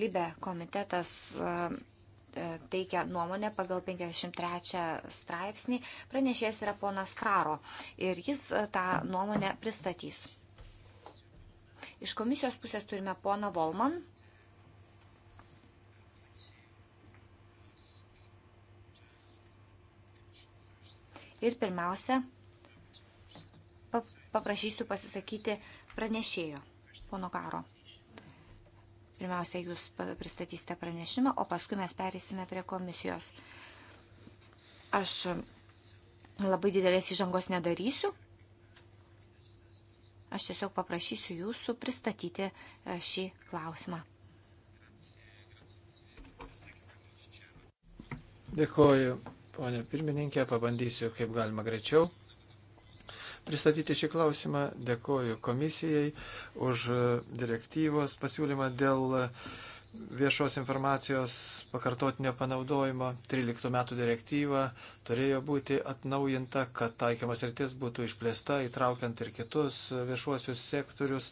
Libe komitetas uh, uh, teikia nuomonę pagal 53 straipsnį. Pranešėjas yra ponas Karo ir jis uh, tą nuomonę pristatys. Iš komisijos pusės turime poną Volman. Ir pirmiausia, paprašysiu pasisakyti pranešėjo, pono Karo. Pirmiausia, jūs pristatysite pranešimą, o paskui mes perėsime prie komisijos. Aš labai didelės įžangos nedarysiu. Aš tiesiog paprašysiu jūsų pristatyti e, šį klausimą. Dėkuoju, Pone pirmininkė, pabandysiu kaip galima greičiau pristatyti šį klausimą. Dėkoju komisijai už direktyvos pasiūlymą dėl viešos informacijos pakartotinio panaudojimo. 13 metų direktyva turėjo būti atnaujinta, kad taikymas rytis būtų išplėsta, įtraukiant ir kitus viešuosius sektorius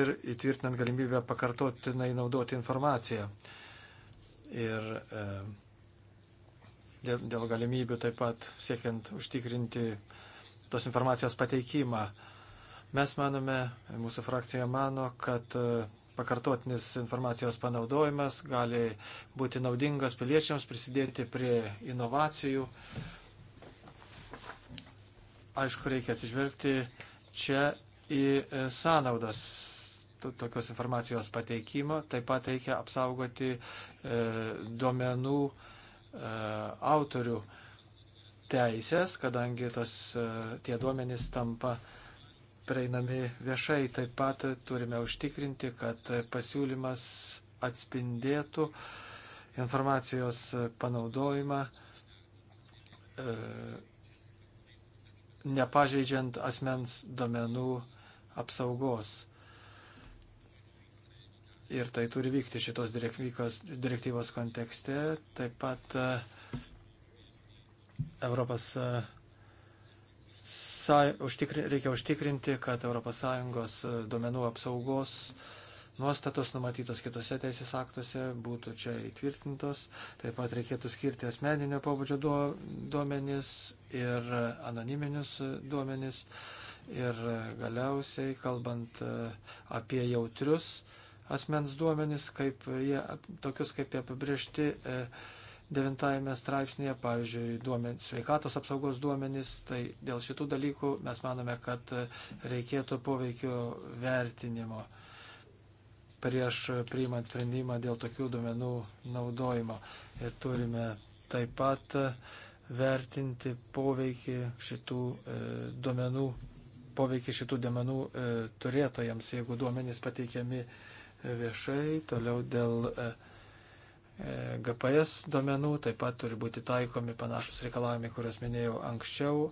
ir įtvirtinant galimybę pakartotinai naudoti informaciją. Ir e, dėl, dėl galimybių taip pat siekiant užtikrinti tos informacijos pateikimą. Mes manome, mūsų frakcija mano, kad e, pakartotinis informacijos panaudojimas gali būti naudingas piliečiams, prisidėti prie inovacijų. Aišku, reikia atsižvelgti čia į e, sąnaudas tokios informacijos pateikimo. Taip pat reikia apsaugoti e, duomenų e, E, autorių teisės, kadangi tos, e, tie duomenys tampa prieinami viešai. Taip pat turime užtikrinti, kad pasiūlymas atspindėtų informacijos panaudojimą, e, nepažeidžiant asmens duomenų apsaugos. Ir tai turi vykti šitos direktyvos kontekste. Taip pat e, Europos e, užtikri, reikia užtikrinti, kad ES e, duomenų apsaugos nuostatos numatytos kitose teisės aktuose būtų čia įtvirtintos. Taip pat reikėtų skirti asmeninio pobūdžio duomenis ir anoniminius duomenis. Ir galiausiai, kalbant apie jautrius asmens duomenis, kaip jie, tokius kaip jie apibriešti e, devintajame straipsnėje, pavyzdžiui, duomenys, sveikatos apsaugos duomenys, tai dėl šitų dalykų mes manome, kad e, reikėtų poveikio vertinimo prieš priimant sprendimą dėl tokių duomenų naudojimo. Ir turime taip pat e, vertinti poveikį šitų e, duomenų, poveikį šitų duomenų e, turėtojams, jeigu duomenys pateikiami e, viešai, toliau dėl e, e, GPS duomenų taip pat turi būti taikomi panašus reikalavimai, kuriuos minėjau anksčiau.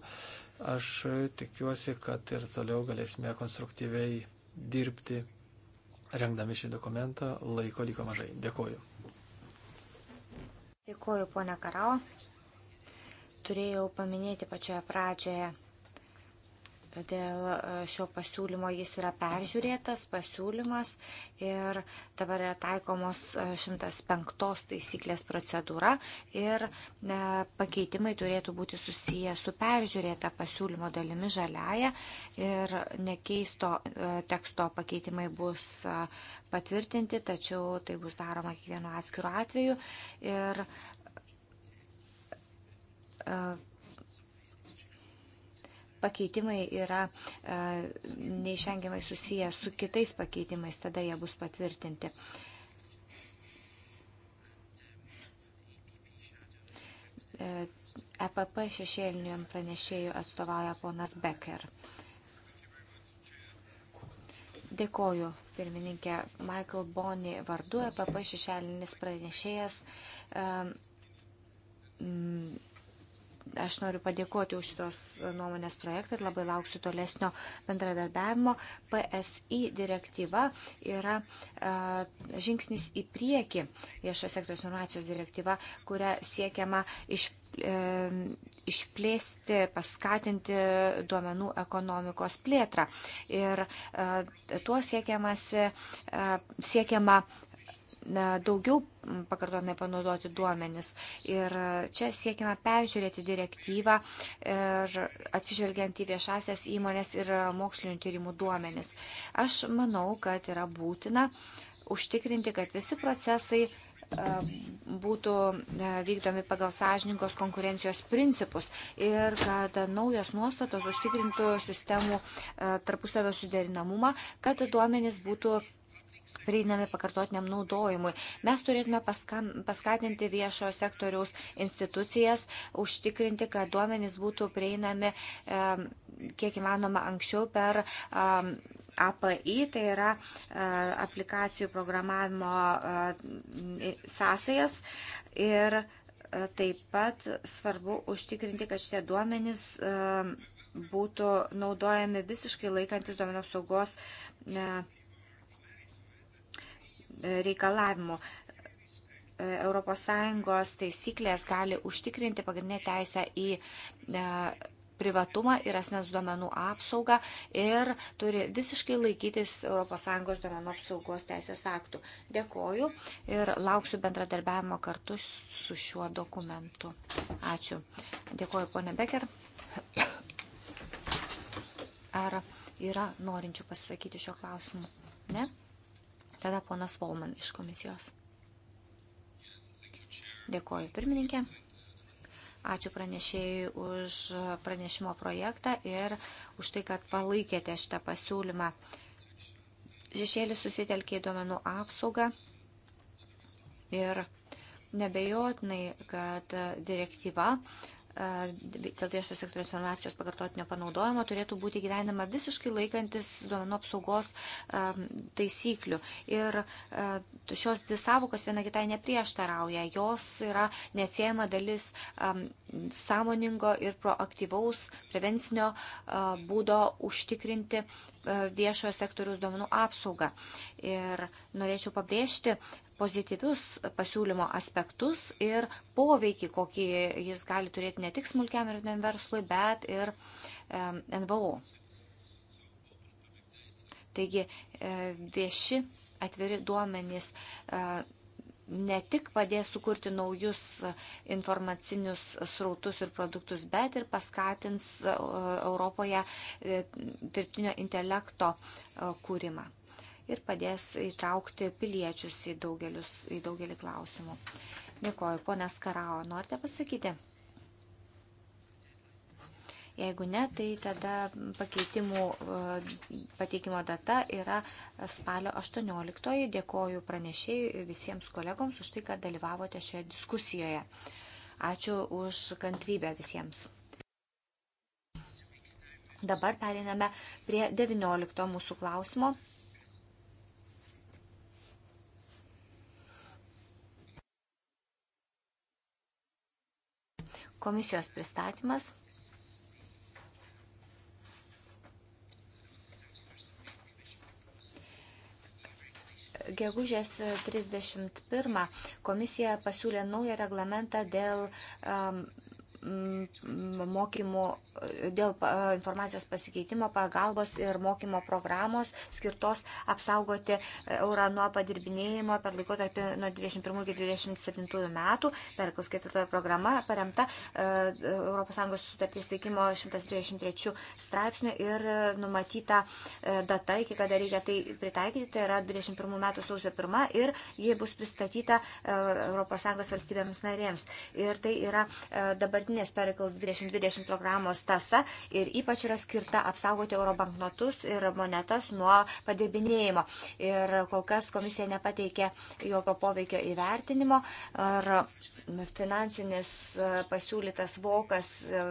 Aš tikiuosi, kad ir toliau galėsime konstruktyviai dirbti, rengdami šį dokumentą. Laiko liko mažai. Dėkuoju. Dėkuoju, ponia Karau. Turėjau paminėti pačioje pradžioje Dėl e, šio pasiūlymo jis yra peržiūrėtas, pasiūlymas ir dabar yra taikomos 105 e, taisyklės procedūra ir e, pakeitimai turėtų būti susiję su peržiūrėta pasiūlymo dalimi žaliaja ir nekeisto teksto pakeitimai bus patvirtinti, tačiau tai bus daroma kiekvienu atskiru atveju. Ir pakeitimai yra e, neišvengiamai susiję su kitais pakeitimais, tada jie bus patvirtinti. EPP e šešėliniam pranešėjų atstovauja ponas Becker. Dėkoju, pirmininkė Michael Boni vardu, EPP šešėlinis pranešėjas. Um, Aš noriu padėkoti už šitos nuomonės projektą ir labai lauksiu tolesnio bendradarbiavimo. PSI direktyva yra a, žingsnis į priekį viešo sektoriaus inovacijos direktyva, kuria siekiama iš, e, išplėsti, paskatinti duomenų ekonomikos plėtrą. Ir e, tuo siekiamasi, e, siekiama daugiau pakartotinai panaudoti duomenis. Ir e, čia siekime peržiūrėti direktyvą ir atsižvelgiant į viešasias įmonės ir mokslinių tyrimų duomenis. Aš manau, kad yra būtina užtikrinti, kad visi procesai e, būtų e, vykdomi pagal sąžininkos konkurencijos principus ir kad naujos nuostatos užtikrintų sistemų tarpusavio suderinamumą, kad duomenys būtų prieinami pakartotiniam naudojimui. Mes turėtume paskam, paskatinti viešojo sektoriaus institucijas, užtikrinti, kad duomenys būtų prieinami e, kiek įmanoma anksčiau per e, API, tai yra e, aplikacijų programavimo e, sąsajas. Ir e, taip pat svarbu užtikrinti, kad šitie duomenys. E, būtų naudojami visiškai laikantis duomenų apsaugos e, reikalavimų. ES taisyklės gali užtikrinti pagrindinę teisę į e, privatumą ir asmens duomenų apsaugą ir turi visiškai laikytis ES duomenų apsaugos teisės aktų. Dėkoju ir lauksiu bendradarbiavimo kartu su šiuo dokumentu. Ačiū. Dėkoju, ponė Becker. Ar yra norinčių pasisakyti šio klausimu? Ne? Tada ponas Volman iš komisijos. Dėkoju pirmininkė. Ačiū pranešėjai už pranešimo projektą ir už tai, kad palaikėte šitą pasiūlymą. Žešėlis susitelkė į duomenų apsaugą ir nebejotinai, kad direktyva dėl viešo sektorio informacijos pakartotinio panaudojimo turėtų būti gyvenama visiškai laikantis duomenų apsaugos taisyklių. Ir šios dvi savukos viena kitai neprieštarauja. Jos yra neatsiejama dalis sąmoningo ir proaktyvaus prevencinio būdo užtikrinti viešojo sektoriaus duomenų apsaugą. Ir norėčiau pabrėžti, pozityvius pasiūlymo aspektus ir poveikį, kokį jis gali turėti ne tik smulkiam ir vidiniam verslui, bet ir NVO. Taigi e, vieši atviri duomenys e, ne tik padės sukurti naujus informacinius srautus ir produktus, bet ir paskatins e, Europoje dirbtinio intelekto kūrimą ir padės įtraukti piliečius į, daugelius, į daugelį klausimų. Dėkoju, ponė Skarao, norite pasakyti? Jeigu ne, tai tada pakeitimų e, pateikimo data yra spalio 18. Dėkoju pranešėjui ir visiems kolegoms už tai, kad dalyvavote šioje diskusijoje. Ačiū už kantrybę visiems. Dabar periname prie 19 mūsų klausimo. komisijos pristatymas. Gegužės 31 komisija pasiūlė naują reglamentą dėl um, Mm, mokymų, e, dėl e, informacijos pasikeitimo, pagalbos ir mokymo programos skirtos apsaugoti eurą nuo padirbinėjimo per laikotarpį nuo 21 iki 27 metų. Perklas ketvirtoji programa paremta e, ES sutarties veikimo 123 straipsnių ir numatyta data, iki kada reikia tai pritaikyti, tai yra 21 metų sausio 1 ir ji bus pristatyta ES valstybėms narėms. Ir tai yra dabartinė dabartinės Pericles 2020 programos tasa ir ypač yra skirta apsaugoti euro banknotus ir monetas nuo padirbinėjimo. Ir kol kas komisija nepateikė jokio poveikio įvertinimo. Ar finansinis e, pasiūlytas vokas e,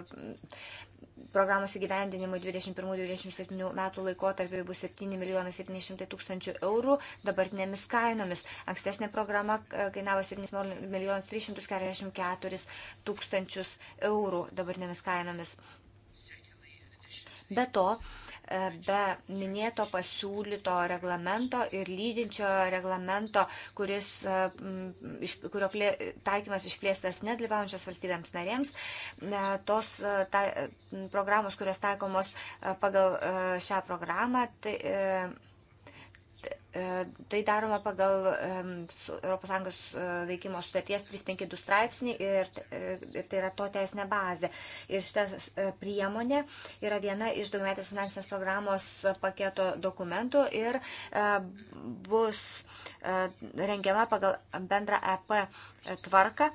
programos įgyvendinimui 21-27 metų laikotarpiu bus 7 milijonai 700 tūkstančių eurų dabartinėmis kainomis. Ankstesnė programa e, kainavo 7 milijonus 344 tūkstančius eurų dabartinėmis kainomis. Be to, be minėto pasiūlyto reglamento ir lydinčio reglamento, kuris, e, kurio plė, taikymas išplėstas nedalyvaujančios valstybėms narėms. E, tos e, ta, programos, kurios taikomos pagal šią programą, tai, E, tai daroma pagal ES e, veikimo sutarties 352 straipsnį e, ir tai yra to teisinė bazė. Ir šitą priemonė yra viena iš daugiametės finansinės programos paketo dokumentų ir bus rengiama pagal bendrą EP tvarką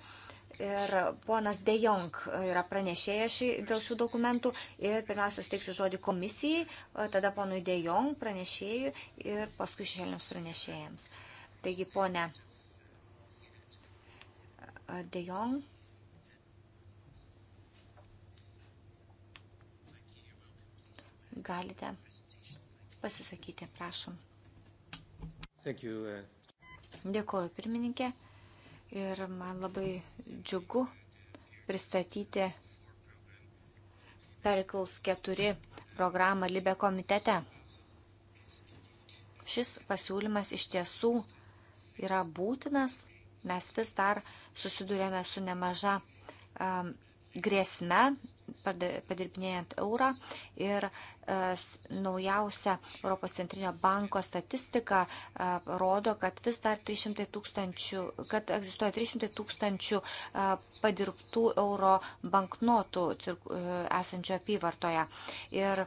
ir ponas Dejong e, yra pranešėjęs šį, dėl šių dokumentų ir pirmiausia suteiksiu žodį komisijai, tada ponui Dejong pranešėjui ir paskui šešėliams pranešėjams. Taigi, ponė e, Dejong. Galite pasisakyti, prašom. Uh, Dėkuoju, pirmininkė ir man labai džiugu pristatyti Pericles 4 programą Libe komitete. Šis pasiūlymas iš tiesų yra būtinas, mes vis dar susidurėme su nemaža um, grėsme, padirbinėjant eurą ir e, naujausia Europos centrinio banko statistika e, rodo, kad vis dar 300 tūkstančių, kad egzistuoja 300 tūkstančių e, padirbtų euro banknotų esančio apyvartoje. Ir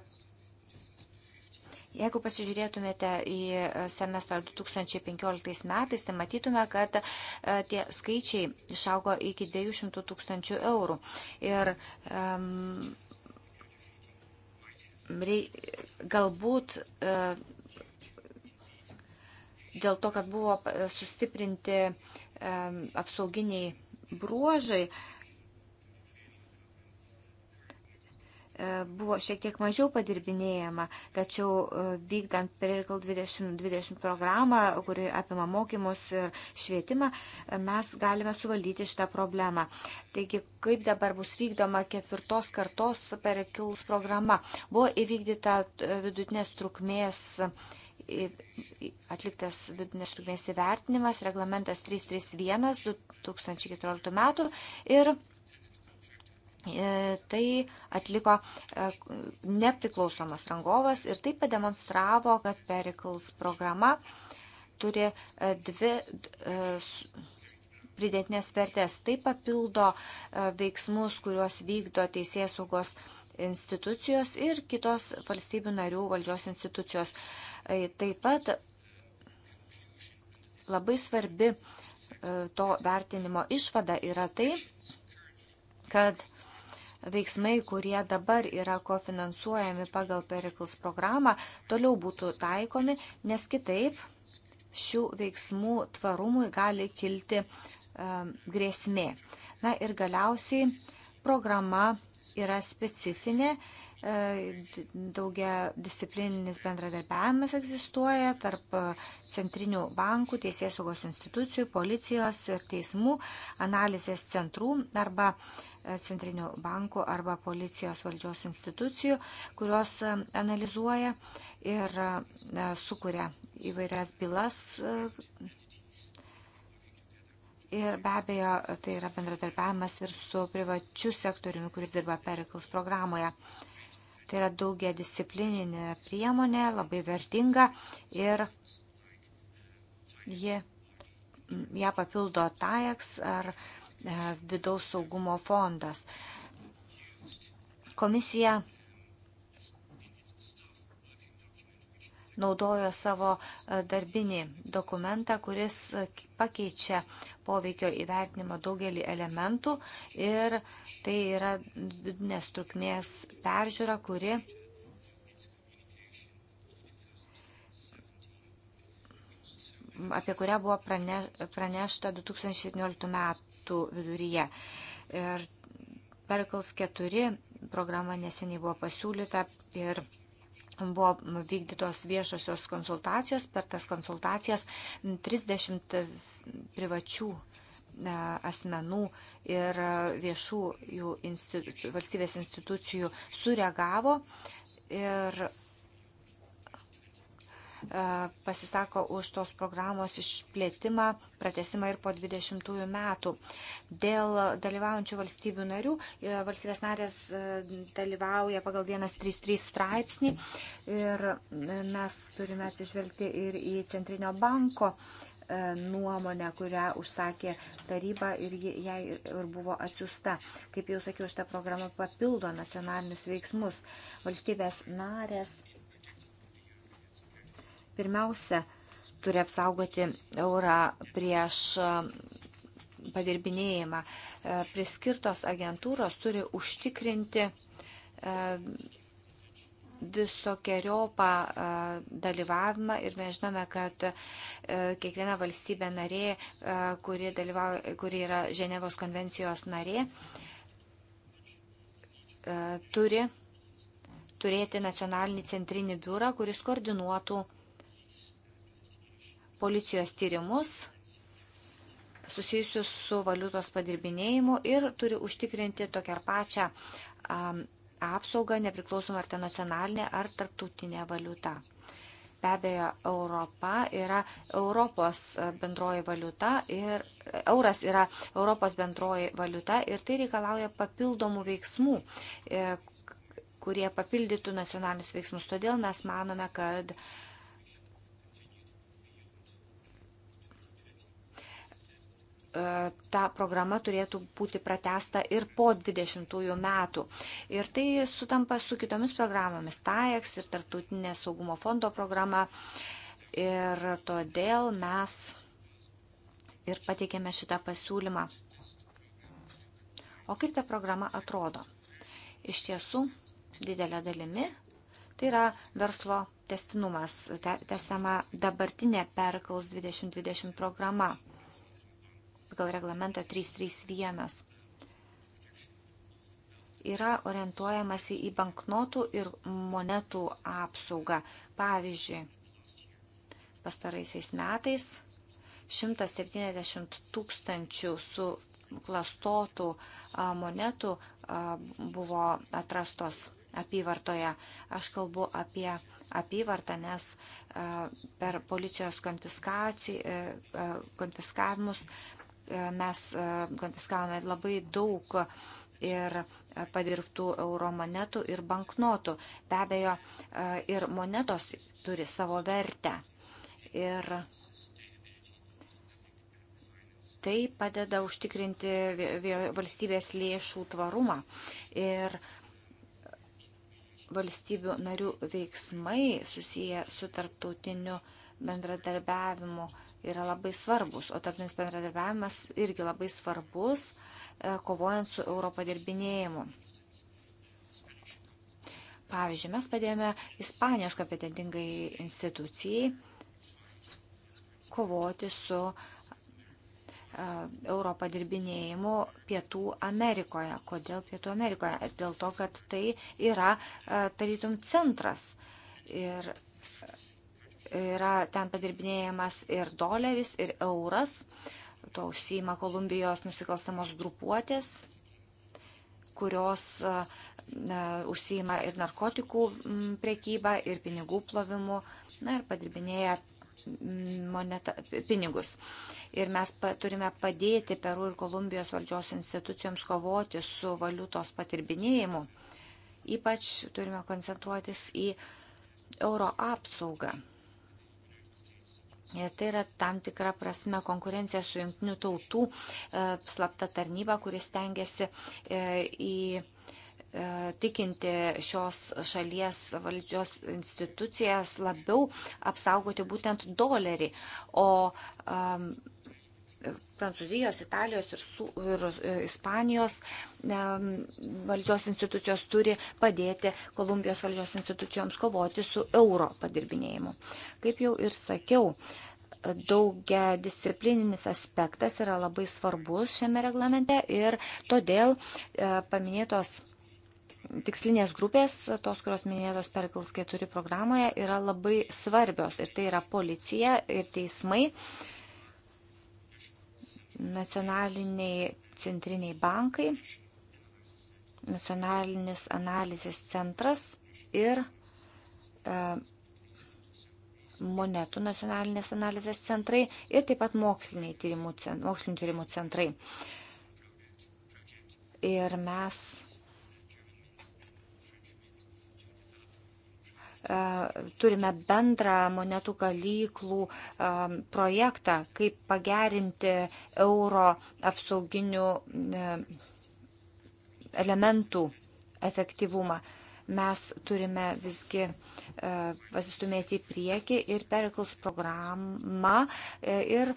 Jeigu pasižiūrėtumėte į e, semestrą 2015 metais, tai matytume, kad e, tie skaičiai išaugo iki 200 tūkstančių eurų. Ir um, rei, galbūt uh, dėl to, kad buvo sustiprinti um, apsauginiai bruožai, uh, E, buvo šiek tiek mažiau padirbinėjama, tačiau e, vykdant Perikal 2020 programą, kuri apima mokymus ir švietimą, e, mes galime suvaldyti šitą problemą. Taigi, kaip dabar bus vykdoma ketvirtos kartos Perikals programa? Buvo įvykdyta vidutinės trukmės atliktas vidutinės trukmės įvertinimas, reglamentas 331 2014 metų ir E, tai atliko e, nepriklausomas rangovas ir taip pademonstravo, kad Pericles programa turi e, dvi pridėtinės vertės. Tai papildo veiksmus, kuriuos vykdo teisės saugos institucijos ir kitos valstybių narių valdžios institucijos. Taip pat labai svarbi to vertinimo išvada yra tai, kad veiksmai, kurie dabar yra kofinansuojami pagal Perikls programą, toliau būtų taikomi, nes kitaip šių veiksmų tvarumui gali kilti e, grėsmė. Na ir galiausiai programa yra specifinė daugia disciplininis bendradarbiavimas egzistuoja tarp centrinių bankų, teisėsaugos institucijų, policijos ir teismų analizės centrų arba e, centrinių bankų arba policijos valdžios institucijų, kurios e, analizuoja ir e, sukuria įvairias bylas Ir be abejo, tai yra bendradarbiavimas ir su privačiu sektoriumi, kuris dirba Pericles programoje. Tai yra daugia disciplininė priemonė, labai vertinga ir ji, ją papildo TAEX ar e, vidaus saugumo fondas. Komisija naudojo savo e, darbinį dokumentą, kuris e, pakeičia poveikio įvertinimo daugelį elementų ir tai yra vidutinės trukmės peržiūra, kuri apie kurią buvo pranešta 2017 metų viduryje. Ir Perkals 4 programa neseniai buvo pasiūlyta ir buvo vykdytos viešosios konsultacijos, per tas konsultacijas 30 privačių e, asmenų ir viešų jų institu, valstybės institucijų sureagavo ir E, pasisako už tos programos išplėtimą, pratesimą ir po 20 metų. Dėl dalyvaujančių valstybių narių, e, valstybės narės e, dalyvauja pagal 133 straipsnį ir mes turime atsižvelgti ir į Centrinio banko nuomonę, kurią užsakė taryba ir jai ir buvo atsiusta. Kaip jau sakiau, šitą programą papildo nacionalinius veiksmus. Valstybės narės Pirmiausia, turi apsaugoti eurą prieš e, padirbinėjimą. E, priskirtos agentūros turi užtikrinti e, visokiojopą dalyvavimą ir mes žinome, kad kiekviena valstybė narė, kuri, kuri yra Ženevos konvencijos narė, turi turėti nacionalinį centrinį biurą, kuris koordinuotų policijos tyrimus susijusius su valiutos padirbinėjimu ir turi užtikrinti tokią pačią apsaugą, nepriklausomą ar tai nacionalinė ar tarptautinė valiuta. Be abejo, Europa yra Europos e, bendroji valiuta ir e, euras yra Europos bendroji valiuta ir tai reikalauja papildomų veiksmų, e, kurie papildytų nacionalinius veiksmus. Todėl mes manome, kad uh, E, ta programa turėtų būti pratesta ir po 20 metų. Ir tai sutampa su kitomis programomis, TAEX ir Tartutinė saugumo fondo programa. Ir todėl mes ir pateikėme šitą pasiūlymą. O kaip ta programa atrodo? Iš tiesų, didelė dalimi, tai yra verslo testinumas, tęsiama dabartinė Perkals 2020 programa pagal reglamentą 331 yra orientuojamasi į banknotų ir monetų apsaugą. Pavyzdžiui, pastaraisiais metais 170 tūkstančių su klastotų monetų buvo atrastos apyvartoje. Aš kalbu apie apyvartą, nes per policijos e, e, konfiskavimus E, mes e, konfiskavome labai daug e, ir padirbtų euro monetų ir banknotų. Be abejo, ir monetos turi savo vertę. Ir tai padeda užtikrinti valstybės lėšų tvarumą. Ir valstybių narių veiksmai susiję su tarptautiniu bendradarbiavimu yra labai svarbus, o tarpinis bendradarbiavimas irgi labai svarbus, e, kovojant su Europo dirbinėjimu. Pavyzdžiui, mes padėjome Ispanijos kompetentingai institucijai kovoti su e, Europą dirbinėjimu Pietų Amerikoje. Kodėl Pietų Amerikoje? Dėl to, kad tai yra e, tarytum centras. Ir Yra ten padirbinėjamas ir doleris, ir euras. To užsima Kolumbijos nusikalstamos grupuotės, kurios e, užsima ir narkotikų priekybą, ir pinigų plovimu, na ir padirbinėja moneta, pinigus. Ir mes pa, turime padėti Peru ir Kolumbijos valdžios institucijoms kovoti su valiutos patirbinėjimu. Ypač turime koncentruotis į euro apsaugą. Ir tai yra tam tikra prasme konkurencija su jungtinių tautų e, slapta tarnyba, kuris tengiasi e, į e, tikinti šios šalies valdžios institucijas labiau apsaugoti būtent dolerį. O um, Prancūzijos, Italijos ir, su, ir e, Ispanijos valdžios institucijos turi padėti Kolumbijos valdžios institucijoms kovoti su euro padirbinėjimu. Kaip jau ir sakiau, daugia disciplininis aspektas yra labai svarbus šiame reglamente ir todėl e, paminėtos tikslinės grupės, tos, kurios minėtos Perkils 4 programoje, yra labai svarbios ir tai yra policija ir teismai nacionaliniai centriniai bankai, nacionalinis analizės centras ir e, monetų nacionalinės analizės centrai ir taip pat moksliniai tyrimų, mokslinių tyrimų centrai. Ir mes E, turime bendrą monetų kalyklų e, projektą, kaip pagerinti euro apsauginių e, elementų efektyvumą. Mes turime visgi pasistumėti į priekį ir Perikls programą ir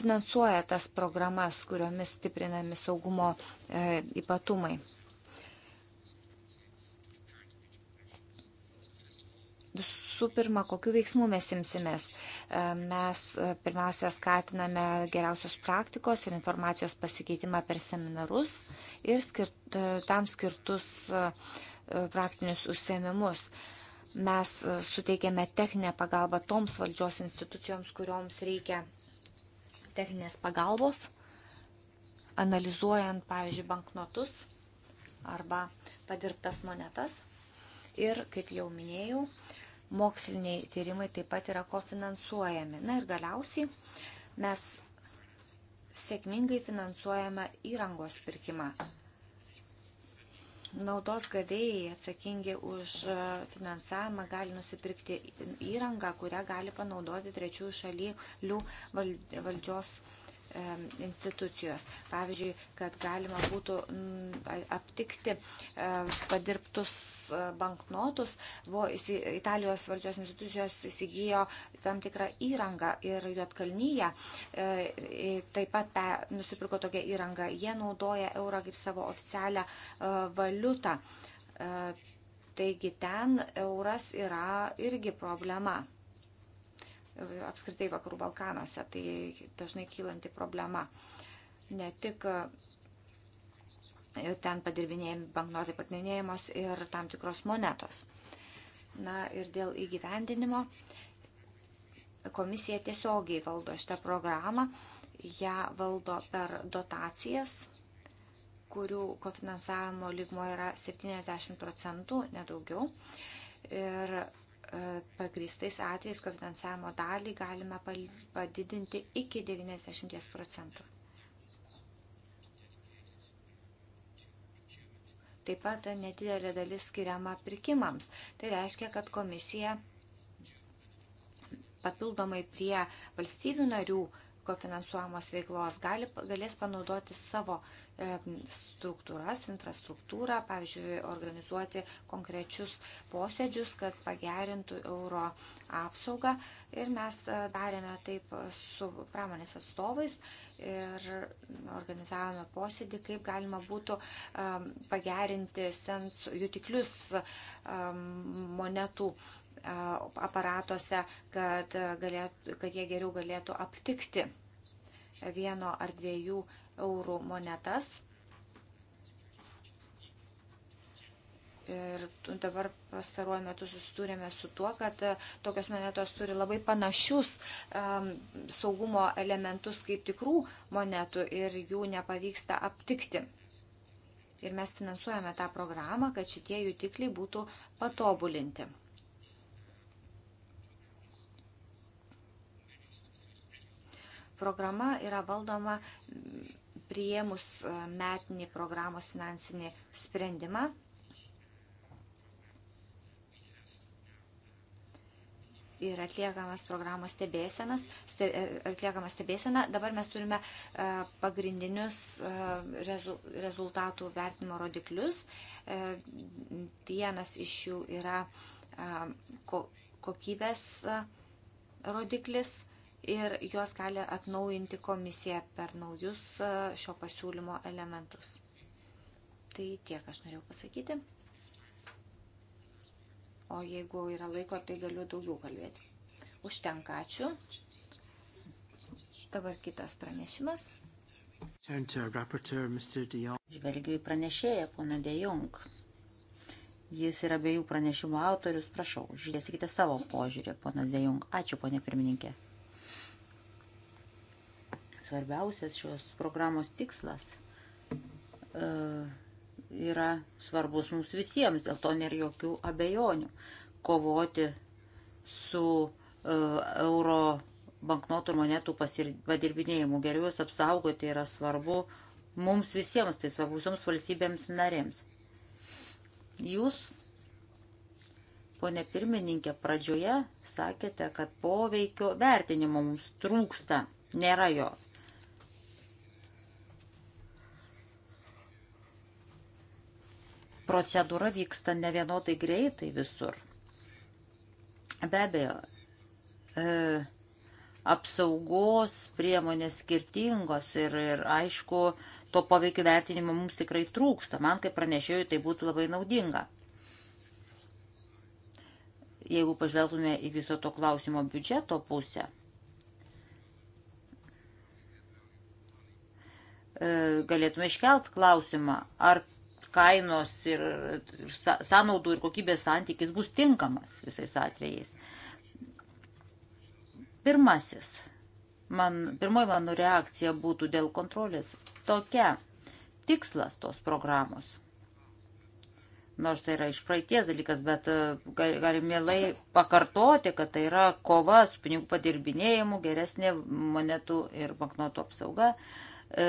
finansuoja tas programas, kuriomis stiprinami saugumo ypatumai. Visų pirma, kokiu veiksmu mes imsimės. E, mes e, pirmiausia skatiname geriausios praktikos ir informacijos pasikeitimą per seminarus ir skirt, e, tam skirtus praktinius užsiemimus. Mes suteikėme techninę pagalbą toms valdžios institucijoms, kurioms reikia techninės pagalbos, analizuojant, pavyzdžiui, banknotus arba padirbtas monetas. Ir, kaip jau minėjau, uh, moksliniai tyrimai taip pat yra kofinansuojami. Na ir galiausiai mes sėkmingai finansuojame įrangos pirkimą. Naudos gavėjai atsakingi už finansavimą gali nusipirkti įrangą, kurią gali panaudoti trečiųjų šalių valdžios įrangos institucijos. Pavyzdžiui, kad galima būtų mm, aptikti padirbtus e, banknotus, buvo Italijos valdžios institucijos įsigijo tam tikrą įrangą ir Juotkalnyje e, taip pat pe, nusipirko tokią įrangą. Jie naudoja eurą kaip savo oficialią e, valiutą. Taigi ten euras yra irgi problema apskritai Vakarų Balkanuose. Tai dažnai kylanti problema. Ne tik e, ten padirbinėjami banknotai pardavinėjimos ir tam tikros monetos. Na ir dėl įgyvendinimo komisija tiesiogiai valdo šitą programą, ją valdo per dotacijas, kurių kofinansavimo lygmo yra 70 procentų, nedaugiau. Ir pagrįstais atvejais kofinansavimo dalį galime padidinti iki 90 procentų. Taip pat nedidelė dalis skiriama pirkimams. Tai reiškia, kad komisija papildomai prie valstybių narių kofinansuojamos veiklos gali, galės panaudoti savo struktūras, infrastruktūrą, pavyzdžiui, organizuoti konkrečius posėdžius, kad pagerintų euro apsaugą. Ir mes e, darėme taip su pramonės atstovais ir organizavome posėdį, kaip galima būtų pagerinti sens jutiklius monetų e, aparatuose, kad, galėtų, kad jie geriau galėtų aptikti vieno ar dviejų uh, eurų monetas. Ir dabar pastaruoju metu susidūrėme su tuo, kad e, tokios monetos turi labai panašius um, saugumo elementus kaip tikrų monetų ir jų nepavyksta aptikti. Ir mes finansuojame tą programą, kad šitie jutikliai būtų patobulinti. Programa yra valdoma prieimus e, metinį programos finansinį sprendimą. Ir atliekamas programos stebėsenas, e, atliekamas stebėsena. Dabar mes turime e, pagrindinius rezultatų vertinimo rodiklius. Vienas iš jų yra kokybės rodiklis ir juos gali atnaujinti komisija per naujus šio pasiūlymo elementus. Tai tiek aš norėjau pasakyti. O jeigu yra laiko, tai galiu daugiau kalbėti. Užtenka, ačiū. Dabar kitas pranešimas. Žvelgiu į pranešėją, pana Dejong. Jis yra abiejų pranešimų autorius, prašau, žiūrėsite savo požiūrį, ponas Dejong. Ačiū, ponė pirmininkė svarbiausias šios programos tikslas e, yra svarbus mums visiems, dėl to nėra jokių abejonių. Kovoti su e, euro banknotų ir monetų padirbinėjimu geriau juos apsaugoti yra svarbu mums visiems, tai svarbu visoms valstybėms narėms. Jūs, ponė pirmininkė, pradžioje sakėte, kad poveikio vertinimo mums trūksta, nėra jo. procedūra vyksta ne vienodai greitai visur. Be abejo, e, apsaugos priemonės skirtingos ir, ir aišku, to poveikio vertinimo mums tikrai trūksta. Man kaip pranešėjui tai būtų labai naudinga. Jeigu pažvelgtume į viso to klausimo biudžeto pusę, e, galėtume iškelt klausimą, ar kainos ir sąnaudų ir kokybės santykis bus tinkamas visais atvejais. Pirmasis, man, pirmoji mano reakcija būtų dėl kontrolės tokia. Tikslas tos programos nors tai yra iš praeities dalykas, bet e, galim mielai pakartoti, kad tai yra kova su pinigų padirbinėjimu, geresnė monetų ir banknotų apsauga, e,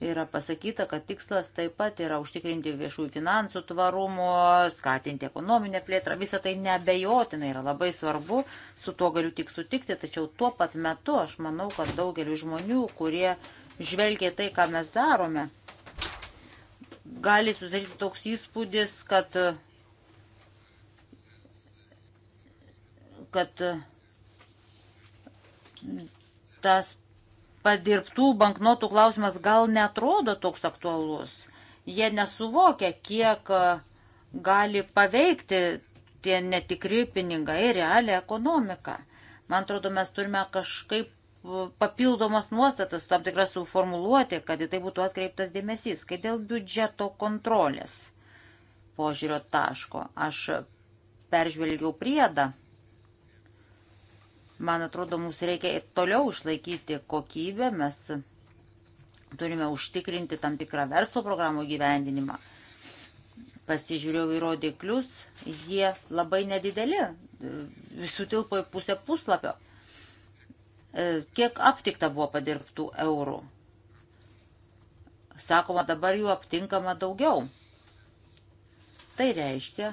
yra pasakyta, kad tikslas taip pat yra užtikrinti viešųjų finansų tvarumo, skatinti ekonominę plėtrą. Visą tai nebejotinai yra labai svarbu, su tuo galiu tik sutikti, tačiau tuo pat metu aš manau, kad daugeliu žmonių, kurie žvelgia tai, ką mes darome, gali susidaryti toks įspūdis, kad, kad tas padirbtų banknotų klausimas gal netrodo toks aktualus. Jie nesuvokia, kiek e, gali paveikti tie netikri pinigai realią ekonomiką. Man atrodo, mes turime kažkaip e, papildomas nuostatas, tam tikras suformuluoti, kad į tai būtų atkreiptas dėmesys, kai dėl biudžeto kontrolės požiūrio taško aš peržvelgiau priedą Man atrodo, mums reikia ir toliau išlaikyti kokybę, mes turime užtikrinti tam tikrą verslo programų gyvendinimą. Pasižiūrėjau į rodiklius, jie labai nedideli, visų tilpo į pusę puslapio. E, kiek aptikta buvo padirbtų eurų? Sakoma, dabar jų aptinkama daugiau. Tai reiškia,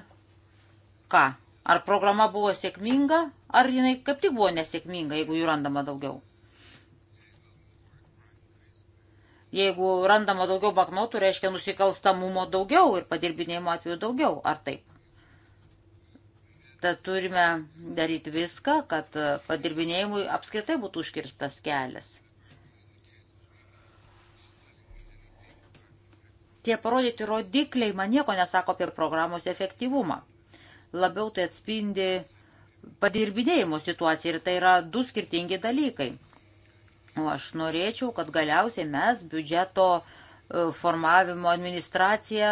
ką? Ar programa buvo sėkminga? ar jinai kaip tik buvo nesėkminga, jeigu jų randama daugiau. Jeigu randama daugiau baknotų, reiškia nusikalstamumo daugiau ir padirbinėjimo atveju daugiau, ar taip? Tad turime daryti viską, kad padirbinėjimui apskritai būtų užkirstas kelias. Tie parodyti rodikliai man nieko nesako apie programos efektyvumą. Labiau tai atspindi padirbinėjimo situacija ir tai yra du skirtingi dalykai. O aš norėčiau, kad galiausiai mes biudžeto e, formavimo administraciją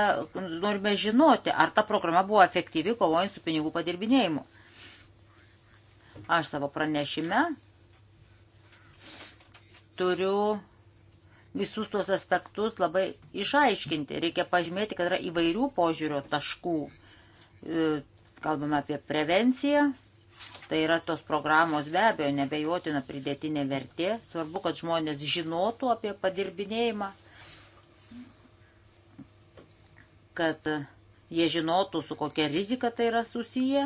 norime žinoti, ar ta programa buvo efektyvi kovojant su pinigų padirbinėjimu. Aš savo pranešime turiu visus tuos aspektus labai išaiškinti. Reikia pažymėti, kad yra įvairių požiūrio taškų. E, kalbame apie prevenciją, Tai yra tos programos be abejo nebejotina pridėtinė vertė. Svarbu, kad žmonės žinotų apie padirbinėjimą, kad jie žinotų, su kokia rizika tai yra susiję.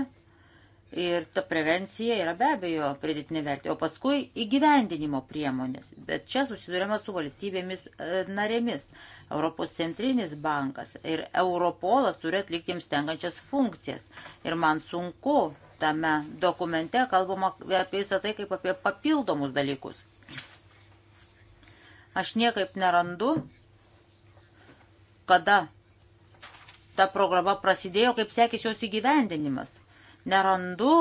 Ir ta prevencija yra be abejo pridėtinė vertė, o paskui įgyvendinimo priemonės. Bet čia susidurėma su valstybėmis e, narėmis. Europos centrinis bankas ir Europolas turi atlikti jiems tenkančias funkcijas. Ir man sunku tame dokumente kalbama apie visą tai kaip apie papildomus dalykus. Aš niekaip nerandu, kada ta programa prasidėjo, kaip sekėsi jos įgyvendinimas. Nerandu,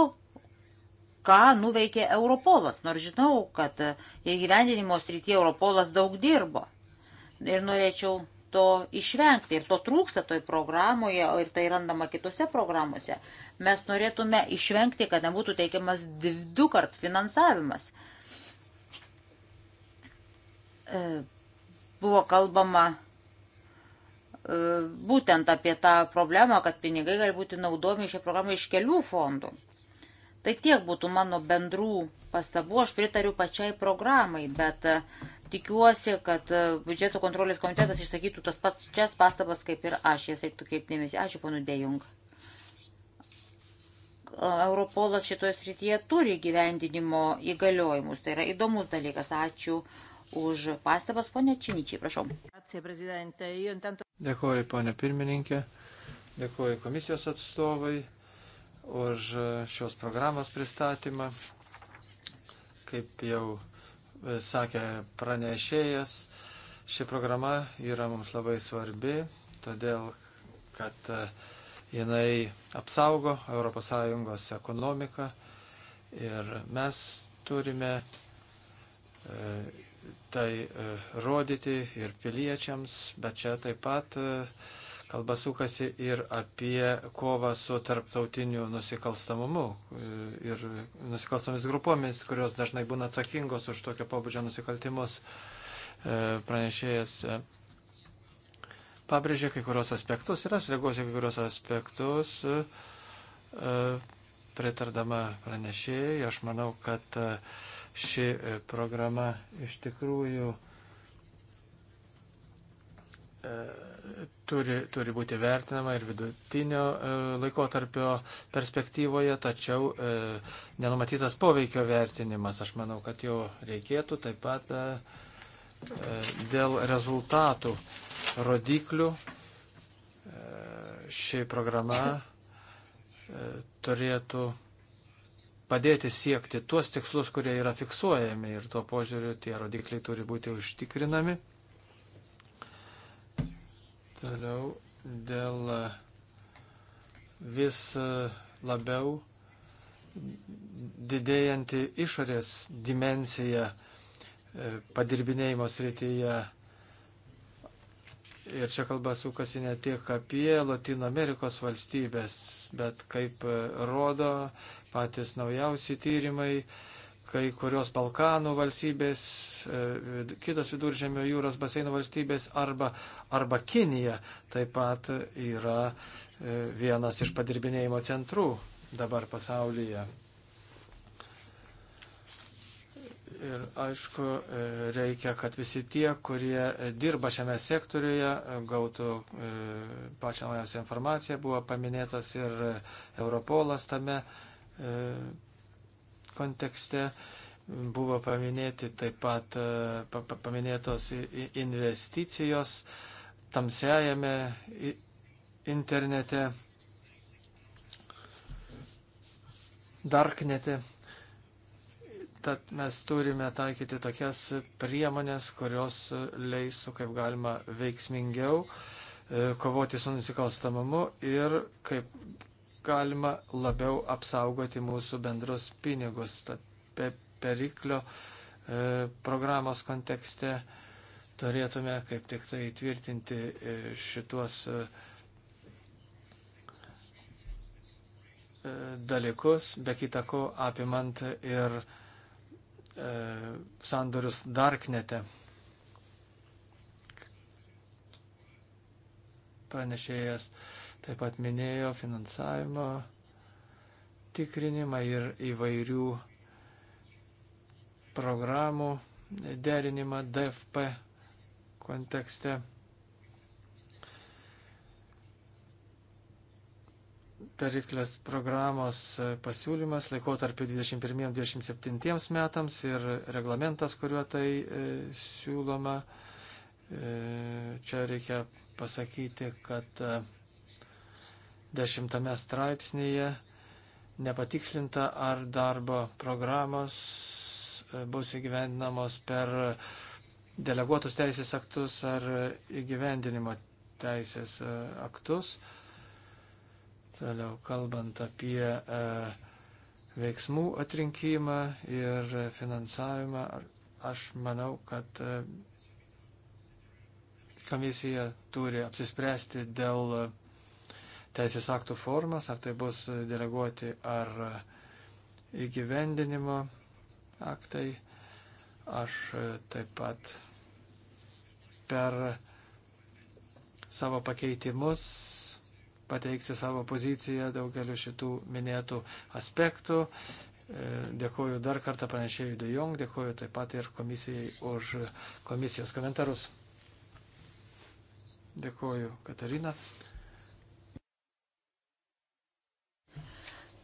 ką nuveikė Europolas, nors žinau, kad įgyvendinimo srityje Europolas daug dirbo. Ir norėčiau to išvengti ir to trūksta toj programoje ir tai randama kitose programuose. Mes norėtume išvengti, kad nebūtų teikiamas du kart finansavimas. E, buvo kalbama e, būtent apie tą problemą, kad pinigai gali būti naudomi šią programą iš kelių fondų. Tai tiek būtų mano bendrų pastabų, aš pritariu pačiai programai, bet uh, Tikiuosi, kad e, biudžeto kontrolės komitetas išsakytų tas pats šias pastabas, kaip ir aš, jas reiktų kreipdėmėsi. Ačiū, ponu Dejung. E, Europolas šitoje srityje turi gyvendinimo įgaliojimus. Tai yra įdomus dalykas. Ačiū už pastabas, ponė Činičiai, prašau. Dėkuoju, ponė pirmininkė. Dėkuoju komisijos atstovai už šios programos pristatymą. Kaip jau sakė pranešėjas, ši programa yra mums labai svarbi, todėl kad e, jinai apsaugo ES ekonomiką ir mes turime e, tai e, rodyti ir piliečiams, bet čia taip pat Kalba sukasi ir apie kovą su tarptautiniu nusikalstamumu e, ir nusikalstamomis grupomis, kurios dažnai būna atsakingos už tokio pobūdžio nusikaltimus. E, pranešėjas e, pabrėžė kai kurios aspektus ir aš reaguosiu kai kurios aspektus pritardama pranešėjai. Aš manau, kad ši programa iš tikrųjų turi, turi būti vertinama ir vidutinio e, laikotarpio perspektyvoje, tačiau e, nenumatytas poveikio vertinimas, aš manau, kad jo reikėtų taip pat e, dėl rezultatų rodiklių ši programa turėtų padėti siekti tuos tikslus, kurie yra fiksuojami ir tuo požiūriu tie rodikliai turi būti užtikrinami. Toliau dėl e, vis e, labiau didėjanti išorės dimensija e, padirbinėjimo srityje. Ir čia kalba sukasi ne tiek apie Latino Amerikos valstybės, bet kaip rodo patys naujausi tyrimai, kai kurios Balkanų valstybės, e, kitos viduržėmio jūros baseino valstybės arba, arba Kinija taip pat yra e, vienas iš padirbinėjimo centrų dabar pasaulyje. Ir aišku, e, reikia, kad visi tie, kurie dirba šiame sektoriuje, gautų pačią naujausią informaciją. Buvo paminėtas ir Europolas tame kontekste buvo paminėti taip pat e, paminėtos investicijos tamsiajame internete, darknete. Tad mes turime taikyti tokias priemonės, kurios leisų kaip galima veiksmingiau e, kovoti su nusikalstamumu ir kaip galima labiau apsaugoti mūsų bendrus pinigus. Tad pe periklio e, programos kontekste turėtume kaip tik tai tvirtinti e, šituos e, e, dalykus, be kitako apimant ir e, sandorius Darknete. Pranešėjas e, taip pat minėjo finansavimo tikrinimą ir įvairių programų derinimą DFP kontekste. Periklės programos pasiūlymas laikotarpiu 21-27 metams ir reglamentas, kuriuo tai e, siūloma. E, čia reikia pasakyti, kad e, dešimtame straipsnėje nepatikslinta, ar darbo programos e, bus įgyvendinamos per deleguotus teisės aktus ar įgyvendinimo teisės e, aktus. Toliau kalbant apie e, veiksmų atrinkimą ir finansavimą, aš manau, kad e, komisija turi apsispręsti dėl e, teisės aktų formas, ar tai bus deleguoti ar e, įgyvendinimo aktai. Aš e, taip pat per savo pakeitimus pateiksiu savo poziciją daugeliu šitų minėtų aspektų. E, dėkoju dar kartą pranešėjui De Jong, dėkoju taip pat ir komisijai už komisijos komentarus. Dėkoju, Katarina.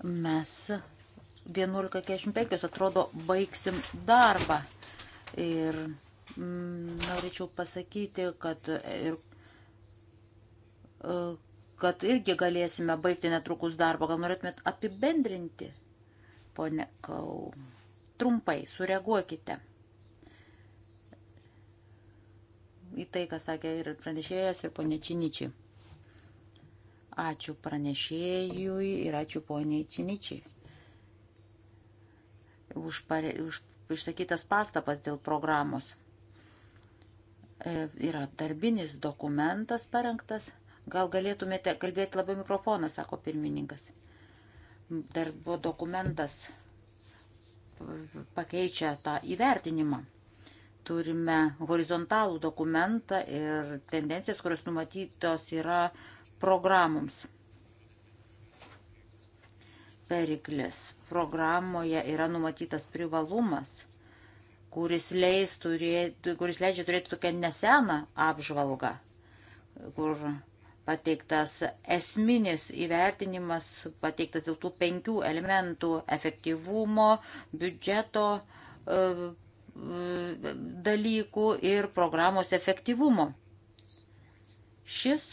Mes 11.45 atrodo baigsim darbą. Ir mm, norėčiau pasakyti, kad, ir, e, kad irgi galėsime baigti netrukus darbą. Gal norėtumėt apibendrinti, ponė Kau? Trumpai sureaguokite į tai, ką sakė ir pranešėjas, ir ponė Činičiai. Ačiū pranešėjui ir ačiū poniai Činičiai už, pare, už išsakytas pastabas dėl programos. E, yra darbinis dokumentas parengtas. Gal galėtumėte kalbėti labiau mikrofoną, sako pirmininkas. Darbo dokumentas pakeičia tą įvertinimą. Turime horizontalų dokumentą ir tendencijas, kurios numatytos yra programoms. Periklės programoje yra numatytas privalumas, kuris, leis turėti, kuris leidžia turėti tokią neseną apžvalgą, kur pateiktas esminis įvertinimas, pateiktas dėl tų penkių elementų - efektyvumo, biudžeto e, e, dalykų ir programos efektyvumo. Šis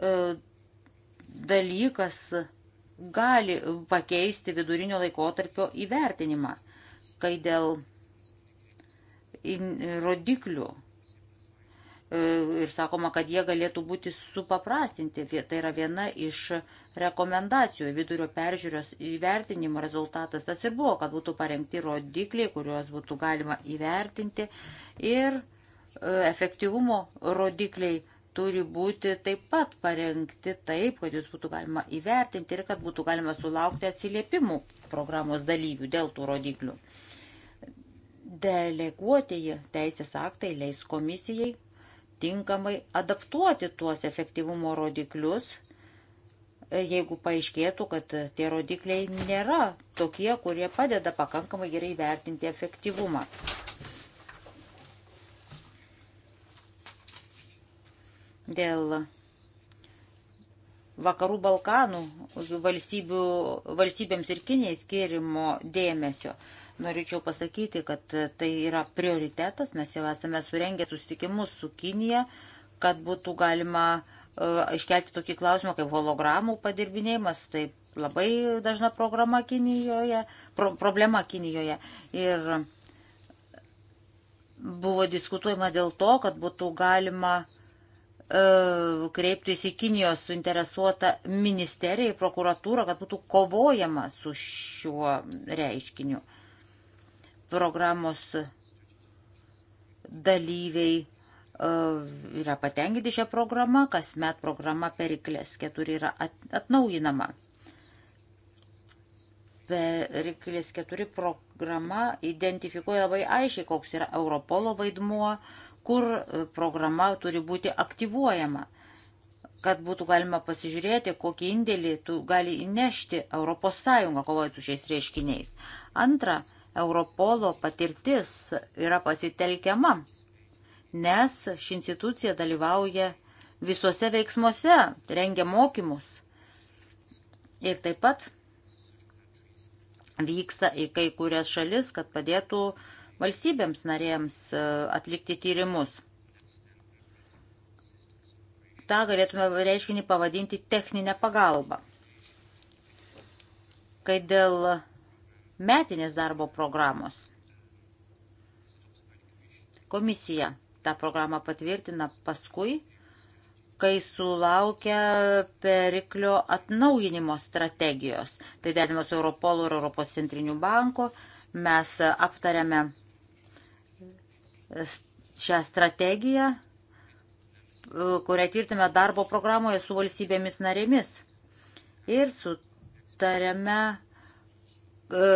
E, dalykas gali pakeisti vidurinio laikotarpio įvertinimą, kai dėl rodiklių e, ir sakoma, kad jie galėtų būti supaprastinti. Tai yra viena iš rekomendacijų vidurio peržiūros įvertinimo rezultatas. Tas ir buvo, kad būtų parengti rodikliai, kuriuos būtų galima įvertinti ir e, efektyvumo rodikliai turi būti taip pat parengti taip, kad jūs būtų galima įvertinti ir kad būtų galima sulaukti atsiliepimų programos dalyvių dėl tų rodiklių. Deleguotieji teisės aktai leis komisijai tinkamai adaptuoti tuos efektyvumo rodiklius, jeigu paaiškėtų, kad tie rodikliai nėra tokie, kurie padeda pakankamai gerai vertinti efektyvumą. dėl vakarų Balkanų valstybėms ir Kinijai skirimo dėmesio. Norėčiau pasakyti, kad tai yra prioritetas, mes jau esame surengę susitikimus su Kinija, kad būtų galima uh, iškelti tokį klausimą kaip hologramų padirbinėjimas, tai labai dažna programa Kinijoje, pro, problema Kinijoje. Ir buvo diskutuojama dėl to, kad būtų galima uh, E, kreiptis į Kinijos suinteresuotą ministeriją, prokuratūrą, kad būtų kovojama su šiuo reiškiniu. Programos dalyviai e, yra patenkinti šią programą, kasmet programa Periklės 4 yra atnaujinama. Periklės 4 programa identifikuoja labai aiškiai, koks yra Europolo vaidmuo, uh, kur e, programa turi būti aktyvuojama, kad būtų galima pasižiūrėti, kokį indėlį tu gali įnešti ES kovojant su šiais reiškiniais. Antra, Europolo patirtis yra pasitelkiama, nes ši institucija dalyvauja visuose veiksmuose, rengia mokymus ir taip pat vyksta į kai kurias šalis, kad padėtų uh, valstybėms narėms e, atlikti tyrimus. Ta galėtume reiškinį pavadinti techninę pagalbą. Kai dėl metinės darbo programos komisija tą programą patvirtina paskui, kai sulaukia periklio atnaujinimo strategijos. Tai dedamos Europolų ir Europos centrinių banko. Mes aptariame šią strategiją, kurią tvirtame darbo programoje su valstybėmis narėmis. Ir sutarėme, e,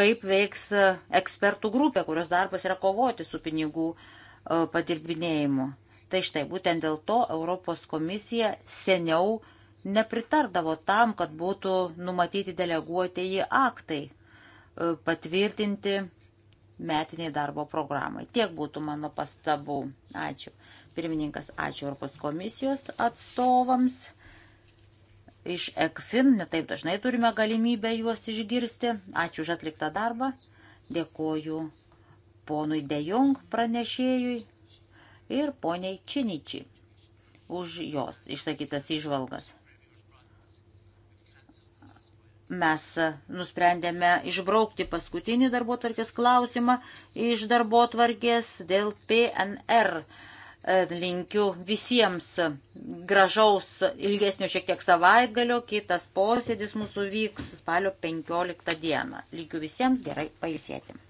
kaip veiks ekspertų grupė, kurios darbas yra kovoti su pinigų e, padirbinėjimu. Tai štai, būtent dėl to Europos komisija seniau nepritardavo tam, kad būtų numatyti deleguotieji aktai e, patvirtinti metiniai darbo programai. Tiek būtų mano pastabų. Ačiū. Pirmininkas, ačiū Europos komisijos atstovams. Iš ECFIN, netaip dažnai turime galimybę juos išgirsti. Ačiū už atliktą darbą. Dėkoju ponui Dejong pranešėjui ir poniai Činičiai už jos išsakytas įžvalgas mes e, nusprendėme išbraukti paskutinį darbo tvarkės klausimą iš darbo tvarkės dėl PNR. E, linkiu visiems gražaus ilgesnio šiek tiek savaitgalio, kitas posėdis mūsų vyks spalio 15 dieną. Linkiu visiems gerai pailsėti.